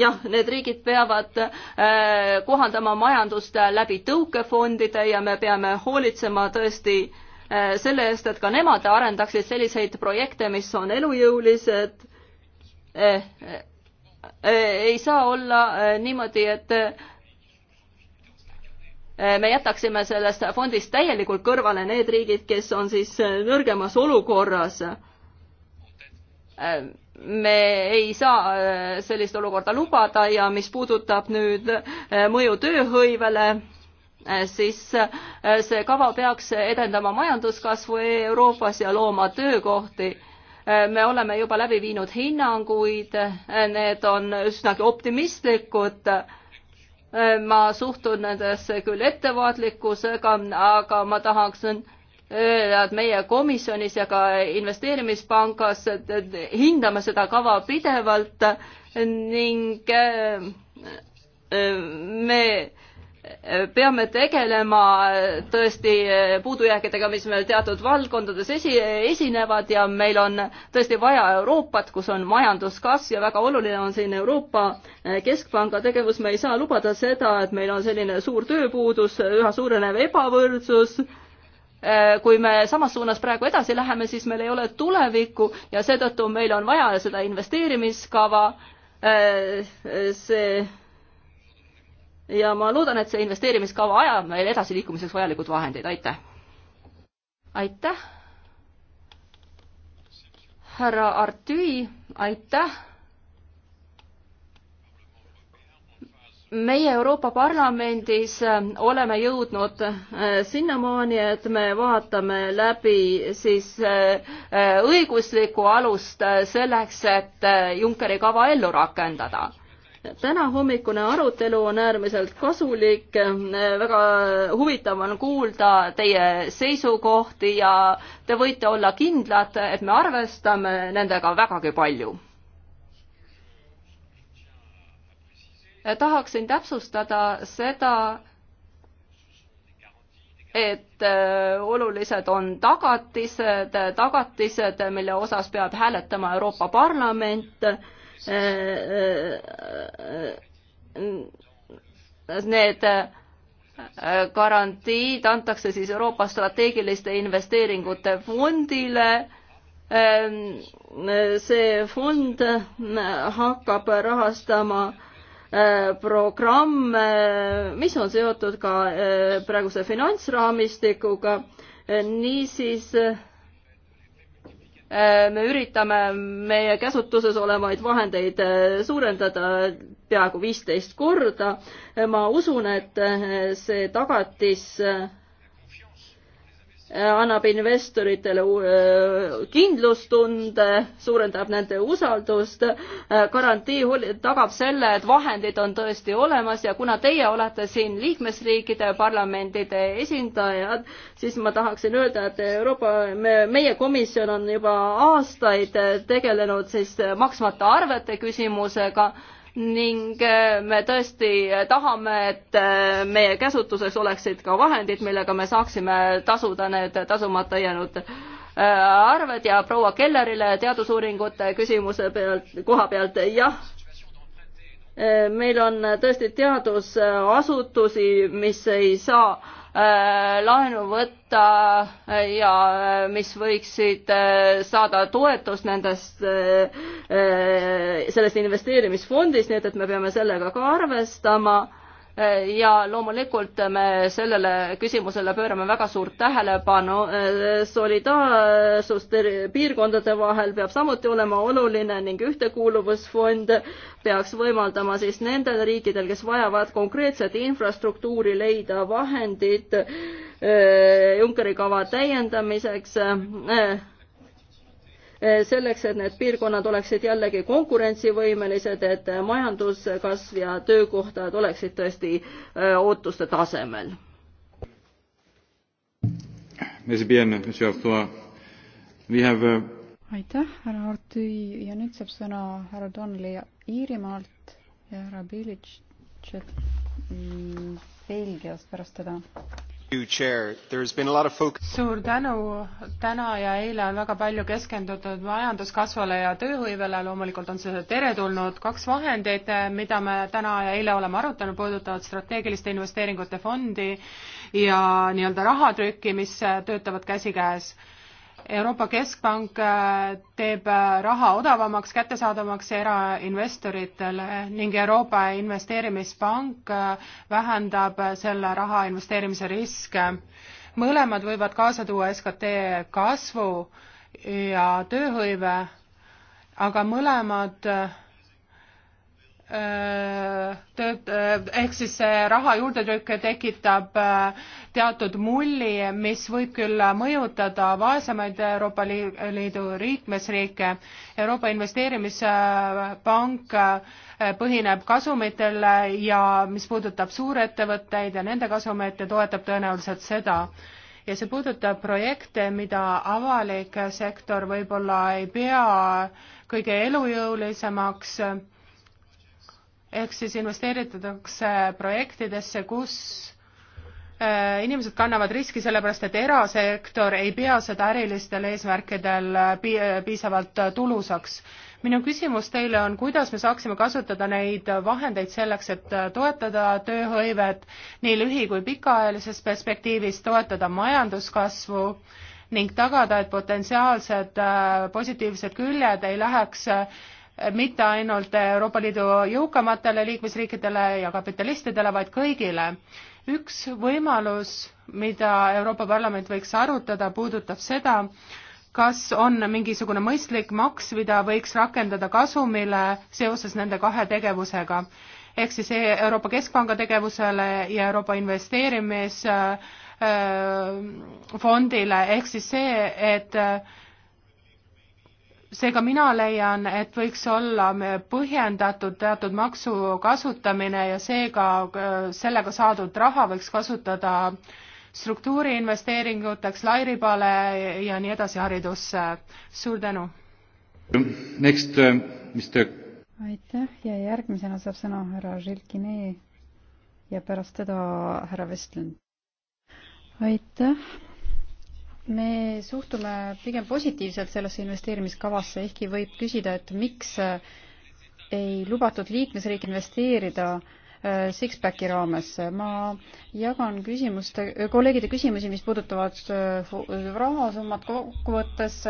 jah, need riigid peavad eh, kohandama majandust läbi tõukefondide ja me peame hoolitsema tõesti eh, selle eest, et ka nemad arendaksid selliseid projekte, mis on elujõulised. ei saa olla niimoodi, et Eh, me jätaksime sellest fondist täielikult kõrvale need riigid, kes on siis eh, nõrgemas olukorras. Eh, me ei saa sellist olukorda lubada ja mis puudutab nüüd mõju tööhõivele, siis see kava peaks edendama majanduskasvu Euroopas ja looma töökohti. me oleme juba läbi viinud hinnanguid, need on üsnagi optimistlikud ma suhtun nendesse küll ettevaatlikkusega, aga ma tahaksin öelda, et meie komisjonis ja ka investeerimispangas hindame seda kava pidevalt ning äh, me peame tegelema tõesti puudujääkidega, mis meil teatud valdkondades esi, esinevad ja meil on tõesti vaja Euroopat, kus on majanduskasv ja väga oluline on siin Euroopa Keskpanga tegevus, me ei saa lubada seda, et meil on selline suur tööpuudus, üha suurenev ebavõrdsus, kui me samas suunas praegu edasi läheme, siis meil ei ole tulevikku ja seetõttu meil on vaja seda investeerimiskava, see ja ma loodan, et see investeerimiskava ajab meil edasiliikumiseks vajalikud vahendeid, aitäh! aitäh! härra Artüi, aitäh! meie Euroopa Parlamendis äh, oleme jõudnud äh, sinnamaani, et me vaatame läbi siis äh, õiguslikku alust selleks, et Junckeri kava ellu rakendada tänahommikune arutelu on äärmiselt kasulik, väga huvitav on kuulda teie seisukohti ja te võite olla kindlad, et me arvestame nendega vägagi palju. tahaksin täpsustada seda, et äh, olulised on tagatised, tagatised, mille osas peab hääletama Euroopa Parlament Äh, äh, äh, need garantiid antakse siis Euroopa strateegiliste investeeringute fondile. Ähm, see fond hakkab rahastama programme, mis on seotud ka praeguse finantsraamistikuga. niisiis Äh, me üritame meie käsutuses olevaid vahendeid äh, suurendada peaaegu viisteist korda. Äh, ma usun, et see tagatis Äh, annab investoritele äh, kindlustunde, suurendab nende usaldust, äh, garantii tagab selle, et vahendid on tõesti olemas ja kuna teie olete siin liikmesriikide parlamendide esindajad, siis ma tahaksin öelda, et Euroopa, me, meie komisjon on juba aastaid tegelenud siis maksmata arvete küsimusega ning äh, me tõesti tahame, et äh, meie käsutuses oleksid ka vahendid, millega me saaksime tasuda need tasumata jäänud äh, arved ja proua Kellerile teadusuuringute küsimuse pealt, koha pealt, jah meil on tõesti teadusasutusi, mis ei saa Äh, laenu võtta ja äh, mis võiksid äh, saada toetust nendest, sellest investeerimisfondist, nii et, et me peame sellega ka arvestama ja loomulikult me sellele küsimusele pöörame väga suurt tähelepanu. solidaarsus piirkondade vahel peab samuti olema oluline ning ühtekuuluvusfond peaks võimaldama siis nendel riikidel, kes vajavad konkreetset infrastruktuuri, leida vahendid eh, Junckeri kava täiendamiseks eh, Eh, selleks, et need piirkonnad oleksid jällegi konkurentsivõimelised, et majanduskasv ja töökohtad oleksid tõesti eh, ootuste tasemel. Uh, aitäh, härra Artüi ja nüüd saab sõna härra Donnelly Iirimaalt ja härra Bilitš Belgiast pärast teda suur tänu, täna ja eile on väga palju keskendutud majanduskasvule ja tööhõivele, loomulikult on see teretulnud. kaks vahendit, mida me täna ja eile oleme arutanud, puudutavad strateegiliste investeeringute fondi ja nii-öelda rahatrükki, mis töötavad käsikäes Euroopa Keskpank äh, teeb äh, raha odavamaks, kättesaadavamaks erainvestoritele ning Euroopa Investeerimispank äh, vähendab selle raha investeerimise riske. mõlemad võivad kaasa tuua SKT kasvu ja tööhõive, aga mõlemad Äh, tööt-, äh, ehk siis see raha juurdetrükk tekitab äh, teatud mulli, mis võib küll mõjutada vaesemaid Euroopa Liidu liikmesriike. Euroopa Investeerimispank põhineb kasumitel ja mis puudutab suurettevõtteid ja nende kasumeid ja toetab tõenäoliselt seda ja see puudutab projekte, mida avalik sektor võib-olla ei pea kõige elujõulisemaks ehk siis investeeritakse projektidesse, kus äh, inimesed kannavad riski sellepärast, et erasektor ei pea seda ärilistel eesmärkidel äh, äh, piisavalt tulusaks. minu küsimus teile on, kuidas me saaksime kasutada neid vahendeid selleks, et toetada tööhõivet nii lühi- kui pikaajalises perspektiivis, toetada majanduskasvu ning tagada, et potentsiaalsed positiivsed küljed ei läheks mitte ainult Euroopa Liidu jõukamatele liikmesriikidele ja kapitalistidele, vaid kõigile. üks võimalus, mida Euroopa Parlament võiks arutada, puudutab seda, kas on mingisugune mõistlik maks, mida võiks rakendada kasumile seoses nende kahe tegevusega. ehk siis e- Euroopa Keskpanga tegevusele ja Euroopa investeerimis- äh, äh fondile, ehk siis see, et äh, seega mina leian, et võiks olla põhjendatud teatud maksu kasutamine ja seega äh, sellega saadud raha võiks kasutada struktuuriinvesteeringuteks, lairibale ja nii edasi haridusse. suur tänu! Next uh,, äh, Mr. aitäh ja järgmisena saab sõna härra Žilkini ja pärast teda härra Vestlund. aitäh! me suhtume pigem positiivselt sellesse investeerimiskavasse, ehkki võib küsida, et miks äh, ei lubatud liikmesriik investeerida äh, Sixpacki raames. ma jagan küsimuste, äh, kolleegide küsimusi, mis puudutavad rahasummat kokkuvõttes,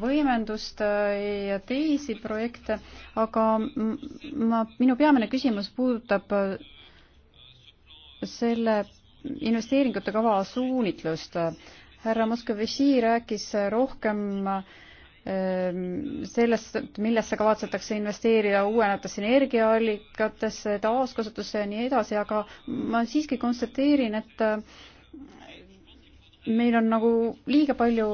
võimendust ja teisi projekte, aga ma, minu peamine küsimus puudutab selle investeeringute kava suunitlust härra Moskovitši rääkis rohkem ehm, sellest, millesse kavatsetakse investeerida uuenevatesse energiaallikatesse, taaskasutusse ja nii edasi, aga ma siiski konstateerin, et ehm, meil on nagu liiga palju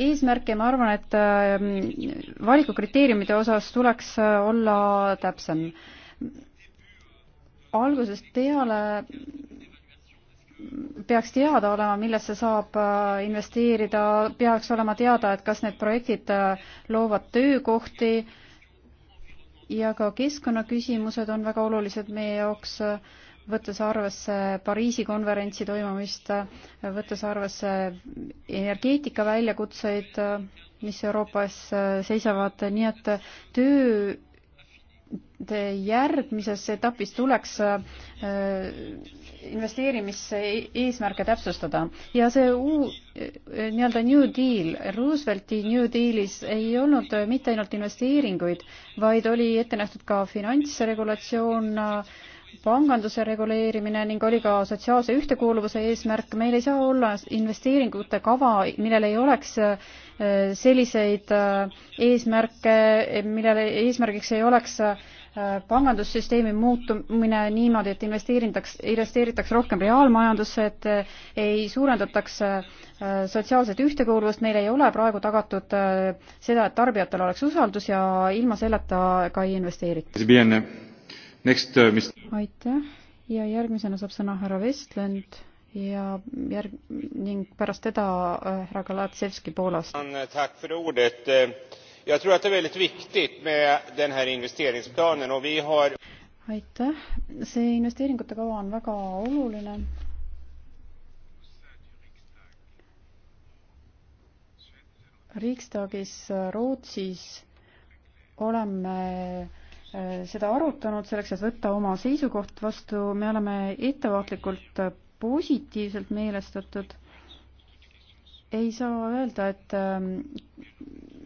eesmärke ja ma arvan, et ehm, valikukriteeriumide osas tuleks äh, olla täpsem. algusest peale peaks teada olema, millesse saab äh, investeerida, peaks olema teada, et kas need projektid äh, loovad töökohti ja ka keskkonnaküsimused on väga olulised meie jaoks, äh, võttes arvesse Pariisi konverentsi toimumist, võttes arvesse energeetika väljakutseid, mis Euroopas seisavad, nii et töö järgmises etapis tuleks äh, investeerimise e-, eesmärke täpsustada ja see uu-, äh, nii-öelda New Deal, Roosevelti New Dealis ei olnud äh, mitte ainult investeeringuid, vaid oli ette nähtud ka finantsregulatsioon, panganduse reguleerimine ning oli ka sotsiaalse ühtekuuluvuse eesmärk. meil ei saa olla investeeringute kava, millel ei oleks selliseid eesmärke, millele eesmärgiks ei oleks pangandussüsteemi muutumine niimoodi, et investeeritaks, investeeritaks rohkem reaalmajandusse, et eh, ei suurendataks eh, sotsiaalset ühtekuuluvust, meil ei ole praegu tagatud eh, seda, et tarbijatel oleks usaldus ja ilma selleta ka ei investeerita. aitäh ja järgmisena saab sõna härra Vestlend ja järg- ning pärast teda härra Galatsevski Poolast jag tror att det är väldigt viktigt med den här investeringsplanen och vi har aitäh, see investeeringute kava on väga oluline. Riksdagis Rootsis oleme eh, seda arutanud selleks, et võtta oma seisukoht vastu, me oleme ettevaatlikult positiivselt meelestatud. ei saa öelda, et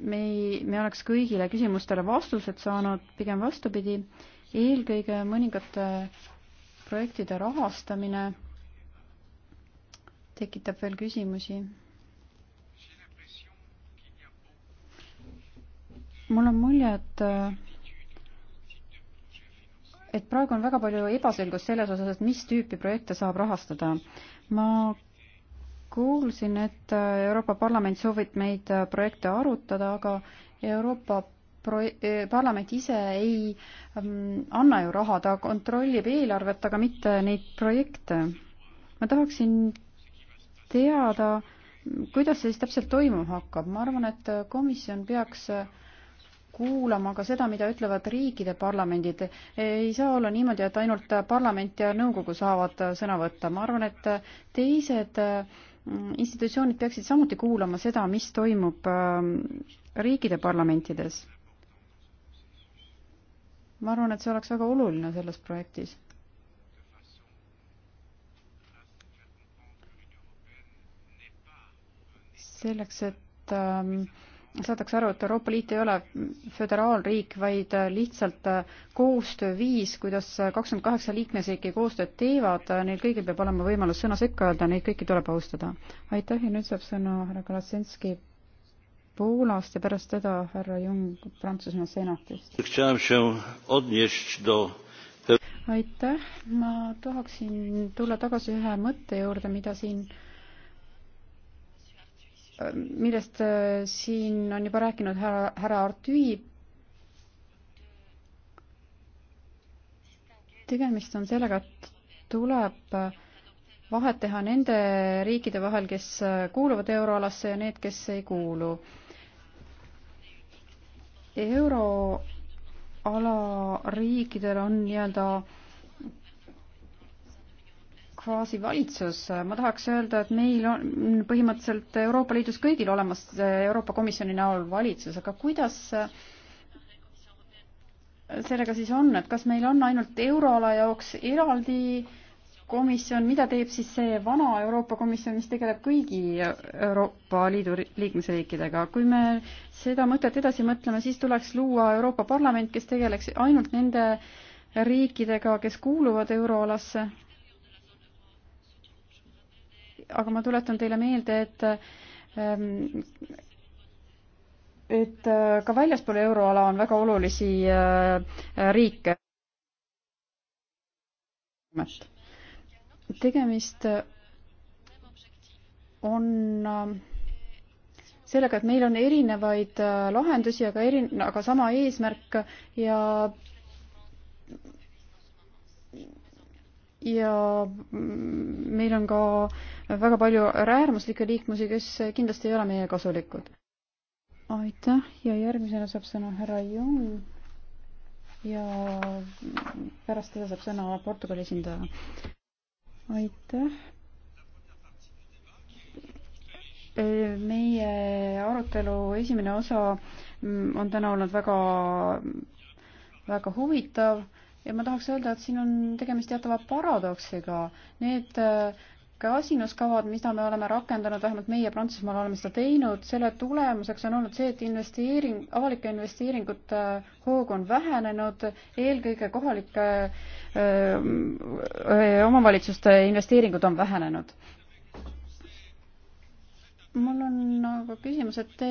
me ei, me oleks kõigile küsimustele vastused saanud, pigem vastupidi, eelkõige mõningate projektide rahastamine tekitab veel küsimusi. mul on mulje, et et praegu on väga palju ebaselgust selles osas, et mis tüüpi projekte saab rahastada. ma kuulsin, et äh, Euroopa Parlament soovib neid äh, projekte arutada, aga Euroopa pro-, e, parlament ise ei ähm, anna ju raha, ta kontrollib eelarvet, aga mitte neid projekte. ma tahaksin teada, kuidas see siis täpselt toimuma hakkab, ma arvan, et äh, komisjon peaks kuulama ka seda, mida ütlevad riikide parlamendid. ei saa olla niimoodi, et ainult parlament ja nõukogu saavad sõna võtta. ma arvan, et teised äh, Mm, institutsioonid peaksid samuti kuulama seda, mis toimub ähm, riikide parlamentides. ma arvan, et see oleks väga oluline selles projektis. selleks, et ähm, saadakse aru, et Euroopa Liit ei ole föderaalriik, vaid lihtsalt koostööviis, kuidas kakskümmend kaheksa liikmesriiki koostööd teevad, neil kõigil peab olema võimalus sõna sekka öelda, neid kõiki tuleb austada. aitäh ja nüüd saab sõna härra Kalasenski Poolast ja pärast teda härra Jung Prantsusmaa senatist. aitäh, ma tahaksin tulla tagasi ühe mõtte juurde, mida siin millest äh, siin on juba rääkinud härra, härra Artüi. tegemist on sellega, et tuleb vahet teha nende riikide vahel, kes kuuluvad euroalasse ja need, kes ei kuulu. euroala riikidel on nii-öelda äh, kvaasivalitsus, ma tahaks öelda, et meil on põhimõtteliselt Euroopa Liidus kõigil olemas Euroopa Komisjoni näol valitsus, aga kuidas sellega siis on, et kas meil on ainult euroala jaoks eraldi komisjon, mida teeb siis see vana Euroopa Komisjon, mis tegeleb kõigi Euroopa Liidu liikmesriikidega, kui me seda mõtet edasi mõtleme, siis tuleks luua Euroopa Parlament, kes tegeleks ainult nende riikidega, kes kuuluvad euroalasse aga ma tuletan teile meelde, et ähm, et äh, ka väljaspool euroala on väga olulisi äh, riike. tegemist on äh, sellega, et meil on erinevaid lahendusi, aga eri, aga sama eesmärk ja ja mm, meil on ka äh, väga palju äärmuslikke liikmusi, kes kindlasti ei ole meie kasulikud. aitäh ja järgmisena saab sõna härra Jung ja pärast teda saab sõna Portugali esindaja. aitäh. meie arutelu esimene osa mm, on täna olnud väga, väga huvitav ja ma tahaks öelda, et siin on tegemist teatava paradoksiga. Need äh, kasinuskavad, mida me oleme rakendanud, vähemalt meie Prantsusmaal oleme seda teinud, selle tulemuseks on olnud see, et investeering, avalike investeeringute hoog on vähenenud, eelkõige kohalike öö, omavalitsuste investeeringud on vähenenud. mul on aga küsimus, et te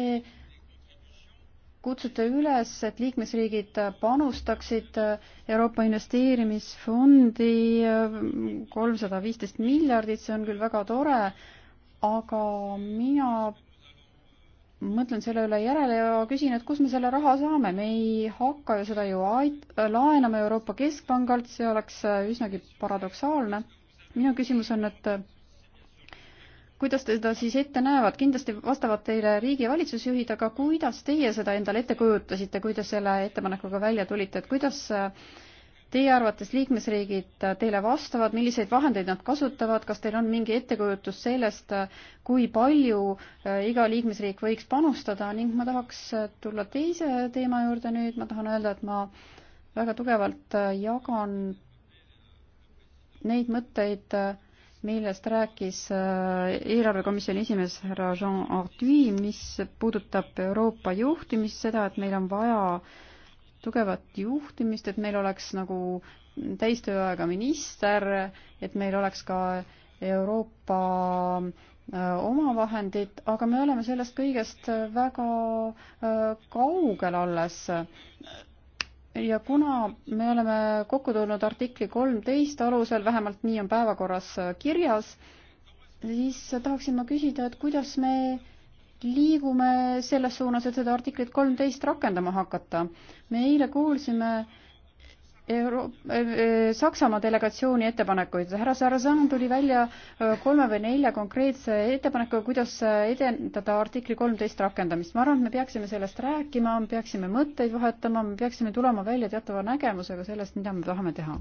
kutsute üles, et liikmesriigid panustaksid äh, Euroopa Investeerimisfondi äh, kolmsada viisteist miljardit, see on küll väga tore, aga mina mõtlen selle üle järele ja küsin, et kust me selle raha saame, me ei hakka ju seda ju ait-, laenama Euroopa Keskpangalt, see oleks äh, üsnagi paradoksaalne. minu küsimus on, et kuidas te seda siis ette näevad, kindlasti vastavad teile riigi ja valitsusjuhid, aga kuidas teie seda endale ette kujutasite, kui te selle ettepanekuga välja tulite, et kuidas äh, teie arvates liikmesriigid äh, teile vastavad, milliseid vahendeid nad kasutavad, kas teil on mingi ettekujutus sellest, äh, kui palju iga liikmesriik võiks panustada ning ma tahaks tulla teise teema juurde nüüd, ma tahan öelda, et ma väga tugevalt jagan neid mõtteid, millest rääkis äh, eelarvekomisjoni esimees härra Jean Artui, mis puudutab Euroopa juhtimist, seda, et meil on vaja tugevat juhtimist, et meil oleks nagu täistööaega minister, et meil oleks ka Euroopa äh, omavahendid, aga me oleme sellest kõigest äh, väga kaugel alles ja kuna me oleme kokku tulnud artikli kolmteist alusel, vähemalt nii on päevakorras kirjas, siis tahaksin ma küsida, et kuidas me liigume selles suunas, et seda artiklit kolmteist rakendama hakata. me eile kuulsime äh, Euro-, äh, äh, Saksamaa delegatsiooni ettepanekuid. härra Sarrazan tuli välja äh, kolme või nelja konkreetse ettepanekuga, kuidas edendada artikli kolmteist rakendamist. ma arvan, et me peaksime sellest rääkima, me peaksime mõtteid vahetama, me peaksime tulema välja teatava nägemusega sellest, mida me tahame teha.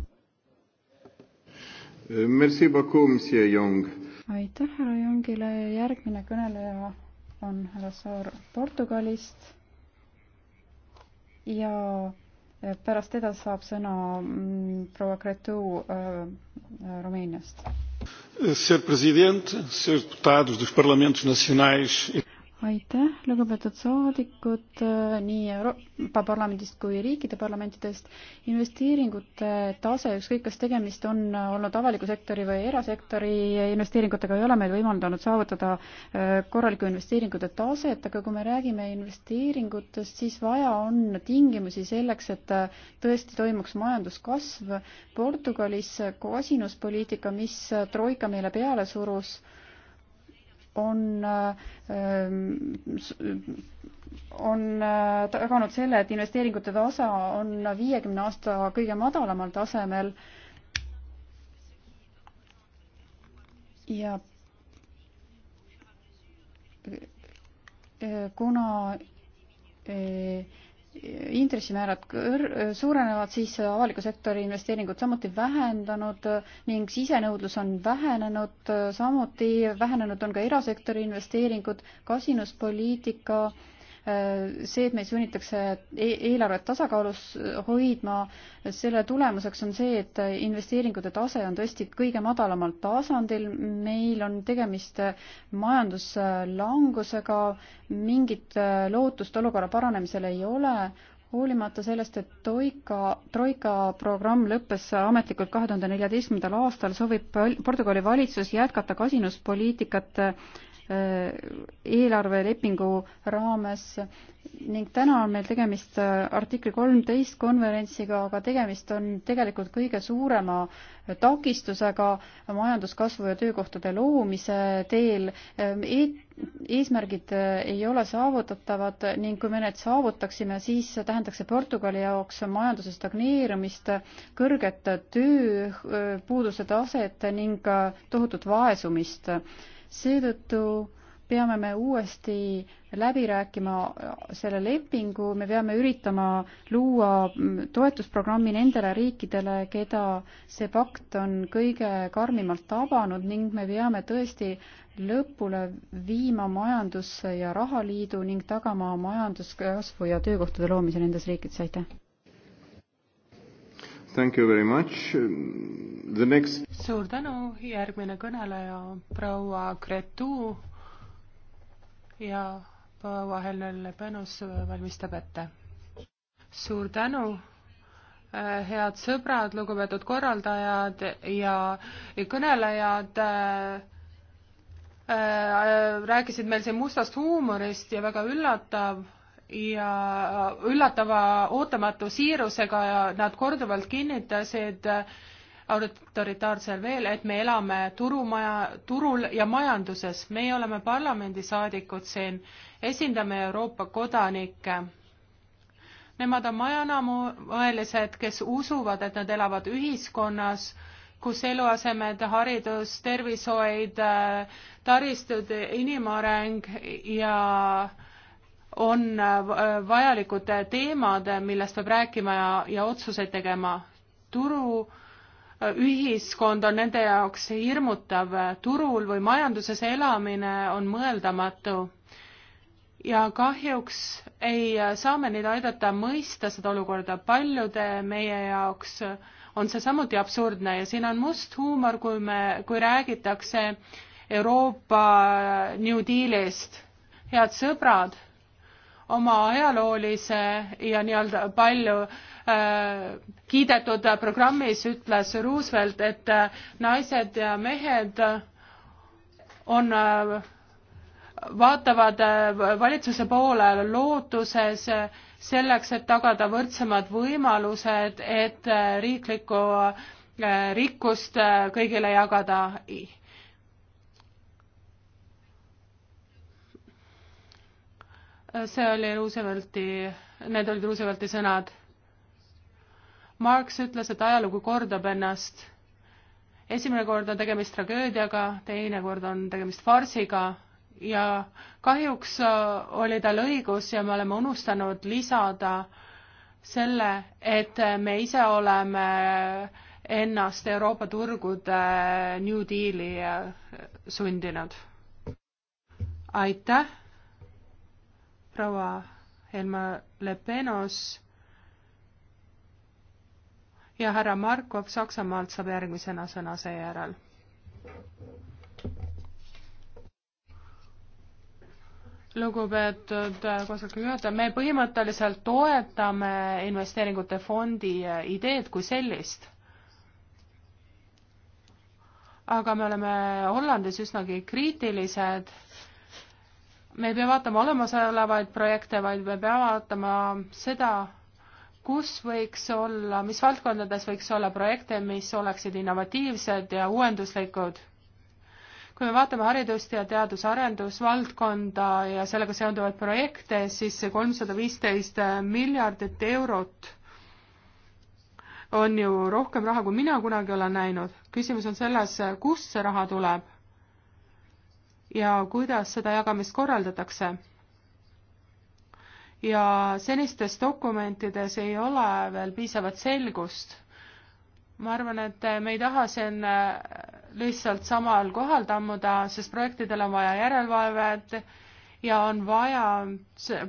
Merci beaucoup, monsieur Young. aitäh härra Youngile, järgmine kõneleja on härra Saar Portugalist ja pärast teda saab sõna mm, proua Cretu äh, äh, Rumeeniast. Ser president, ser deputados dos parlamentos nacionais. E aitäh, lugupeetud saadikud äh, nii Euroopa Parlamendist kui riikide parlamentidest. investeeringute tase, ükskõik kas tegemist on olnud avaliku sektori või erasektori investeeringutega, ei ole meil võimaldanud saavutada äh, korralikku investeeringute taset, aga kui me räägime investeeringutest, siis vaja on tingimusi selleks, et äh, tõesti toimuks majanduskasv. Portugalis kasinuspoliitika, mis Troika meile peale surus on, on taganud selle, et investeeringute tasa on viiekümne aasta kõige madalamal tasemel. ja kuna eh, intressimäärad kõr-, suurenevad, siis avaliku sektori investeeringud samuti vähendanud ning sisenõudlus on vähenenud, samuti vähenenud on ka erasektori investeeringud, kasinuspoliitika äh, see, et meid sunnitakse e-, eelarvet tasakaalus hoidma, selle tulemuseks on see, et investeeringute tase on tõesti kõige madalamal tasandil, meil on tegemist majanduslangusega, mingit lootust olukorra paranemisel ei ole, hoolimata sellest, et Troika, Troika programm lõppes ametlikult kahe tuhande neljateistkümnendal aastal, soovib Portugali valitsus jätkata kasinuspoliitikat Äh, eelarvelepingu raames ning täna on meil tegemist äh, artikli kolmteist konverentsiga, aga tegemist on tegelikult kõige suurema äh, takistusega majanduskasvu ja töökohtade loomise teel e. eesmärgid ei ole saavutatavad ning kui me need saavutaksime, siis tähendaks see Portugali jaoks majanduse stagneerumist, kõrget tööpuuduse taset ning tohutut vaesumist seetõttu peame me uuesti läbi rääkima selle lepingu, me peame üritama luua toetusprogrammi nendele riikidele, keda see pakt on kõige karmimalt tabanud ning me peame tõesti lõpule viima majandus- ja rahaliidu ning tagama majanduskasvu ja töökohtade loomise nendes riikides, aitäh! Thank you very much. The next. suur tänu, järgmine kõneleja on proua Gretu ja proua Helen Lebenus valmistab ette. suur tänu, eh, head sõbrad, lugupeetud korraldajad ja kõnelejad eh, eh, rääkisid meil siin mustast huumorist ja väga üllatav ja äh, üllatava ootamatu siirusega nad korduvalt kinnitasid äh, autoritaarsel veel, et me elame turumaja, turul ja majanduses. meie oleme parlamendisaadikud siin, esindame Euroopa kodanikke. Nemad on majanamuelised, kes usuvad, et nad elavad ühiskonnas, kus eluasemed, haridus, tervishoid, äh, taristud, inimareng ja on äh, vajalikud teemad, millest peab rääkima ja, ja otsuseid tegema. turu äh, ühiskond on nende jaoks hirmutav, turul või majanduses elamine on mõeldamatu. ja kahjuks ei äh, saa me neid aidata mõista seda olukorda, paljude meie jaoks on see samuti absurdne ja siin on must huumor, kui me, kui räägitakse Euroopa New Dealist. head sõbrad oma ajaloolise ja nii-öelda palju äh, kiidetud programmis ütles Roosevelt, et äh, naised ja mehed on äh, vaatavad äh, valitsuse poole lootuses selleks, et tagada võrdsemad võimalused, et äh, riiklikku rikkust kõigile jagada. see oli Roosevelti, need olid Roosevelti sõnad. Marx ütles, et ajalugu kordab ennast. esimene kord on tegemist tragöödiaga, teine kord on tegemist farsiga ja kahjuks äh, oli tal õigus ja me oleme unustanud lisada selle, et me ise oleme ennast Euroopa turgude New Deali äh, sundinud. aitäh proua Helma Lepenos ja härra Markov Saksamaalt saab järgmisena sõna seejärel. lugupeetud äh, koosoleku juhataja, me põhimõtteliselt toetame investeeringute fondi äh, ideed kui sellist. aga me oleme Hollandis üsnagi kriitilised me ei pea vaatama olemasolevaid projekte, vaid me peame vaatama seda, kus võiks olla, mis valdkondades võiks olla projekte, mis oleksid innovatiivsed ja uuenduslikud. kui me vaatame haridust ja teadus-arendusvaldkonda ja sellega seonduvaid projekte, siis see kolmsada viisteist miljardit eurot on ju rohkem raha, kui mina kunagi olen näinud. küsimus on selles, kust see raha tuleb ja kuidas seda jagamist korraldatakse. ja senistes dokumentides ei ole veel piisavat selgust. ma arvan, et me ei taha siin äh, lihtsalt samal kohal tammuda, sest projektidel on vaja järelevalvet ja on vaja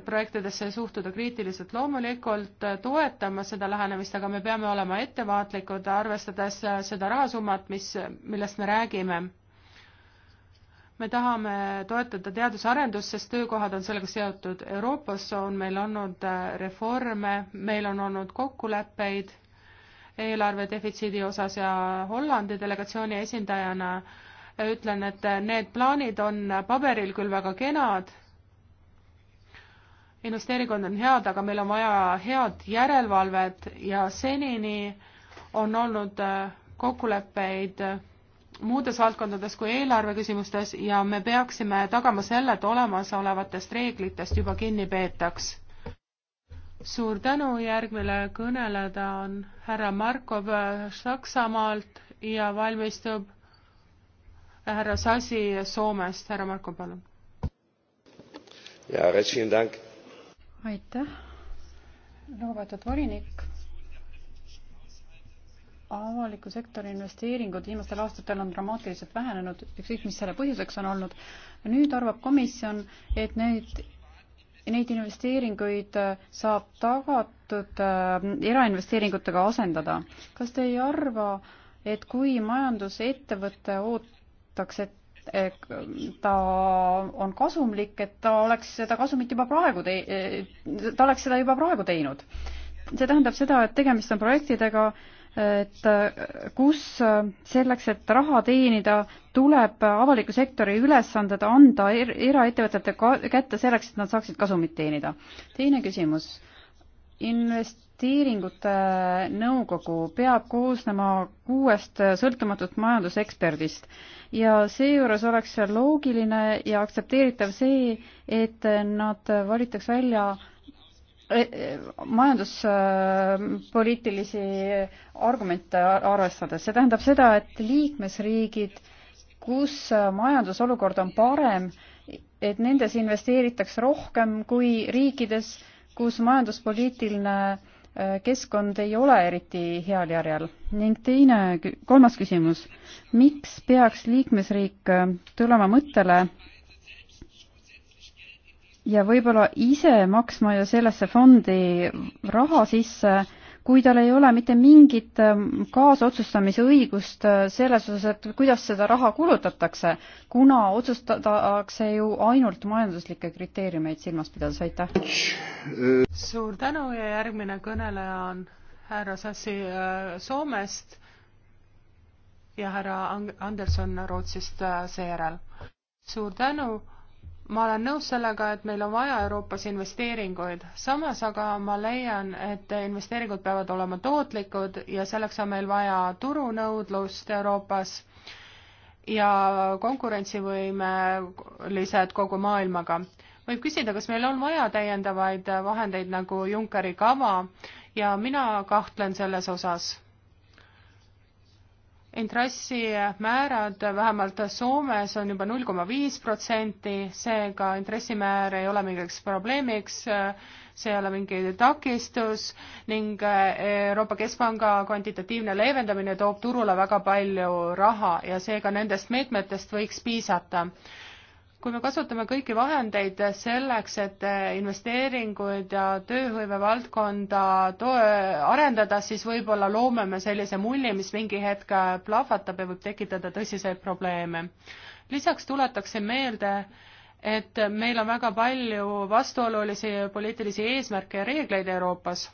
projektidesse suhtuda kriitiliselt. loomulikult äh, toetama seda lähenemist, aga me peame olema ettevaatlikud, arvestades äh, seda rahasummat, mis, millest me räägime me tahame toetada teadus-arendust, sest töökohad on sellega seotud. Euroopas on meil olnud äh, reforme, meil on olnud kokkuleppeid eelarve defitsiidi osas ja Hollandi delegatsiooni esindajana äh, ütlen, et äh, need plaanid on paberil küll väga kenad, investeeringud on head, aga meil on vaja head järelevalvet ja senini on olnud kokkuleppeid muudes valdkondades kui eelarve küsimustes ja me peaksime tagama selle, et olemasolevatest reeglitest juba kinni peetaks. suur tänu, järgmine kõneleda on härra Markov Saksamaalt ja valmistub härra Sasi Soomest, härra Markov, palun. aitäh, lugupeetud volinik avaliku sektori investeeringud viimastel aastatel on dramaatiliselt vähenenud, ükskõik mis selle põhjuseks on olnud. nüüd arvab komisjon, et need, neid investeeringuid äh, saab tagatud äh, erainvesteeringutega asendada. kas te ei arva, et kui majandusettevõte ootaks, et ta on kasumlik, et ta oleks seda kasumit juba praegu tei-, äh, ta oleks seda juba praegu teinud. see tähendab seda, et tegemist on projektidega, et äh, kus äh, selleks, et raha teenida, tuleb avaliku sektori ülesanded anda er eraettevõtete kätte selleks, et nad saaksid kasumit teenida. teine küsimus. investeeringute nõukogu peab koosnema kuuest sõltumatut majanduseksperdist ja seejuures oleks loogiline ja aktsepteeritav see, et nad valitaks välja äh, Äh, äh, majanduspoliitilisi äh, argumente arvestades, see tähendab seda, et liikmesriigid, kus majandusolukord on parem, et nendes investeeritakse rohkem kui riikides, kus majanduspoliitiline keskkond ei ole eriti heal järjel. ning teine, kolmas küsimus, miks peaks liikmesriik tulema mõttele, ja võib-olla ise maksma ju sellesse fondi raha sisse, kui tal ei ole mitte mingit ähm, kaasotsustamise õigust äh, selles osas, et kuidas seda raha kulutatakse, kuna otsustatakse ju ainult majanduslikke kriteeriumeid silmas pidades, aitäh. suur tänu ja järgmine kõneleja on härra Sassi äh, Soomest ja härra Anderson Rootsist äh, seejärel. suur tänu ma olen nõus sellega, et meil on vaja Euroopas investeeringuid, samas aga ma leian, et investeeringud peavad olema tootlikud ja selleks on meil vaja turunõudlust Euroopas ja konkurentsivõimelised kogu maailmaga. võib küsida, kas meil on vaja täiendavaid vahendeid nagu Junckeri kava ja mina kahtlen selles osas intressimäärad vähemalt Soomes on juba null koma viis protsenti, seega intressimäär ei ole mingiks probleemiks, see ei ole mingi takistus ning Euroopa Keskpanga kvantitatiivne leevendamine toob turule väga palju raha ja seega nendest meetmetest võiks piisata kui me kasutame kõiki vahendeid selleks, et investeeringuid ja tööhõive valdkonda arendada, siis võib-olla loome me sellise mulli, mis mingi hetk plahvatab ja võib tekitada tõsiseid probleeme. lisaks tuletaksin meelde, et meil on väga palju vastuolulisi poliitilisi eesmärke ja reegleid Euroopas.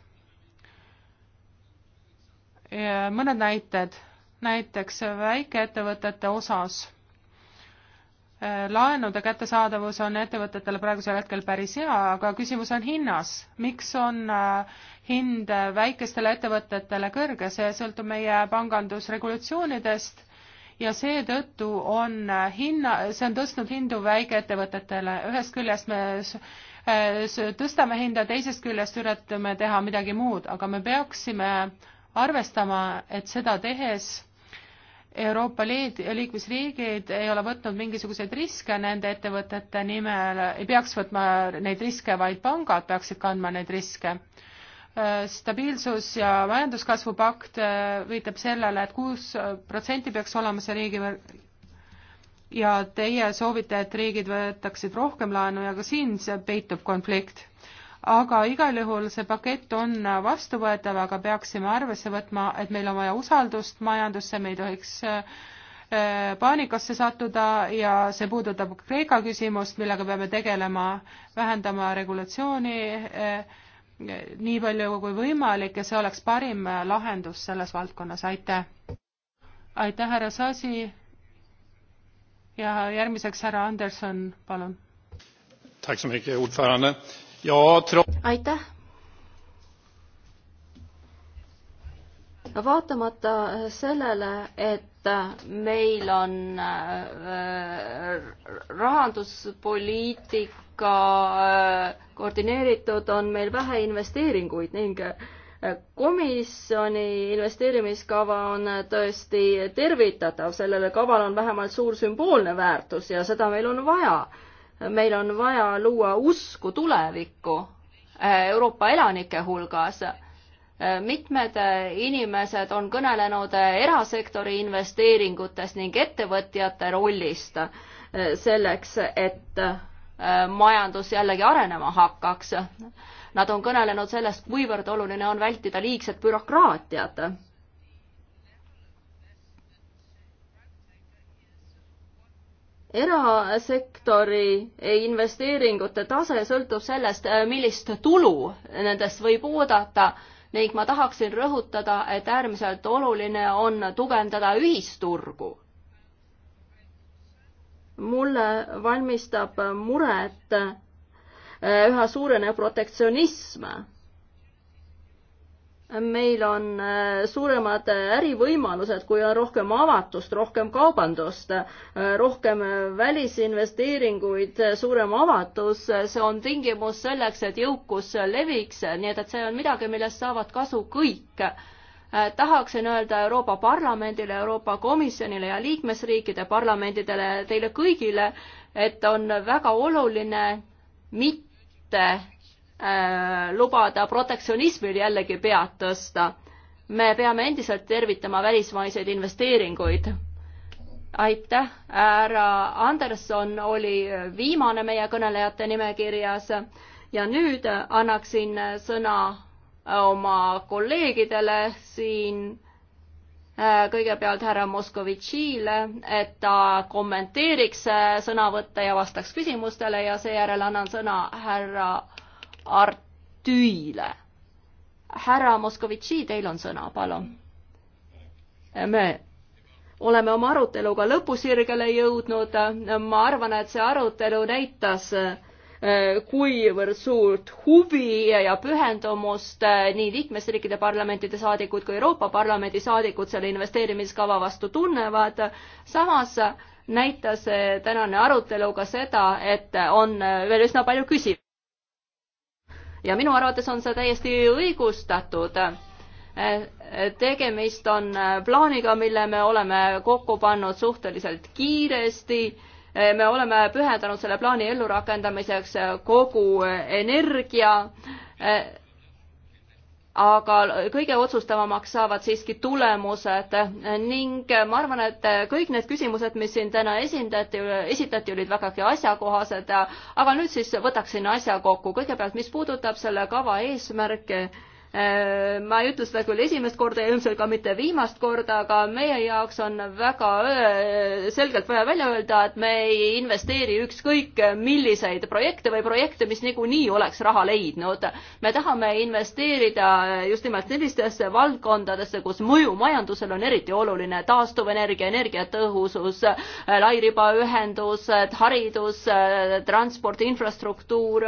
mõned näited, näiteks väikeettevõtete osas laenude kättesaadavus on ettevõtetele praegusel hetkel päris hea, aga küsimus on hinnas. miks on äh, hind väikestele ettevõtetele kõrge, see sõltub meie pangandusregulatsioonidest ja seetõttu on äh, hinna, see on tõstnud hindu väikeettevõtetele, ühest küljest me äh, tõstame hinda, teisest küljest üritame teha midagi muud, aga me peaksime arvestama, et seda tehes Euroopa Liidu liikmesriigid ei ole võtnud mingisuguseid riske nende ettevõtete nimel, ei peaks võtma neid riske, vaid pangad peaksid kandma neid riske. stabiilsus ja majanduskasvu pakt äh, viitab sellele et, et kuus äh, protsenti peaks olema see riigi ja teie soovite, et riigid võtaksid rohkem laenu ja ka siin see peitub konflikt aga igal juhul see pakett on vastuvõetav, aga peaksime arvesse võtma, et meil on vaja usaldust majandusse, me ei tohiks äh, äh, paanikasse sattuda ja see puudutab Kreeka küsimust, millega peame tegelema, vähendama regulatsiooni äh, nii palju kui võimalik ja see oleks parim lahendus selles valdkonnas, aitäh. aitäh, härra Sasi. ja järgmiseks härra Anderson, palun aitäh! vaatamata sellele, et meil on äh, rahanduspoliitika äh, koordineeritud, on meil vähe investeeringuid ning äh, komisjoni investeerimiskava on tõesti tervitatav, sellel kaval on vähemalt suur sümboolne väärtus ja seda meil on vaja meil on vaja luua usku tulevikku eh, Euroopa elanike hulgas. Eh, mitmed eh, inimesed on kõnelenud erasektori investeeringutest ning ettevõtjate rollist selleks, et majandus jällegi arenema hakkaks. Nad on kõnelenud sellest, kuivõrd oluline on vältida liigset bürokraatiat erasektori investeeringute tase sõltub sellest, millist tulu nendest võib oodata ning ma tahaksin rõhutada, et äärmiselt oluline on tugevdada ühisturgu. mulle valmistab muret äh, üha suurenev protektsionism meil on äh, suuremad äh, ärivõimalused, kui on rohkem avatust, rohkem kaubandust, äh, rohkem välisinvesteeringuid, suurem avatus, see on tingimus selleks, et jõukus leviks, nii et, et see on midagi, millest saavad kasu kõik. tahaksin öelda Euroopa Parlamendile, Euroopa Komisjonile ja liikmesriikide parlamendidele, teile kõigile, et on väga oluline mitte Äh, lubada protektsionismil jällegi pead tõsta. me peame endiselt tervitama välismaiseid investeeringuid. aitäh, härra Anderson oli viimane meie kõnelejate nimekirjas ja nüüd annaksin sõna oma kolleegidele siin äh, kõigepealt härra Moskovitšile, et ta kommenteeriks äh, sõnavõtte ja vastaks küsimustele ja seejärel annan sõna härra Artüile. härra Moskovitši, teil on sõna, palun. me oleme oma aruteluga lõpusirgele jõudnud. ma arvan, et see arutelu näitas eh, kuivõrd suurt huvi ja pühendumust eh, nii liikmesriikide parlamentide saadikud kui Euroopa Parlamendi saadikud selle investeerimiskava vastu tunnevad. samas näitas eh, tänane arutelu ka seda, et on veel üsna palju küsimusi ja minu arvates on see täiesti õigustatud. Eh, tegemist on eh, plaaniga, mille me oleme kokku pannud suhteliselt kiiresti eh, me oleme pühendanud selle plaani ellurakendamiseks kogu energia aga kõige otsustavamaks saavad siiski tulemused ning ma arvan, et kõik need küsimused, mis siin täna esindati, esitati, olid vägagi asjakohased, aga nüüd siis võtaksin asja kokku. kõigepealt, mis puudutab selle kava eesmärke Äh, ma ei ütle seda küll esimest korda ja ilmselt ka mitte viimast korda, aga meie jaoks on väga äh, selgelt vaja välja öelda, et me ei investeeri ükskõik milliseid projekte või projekte, mis niikuinii oleks raha leidnud. me tahame investeerida äh, just nimelt sellistesse valdkondadesse, kus mõju majandusele on eriti oluline, taastuvenergia, energiatõhusus, lairibaühendused, haridus, transport, infrastruktuur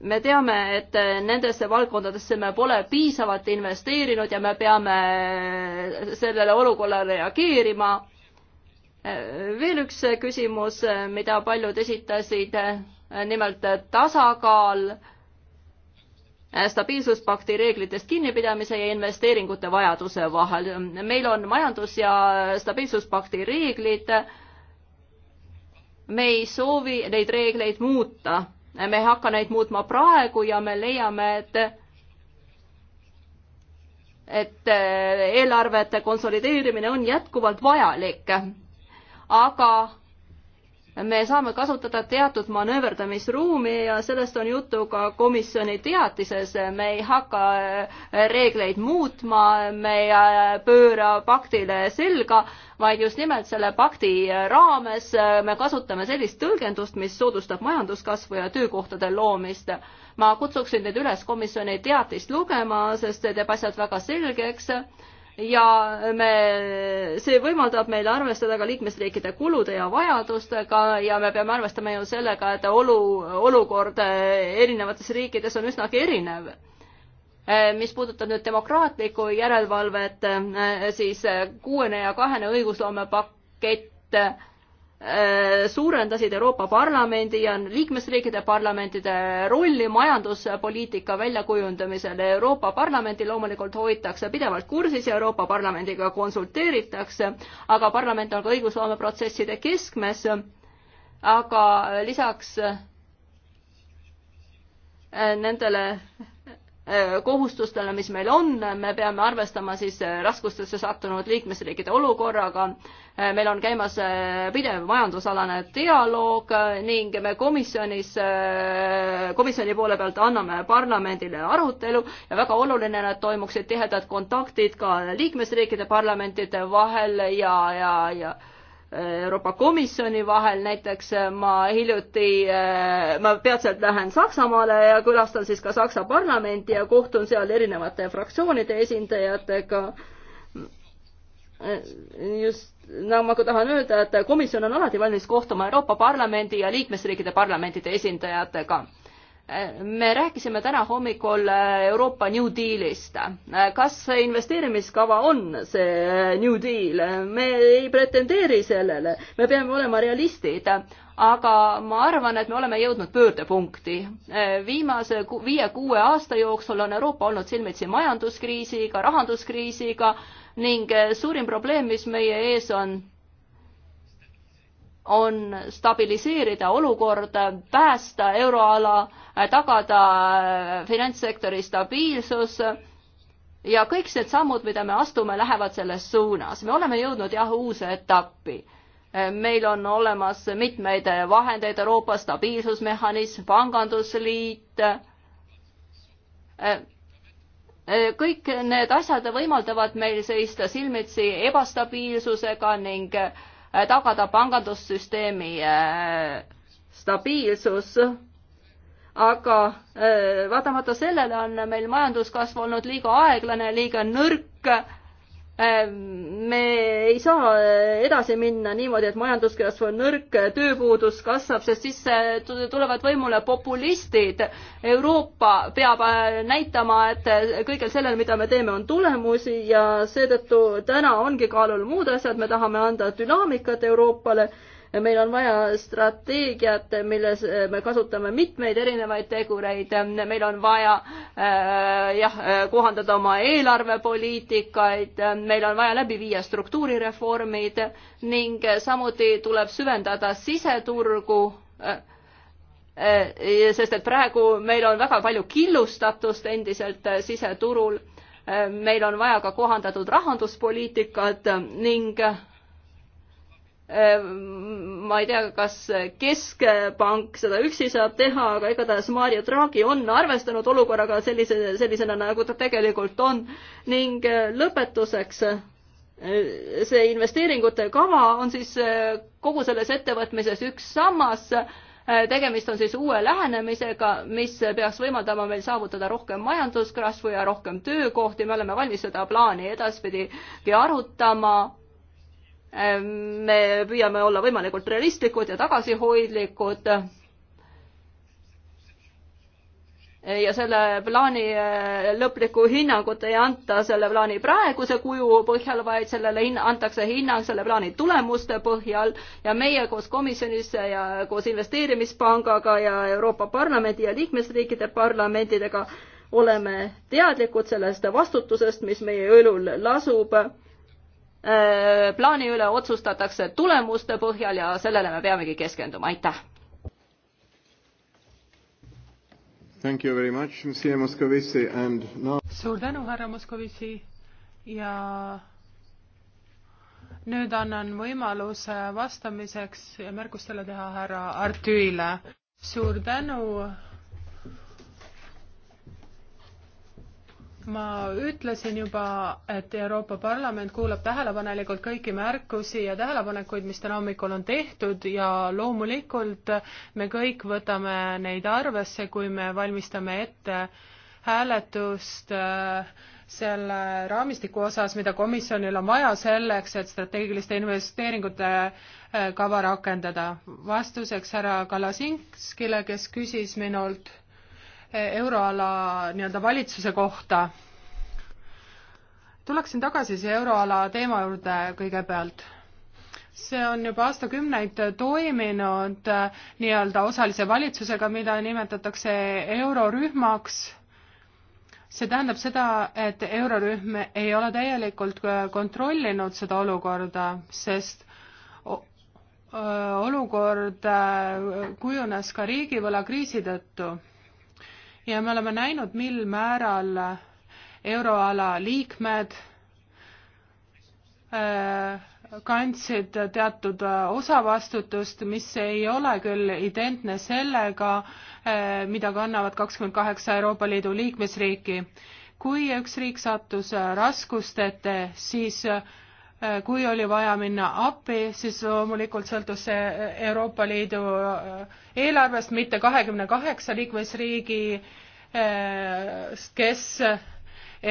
me teame, et nendesse valdkondadesse me pole piisavalt investeerinud ja me peame sellele olukorrale reageerima. veel üks küsimus, mida paljud esitasid, nimelt tasakaal stabiilsuspakti reeglitest kinnipidamise ja investeeringute vajaduse vahel. meil on majandus- ja stabiilsuspakti reeglid, me ei soovi neid reegleid muuta me ei hakka neid muutma praegu ja me leiame, et et äh, eelarvete konsolideerimine on jätkuvalt vajalik. aga me saame kasutada teatud manööverdamisruumi ja sellest on juttu ka komisjoni teatises, me ei hakka äh, reegleid muutma, me ei äh, pööra paktile selga, vaid just nimelt selle pakti äh, raames me kasutame sellist tõlgendust, mis soodustab majanduskasvu ja töökohtade loomist. ma kutsuksin teid üles komisjoni teatist lugema, sest see teeb asjad väga selgeks ja me, see võimaldab meil arvestada ka liikmesriikide kulude ja vajadustega ja me peame arvestama ju sellega, et olu, olukord eh, erinevates riikides on üsnagi erinev. Eh, mis puudutab nüüd demokraatlikku järelevalvet, eh, siis kuuene ja kahene õigusloome pakett Äh, suurendasid Euroopa Parlamendi ja liikmesriikide parlamentide rolli majanduspoliitika väljakujundamisel. Euroopa Parlamenti loomulikult hoitakse pidevalt kursis ja Euroopa Parlamendiga konsulteeritakse, aga parlament on ka õigusloomeprotsesside keskmes. aga lisaks äh, nendele Äh, kohustustele, mis meil on, me peame arvestama siis äh, raskustesse sattunud liikmesriikide olukorraga. Äh, meil on käimas pidev majandusalane dialoog ning me komisjonis, komisjoni poole pealt anname parlamendile arutelu ja väga oluline, et toimuksid tihedad kontaktid ka liikmesriikide parlamentide vahel ja, ja, ja Euroopa Komisjoni vahel, näiteks äh, ma hiljuti, äh, ma peatselt lähen Saksamaale ja külastan siis ka Saksa parlamenti ja kohtun seal erinevate fraktsioonide esindajatega. just nagu no, ma tahan öelda, et komisjon on alati valmis kohtuma Euroopa Parlamendi ja liikmesriikide parlamentide esindajatega me rääkisime täna hommikul äh, Euroopa New Dealist. Äh, kas investeerimiskava on see äh, New Deal? me ei pretendeeri sellele, me peame olema realistid, aga ma arvan, et me oleme jõudnud pöördepunkti. viimase viie-kuue aasta jooksul on Euroopa olnud silmitsi majanduskriisiga, rahanduskriisiga ning suurim probleem, mis meie ees on, on stabiliseerida olukorda, päästa euroala tagada äh, finantssektori stabiilsus ja kõik need sammud, mida me astume, lähevad selles suunas. me oleme jõudnud jah, uuse etappi. Äh, meil on olemas mitmeid vahendeid Euroopa stabiilsusmehhanism, pangandusliit. Äh, kõik need asjad võimaldavad meil seista silmitsi ebastabiilsusega ning tagada pangandussüsteemi stabiilsus aga äh, vaatamata sellele on meil majanduskasv olnud liiga aeglane, liiga nõrk. Äh, me ei saa äh, edasi minna niimoodi, et majanduskasv on nõrk, tööpuudus kasvab, sest siis tulevad võimule populistid. Euroopa peab näitama, et kõigel sellel, mida me teeme, on tulemusi ja seetõttu täna ongi kaalul muud asjad, me tahame anda dünaamikat Euroopale meil on vaja strateegiat, milles äh, me kasutame mitmeid erinevaid tegureid, meil on vaja äh, jah, äh, kohandada oma eelarvepoliitikaid, meil on vaja läbi viia struktuurireformid ning äh, samuti tuleb süvendada siseturgu äh, äh, sest et praegu meil on väga palju killustatust endiselt siseturul, meil on vaja ka kohandatud rahanduspoliitikat ning äh, Ehm, ma ei tea, kas Keskpank seda üksi saab teha, aga igatahes Mario Draghi on arvestanud olukorraga sellise, sellisena, nagu ta tegelikult on. ning eh, lõpetuseks, eh, see investeeringute kava on siis eh, kogu selles ettevõtmises üks sammas, tegemist on siis uue lähenemisega, mis peaks võimaldama meil saavutada rohkem majanduskasvu ja rohkem töökohti, me oleme valmis seda plaani edaspidigi arutama Ehm, me püüame olla võimalikult realistlikud ja tagasihoidlikud. ja selle plaani eh, lõplikku hinnangut ei anta selle plaani praeguse kuju põhjal, vaid sellele hin-, antakse hinnang selle plaani tulemuste põhjal ja meie koos komisjonis ja koos investeerimispangaga ja Euroopa Parlamendi ja liikmesriikide parlamentidega oleme teadlikud sellest vastutusest, mis meie õlul lasub Äh, plaani üle otsustatakse tulemuste põhjal ja sellele me peamegi keskenduma, aitäh. Thank you very much, Monsieur Moscovici and now. suur tänu, härra Moscovici ja nüüd annan võimaluse vastamiseks ja märkustele teha härra Artüile. suur tänu ma ütlesin juba, et Euroopa Parlament kuulab tähelepanelikult kõiki märkusi ja tähelepanekuid, mis täna hommikul on tehtud ja loomulikult me kõik võtame neid arvesse, kui me valmistame ette hääletust äh, selle raamistiku osas, mida komisjonil on vaja selleks, et strateegiliste investeeringute äh, kava rakendada. vastuseks härra Kalasinskile, kes küsis minult euroala nii-öelda valitsuse kohta. tuleksin tagasi siia euroala teema juurde kõigepealt see on juba aastakümneid toiminud äh, nii-öelda osalise valitsusega, mida nimetatakse eurorühmaks. see tähendab seda, et eurorühm ei ole täielikult äh, kontrollinud seda olukorda, sest äh, olukord kujunes ka riigivõlakriisi tõttu ja me oleme näinud, mil määral euroala liikmed äh, kandsid teatud äh, osa vastutust, mis ei ole küll identne sellega, äh, mida kannavad kakskümmend kaheksa Euroopa Liidu liikmesriiki. kui üks riik sattus raskustete, siis kui oli vaja minna appi, siis loomulikult sõltus see Euroopa Liidu äh, eelarvest, mitte kahekümne kaheksa liikmesriigi, äh, kes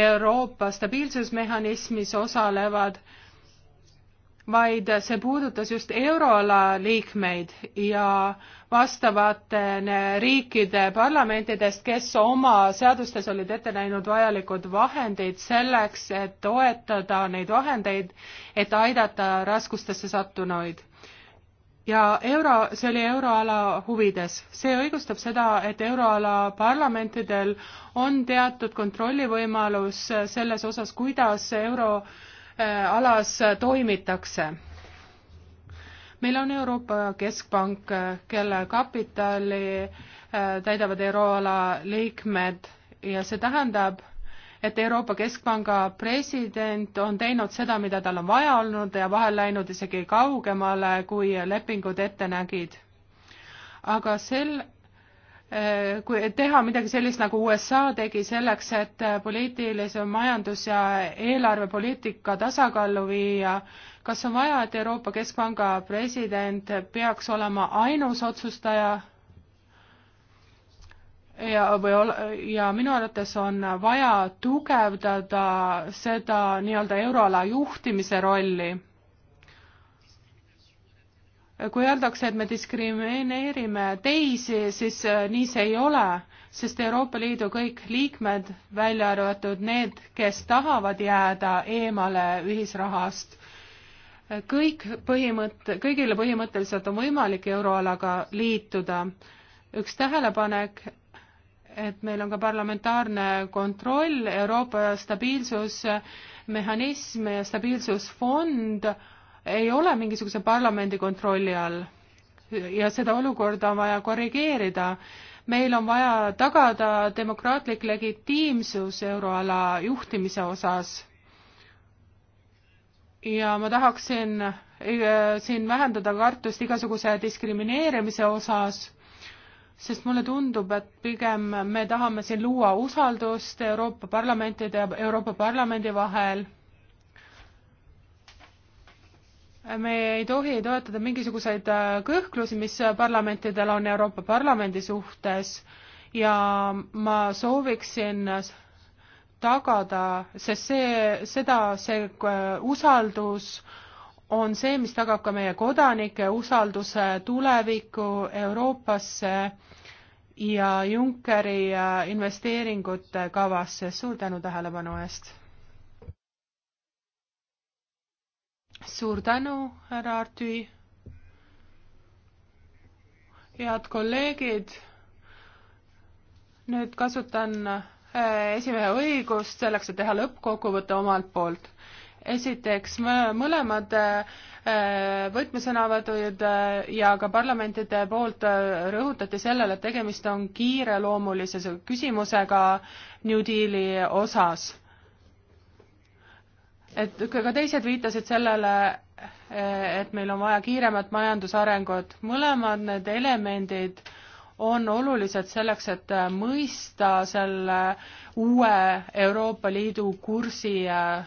Euroopa stabiilsusmehhanismis osalevad vaid see puudutas just euroala liikmeid ja vastavate riikide parlamentidest, kes oma seadustes olid ette näinud vajalikud vahendid selleks, et toetada neid vahendeid, et aidata raskustesse sattunuid. ja euro, see oli euroala huvides. see õigustab seda, et euroala parlamentidel on teatud kontrollivõimalus selles osas, kuidas euro Äh, alas toimitakse. meil on Euroopa Keskpank, kelle kapitali äh, täidavad euroala liikmed ja see tähendab, et Euroopa Keskpanga president on teinud seda, mida tal on vaja olnud ja vahel läinud isegi kaugemale, kui lepingud ette nägid. aga sel Äh, kui teha midagi sellist, nagu USA tegi selleks, et äh, poliitilise majandus- ja eelarvepoliitika tasakaallu viia, kas on vaja, et Euroopa Keskpanga president peaks olema ainus otsustaja ja, või ol-, ja minu arvates on vaja tugevdada seda nii-öelda euroala juhtimise rolli kui öeldakse, et me diskrimineerime teisi, siis äh, nii see ei ole, sest Euroopa Liidu kõik liikmed, välja arvatud need, kes tahavad jääda eemale ühisrahast, kõik põhimõtte, kõigile põhimõtteliselt on võimalik euroalaga liituda. üks tähelepanek, et meil on ka parlamentaarne kontroll, Euroopa stabiilsusmehhanism ja stabiilsusfond ei ole mingisuguse parlamendi kontrolli all ja seda olukorda on vaja korrigeerida. meil on vaja tagada demokraatlik legitiimsus euroala juhtimise osas. ja ma tahaksin eh, siin vähendada kartust igasuguse diskrimineerimise osas, sest mulle tundub, et pigem me tahame siin luua usaldust Euroopa parlamentide ja Euroopa Parlamendi vahel me ei tohi toetada mingisuguseid äh, kõhklusi, mis äh, parlamentidel on Euroopa Parlamendi suhtes ja ma sooviksin äh, tagada, sest see, seda, see usaldus on see, mis tagab ka meie kodanike usalduse tulevikku Euroopasse ja Junckeri investeeringute kavasse. suur tänu tähelepanu eest! suur tänu, härra Artüi. head kolleegid, nüüd kasutan äh, esimehe õigust selleks, et teha lõppkokkuvõte omalt poolt. esiteks, mõlemad äh, võtmesõnavõtud äh, ja ka parlamentide poolt rõhutati sellele, et tegemist on kiireloomulise küsimusega New Deali osas et ka teised viitasid sellele, et meil on vaja kiiremat majandusarengut, mõlemad need elemendid on olulised selleks, et mõista selle uue Euroopa Liidu kursi äh,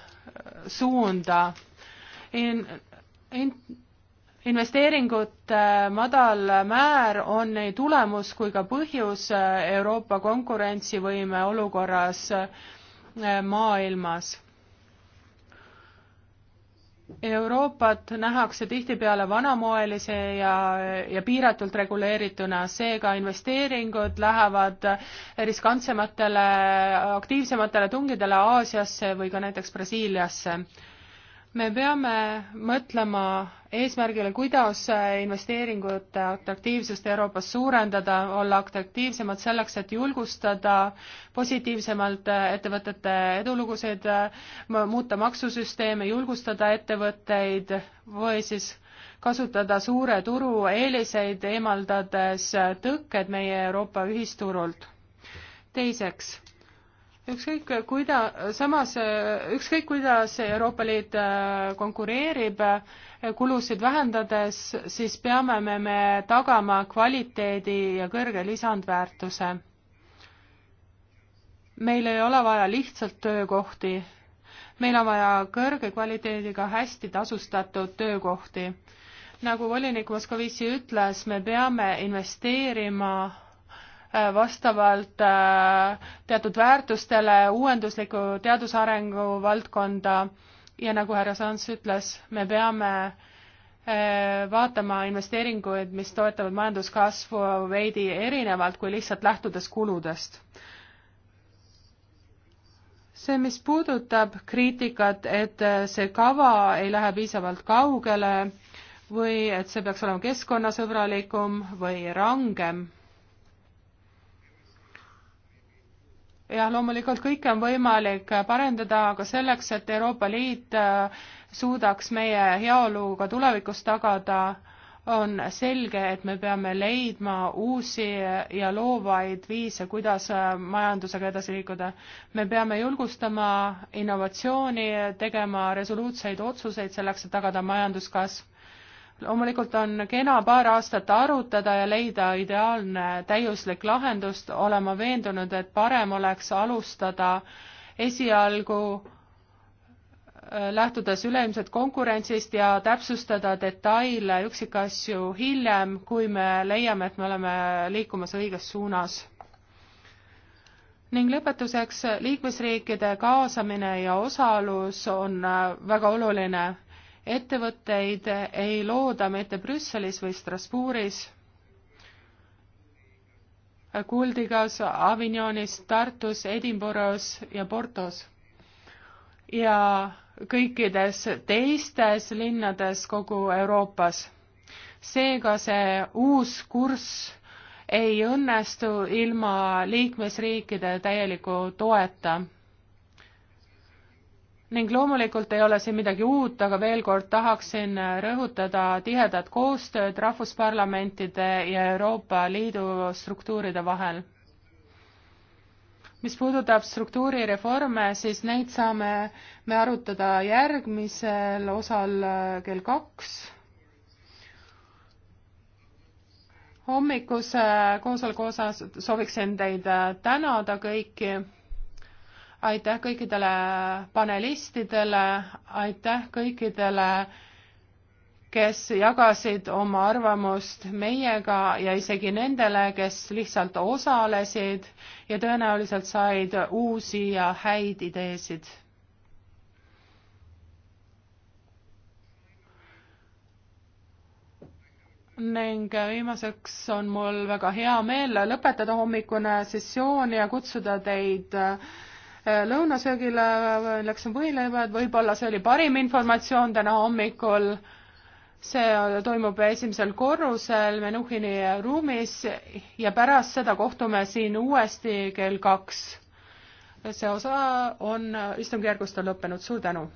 suunda in,. In, investeeringute madal määr on nii tulemus kui ka põhjus äh, Euroopa konkurentsivõime olukorras äh, maailmas Euroopat nähakse tihtipeale vanamoelise ja, ja piiratult reguleerituna, seega investeeringud lähevad riskantsematele, aktiivsematele tungidele Aasiasse või ka näiteks Brasiiliasse me peame mõtlema eesmärgile, kuidas investeeringute atraktiivsust Euroopas suurendada, olla atraktiivsemad selleks, et julgustada positiivsemalt ettevõtete edulugusid, muuta maksusüsteeme, julgustada ettevõtteid või siis kasutada suure turu eeliseid, eemaldades tõkked meie Euroopa ühisturult. teiseks ükskõik kuida-, samas ükskõik, kuidas Euroopa Liit äh, konkureerib äh, kulusid vähendades, siis peame me, me tagama kvaliteedi ja kõrge lisandväärtuse. meil ei ole vaja lihtsalt töökohti, meil on vaja kõrge kvaliteediga hästi tasustatud töökohti. nagu volinik Moskovitši ütles, me peame investeerima Äh, vastavalt äh, teatud väärtustele uuendusliku teadusarengu valdkonda ja nagu härra Sans ütles, me peame äh, vaatama investeeringuid, mis toetavad majanduskasvu veidi erinevalt kui lihtsalt lähtudes kuludest. see, mis puudutab kriitikat, et see kava ei lähe piisavalt kaugele või et see peaks olema keskkonnasõbralikum või rangem jah, loomulikult kõike on võimalik parendada, aga selleks, et Euroopa Liit äh, suudaks meie heaolu ka tulevikus tagada, on selge, et me peame leidma uusi ja loovaid viise, kuidas äh, majandusega edasi liikuda. me peame julgustama innovatsiooni, tegema resoluutseid otsuseid selleks, et tagada majanduskasv loomulikult on kena paar aastat arutada ja leida ideaalne täiuslik lahendus, olen ma veendunud, et parem oleks alustada esialgu äh, lähtudes üleilmsest konkurentsist ja täpsustada detaile, üksikasju hiljem, kui me leiame, et me oleme liikumas õiges suunas. ning lõpetuseks, liikmesriikide kaasamine ja osalus on äh, väga oluline ettevõtteid ei looda mitte Brüsselis või Strasbourgis, Kuldigas, Avignonis, Tartus, Edinburghs ja Portos. ja kõikides teistes linnades kogu Euroopas. seega see uus kurss ei õnnestu ilma liikmesriikide täieliku toeta ning loomulikult ei ole siin midagi uut, aga veel kord tahaksin rõhutada tihedat koostööd rahvusparlamentide ja Euroopa Liidu struktuuride vahel. mis puudutab struktuurireforme, siis neid saame me arutada järgmisel osal kell kaks. hommikuse koosoleku osas sooviksin teid tänada kõiki aitäh kõikidele panelistidele, aitäh kõikidele, kes jagasid oma arvamust meiega ja isegi nendele, kes lihtsalt osalesid ja tõenäoliselt said uusi ja häid ideesid ning viimaseks on mul väga hea meel lõpetada hommikune sessioon ja kutsuda teid Äh, lõunasöögile, milleks äh, on võileivad, võib-olla see oli parim informatsioon täna hommikul, see äh, toimub esimesel korrusel Menuhini ruumis ja pärast seda kohtume siin uuesti kell kaks. see osa on, istungjärgust on lõppenud, suur tänu!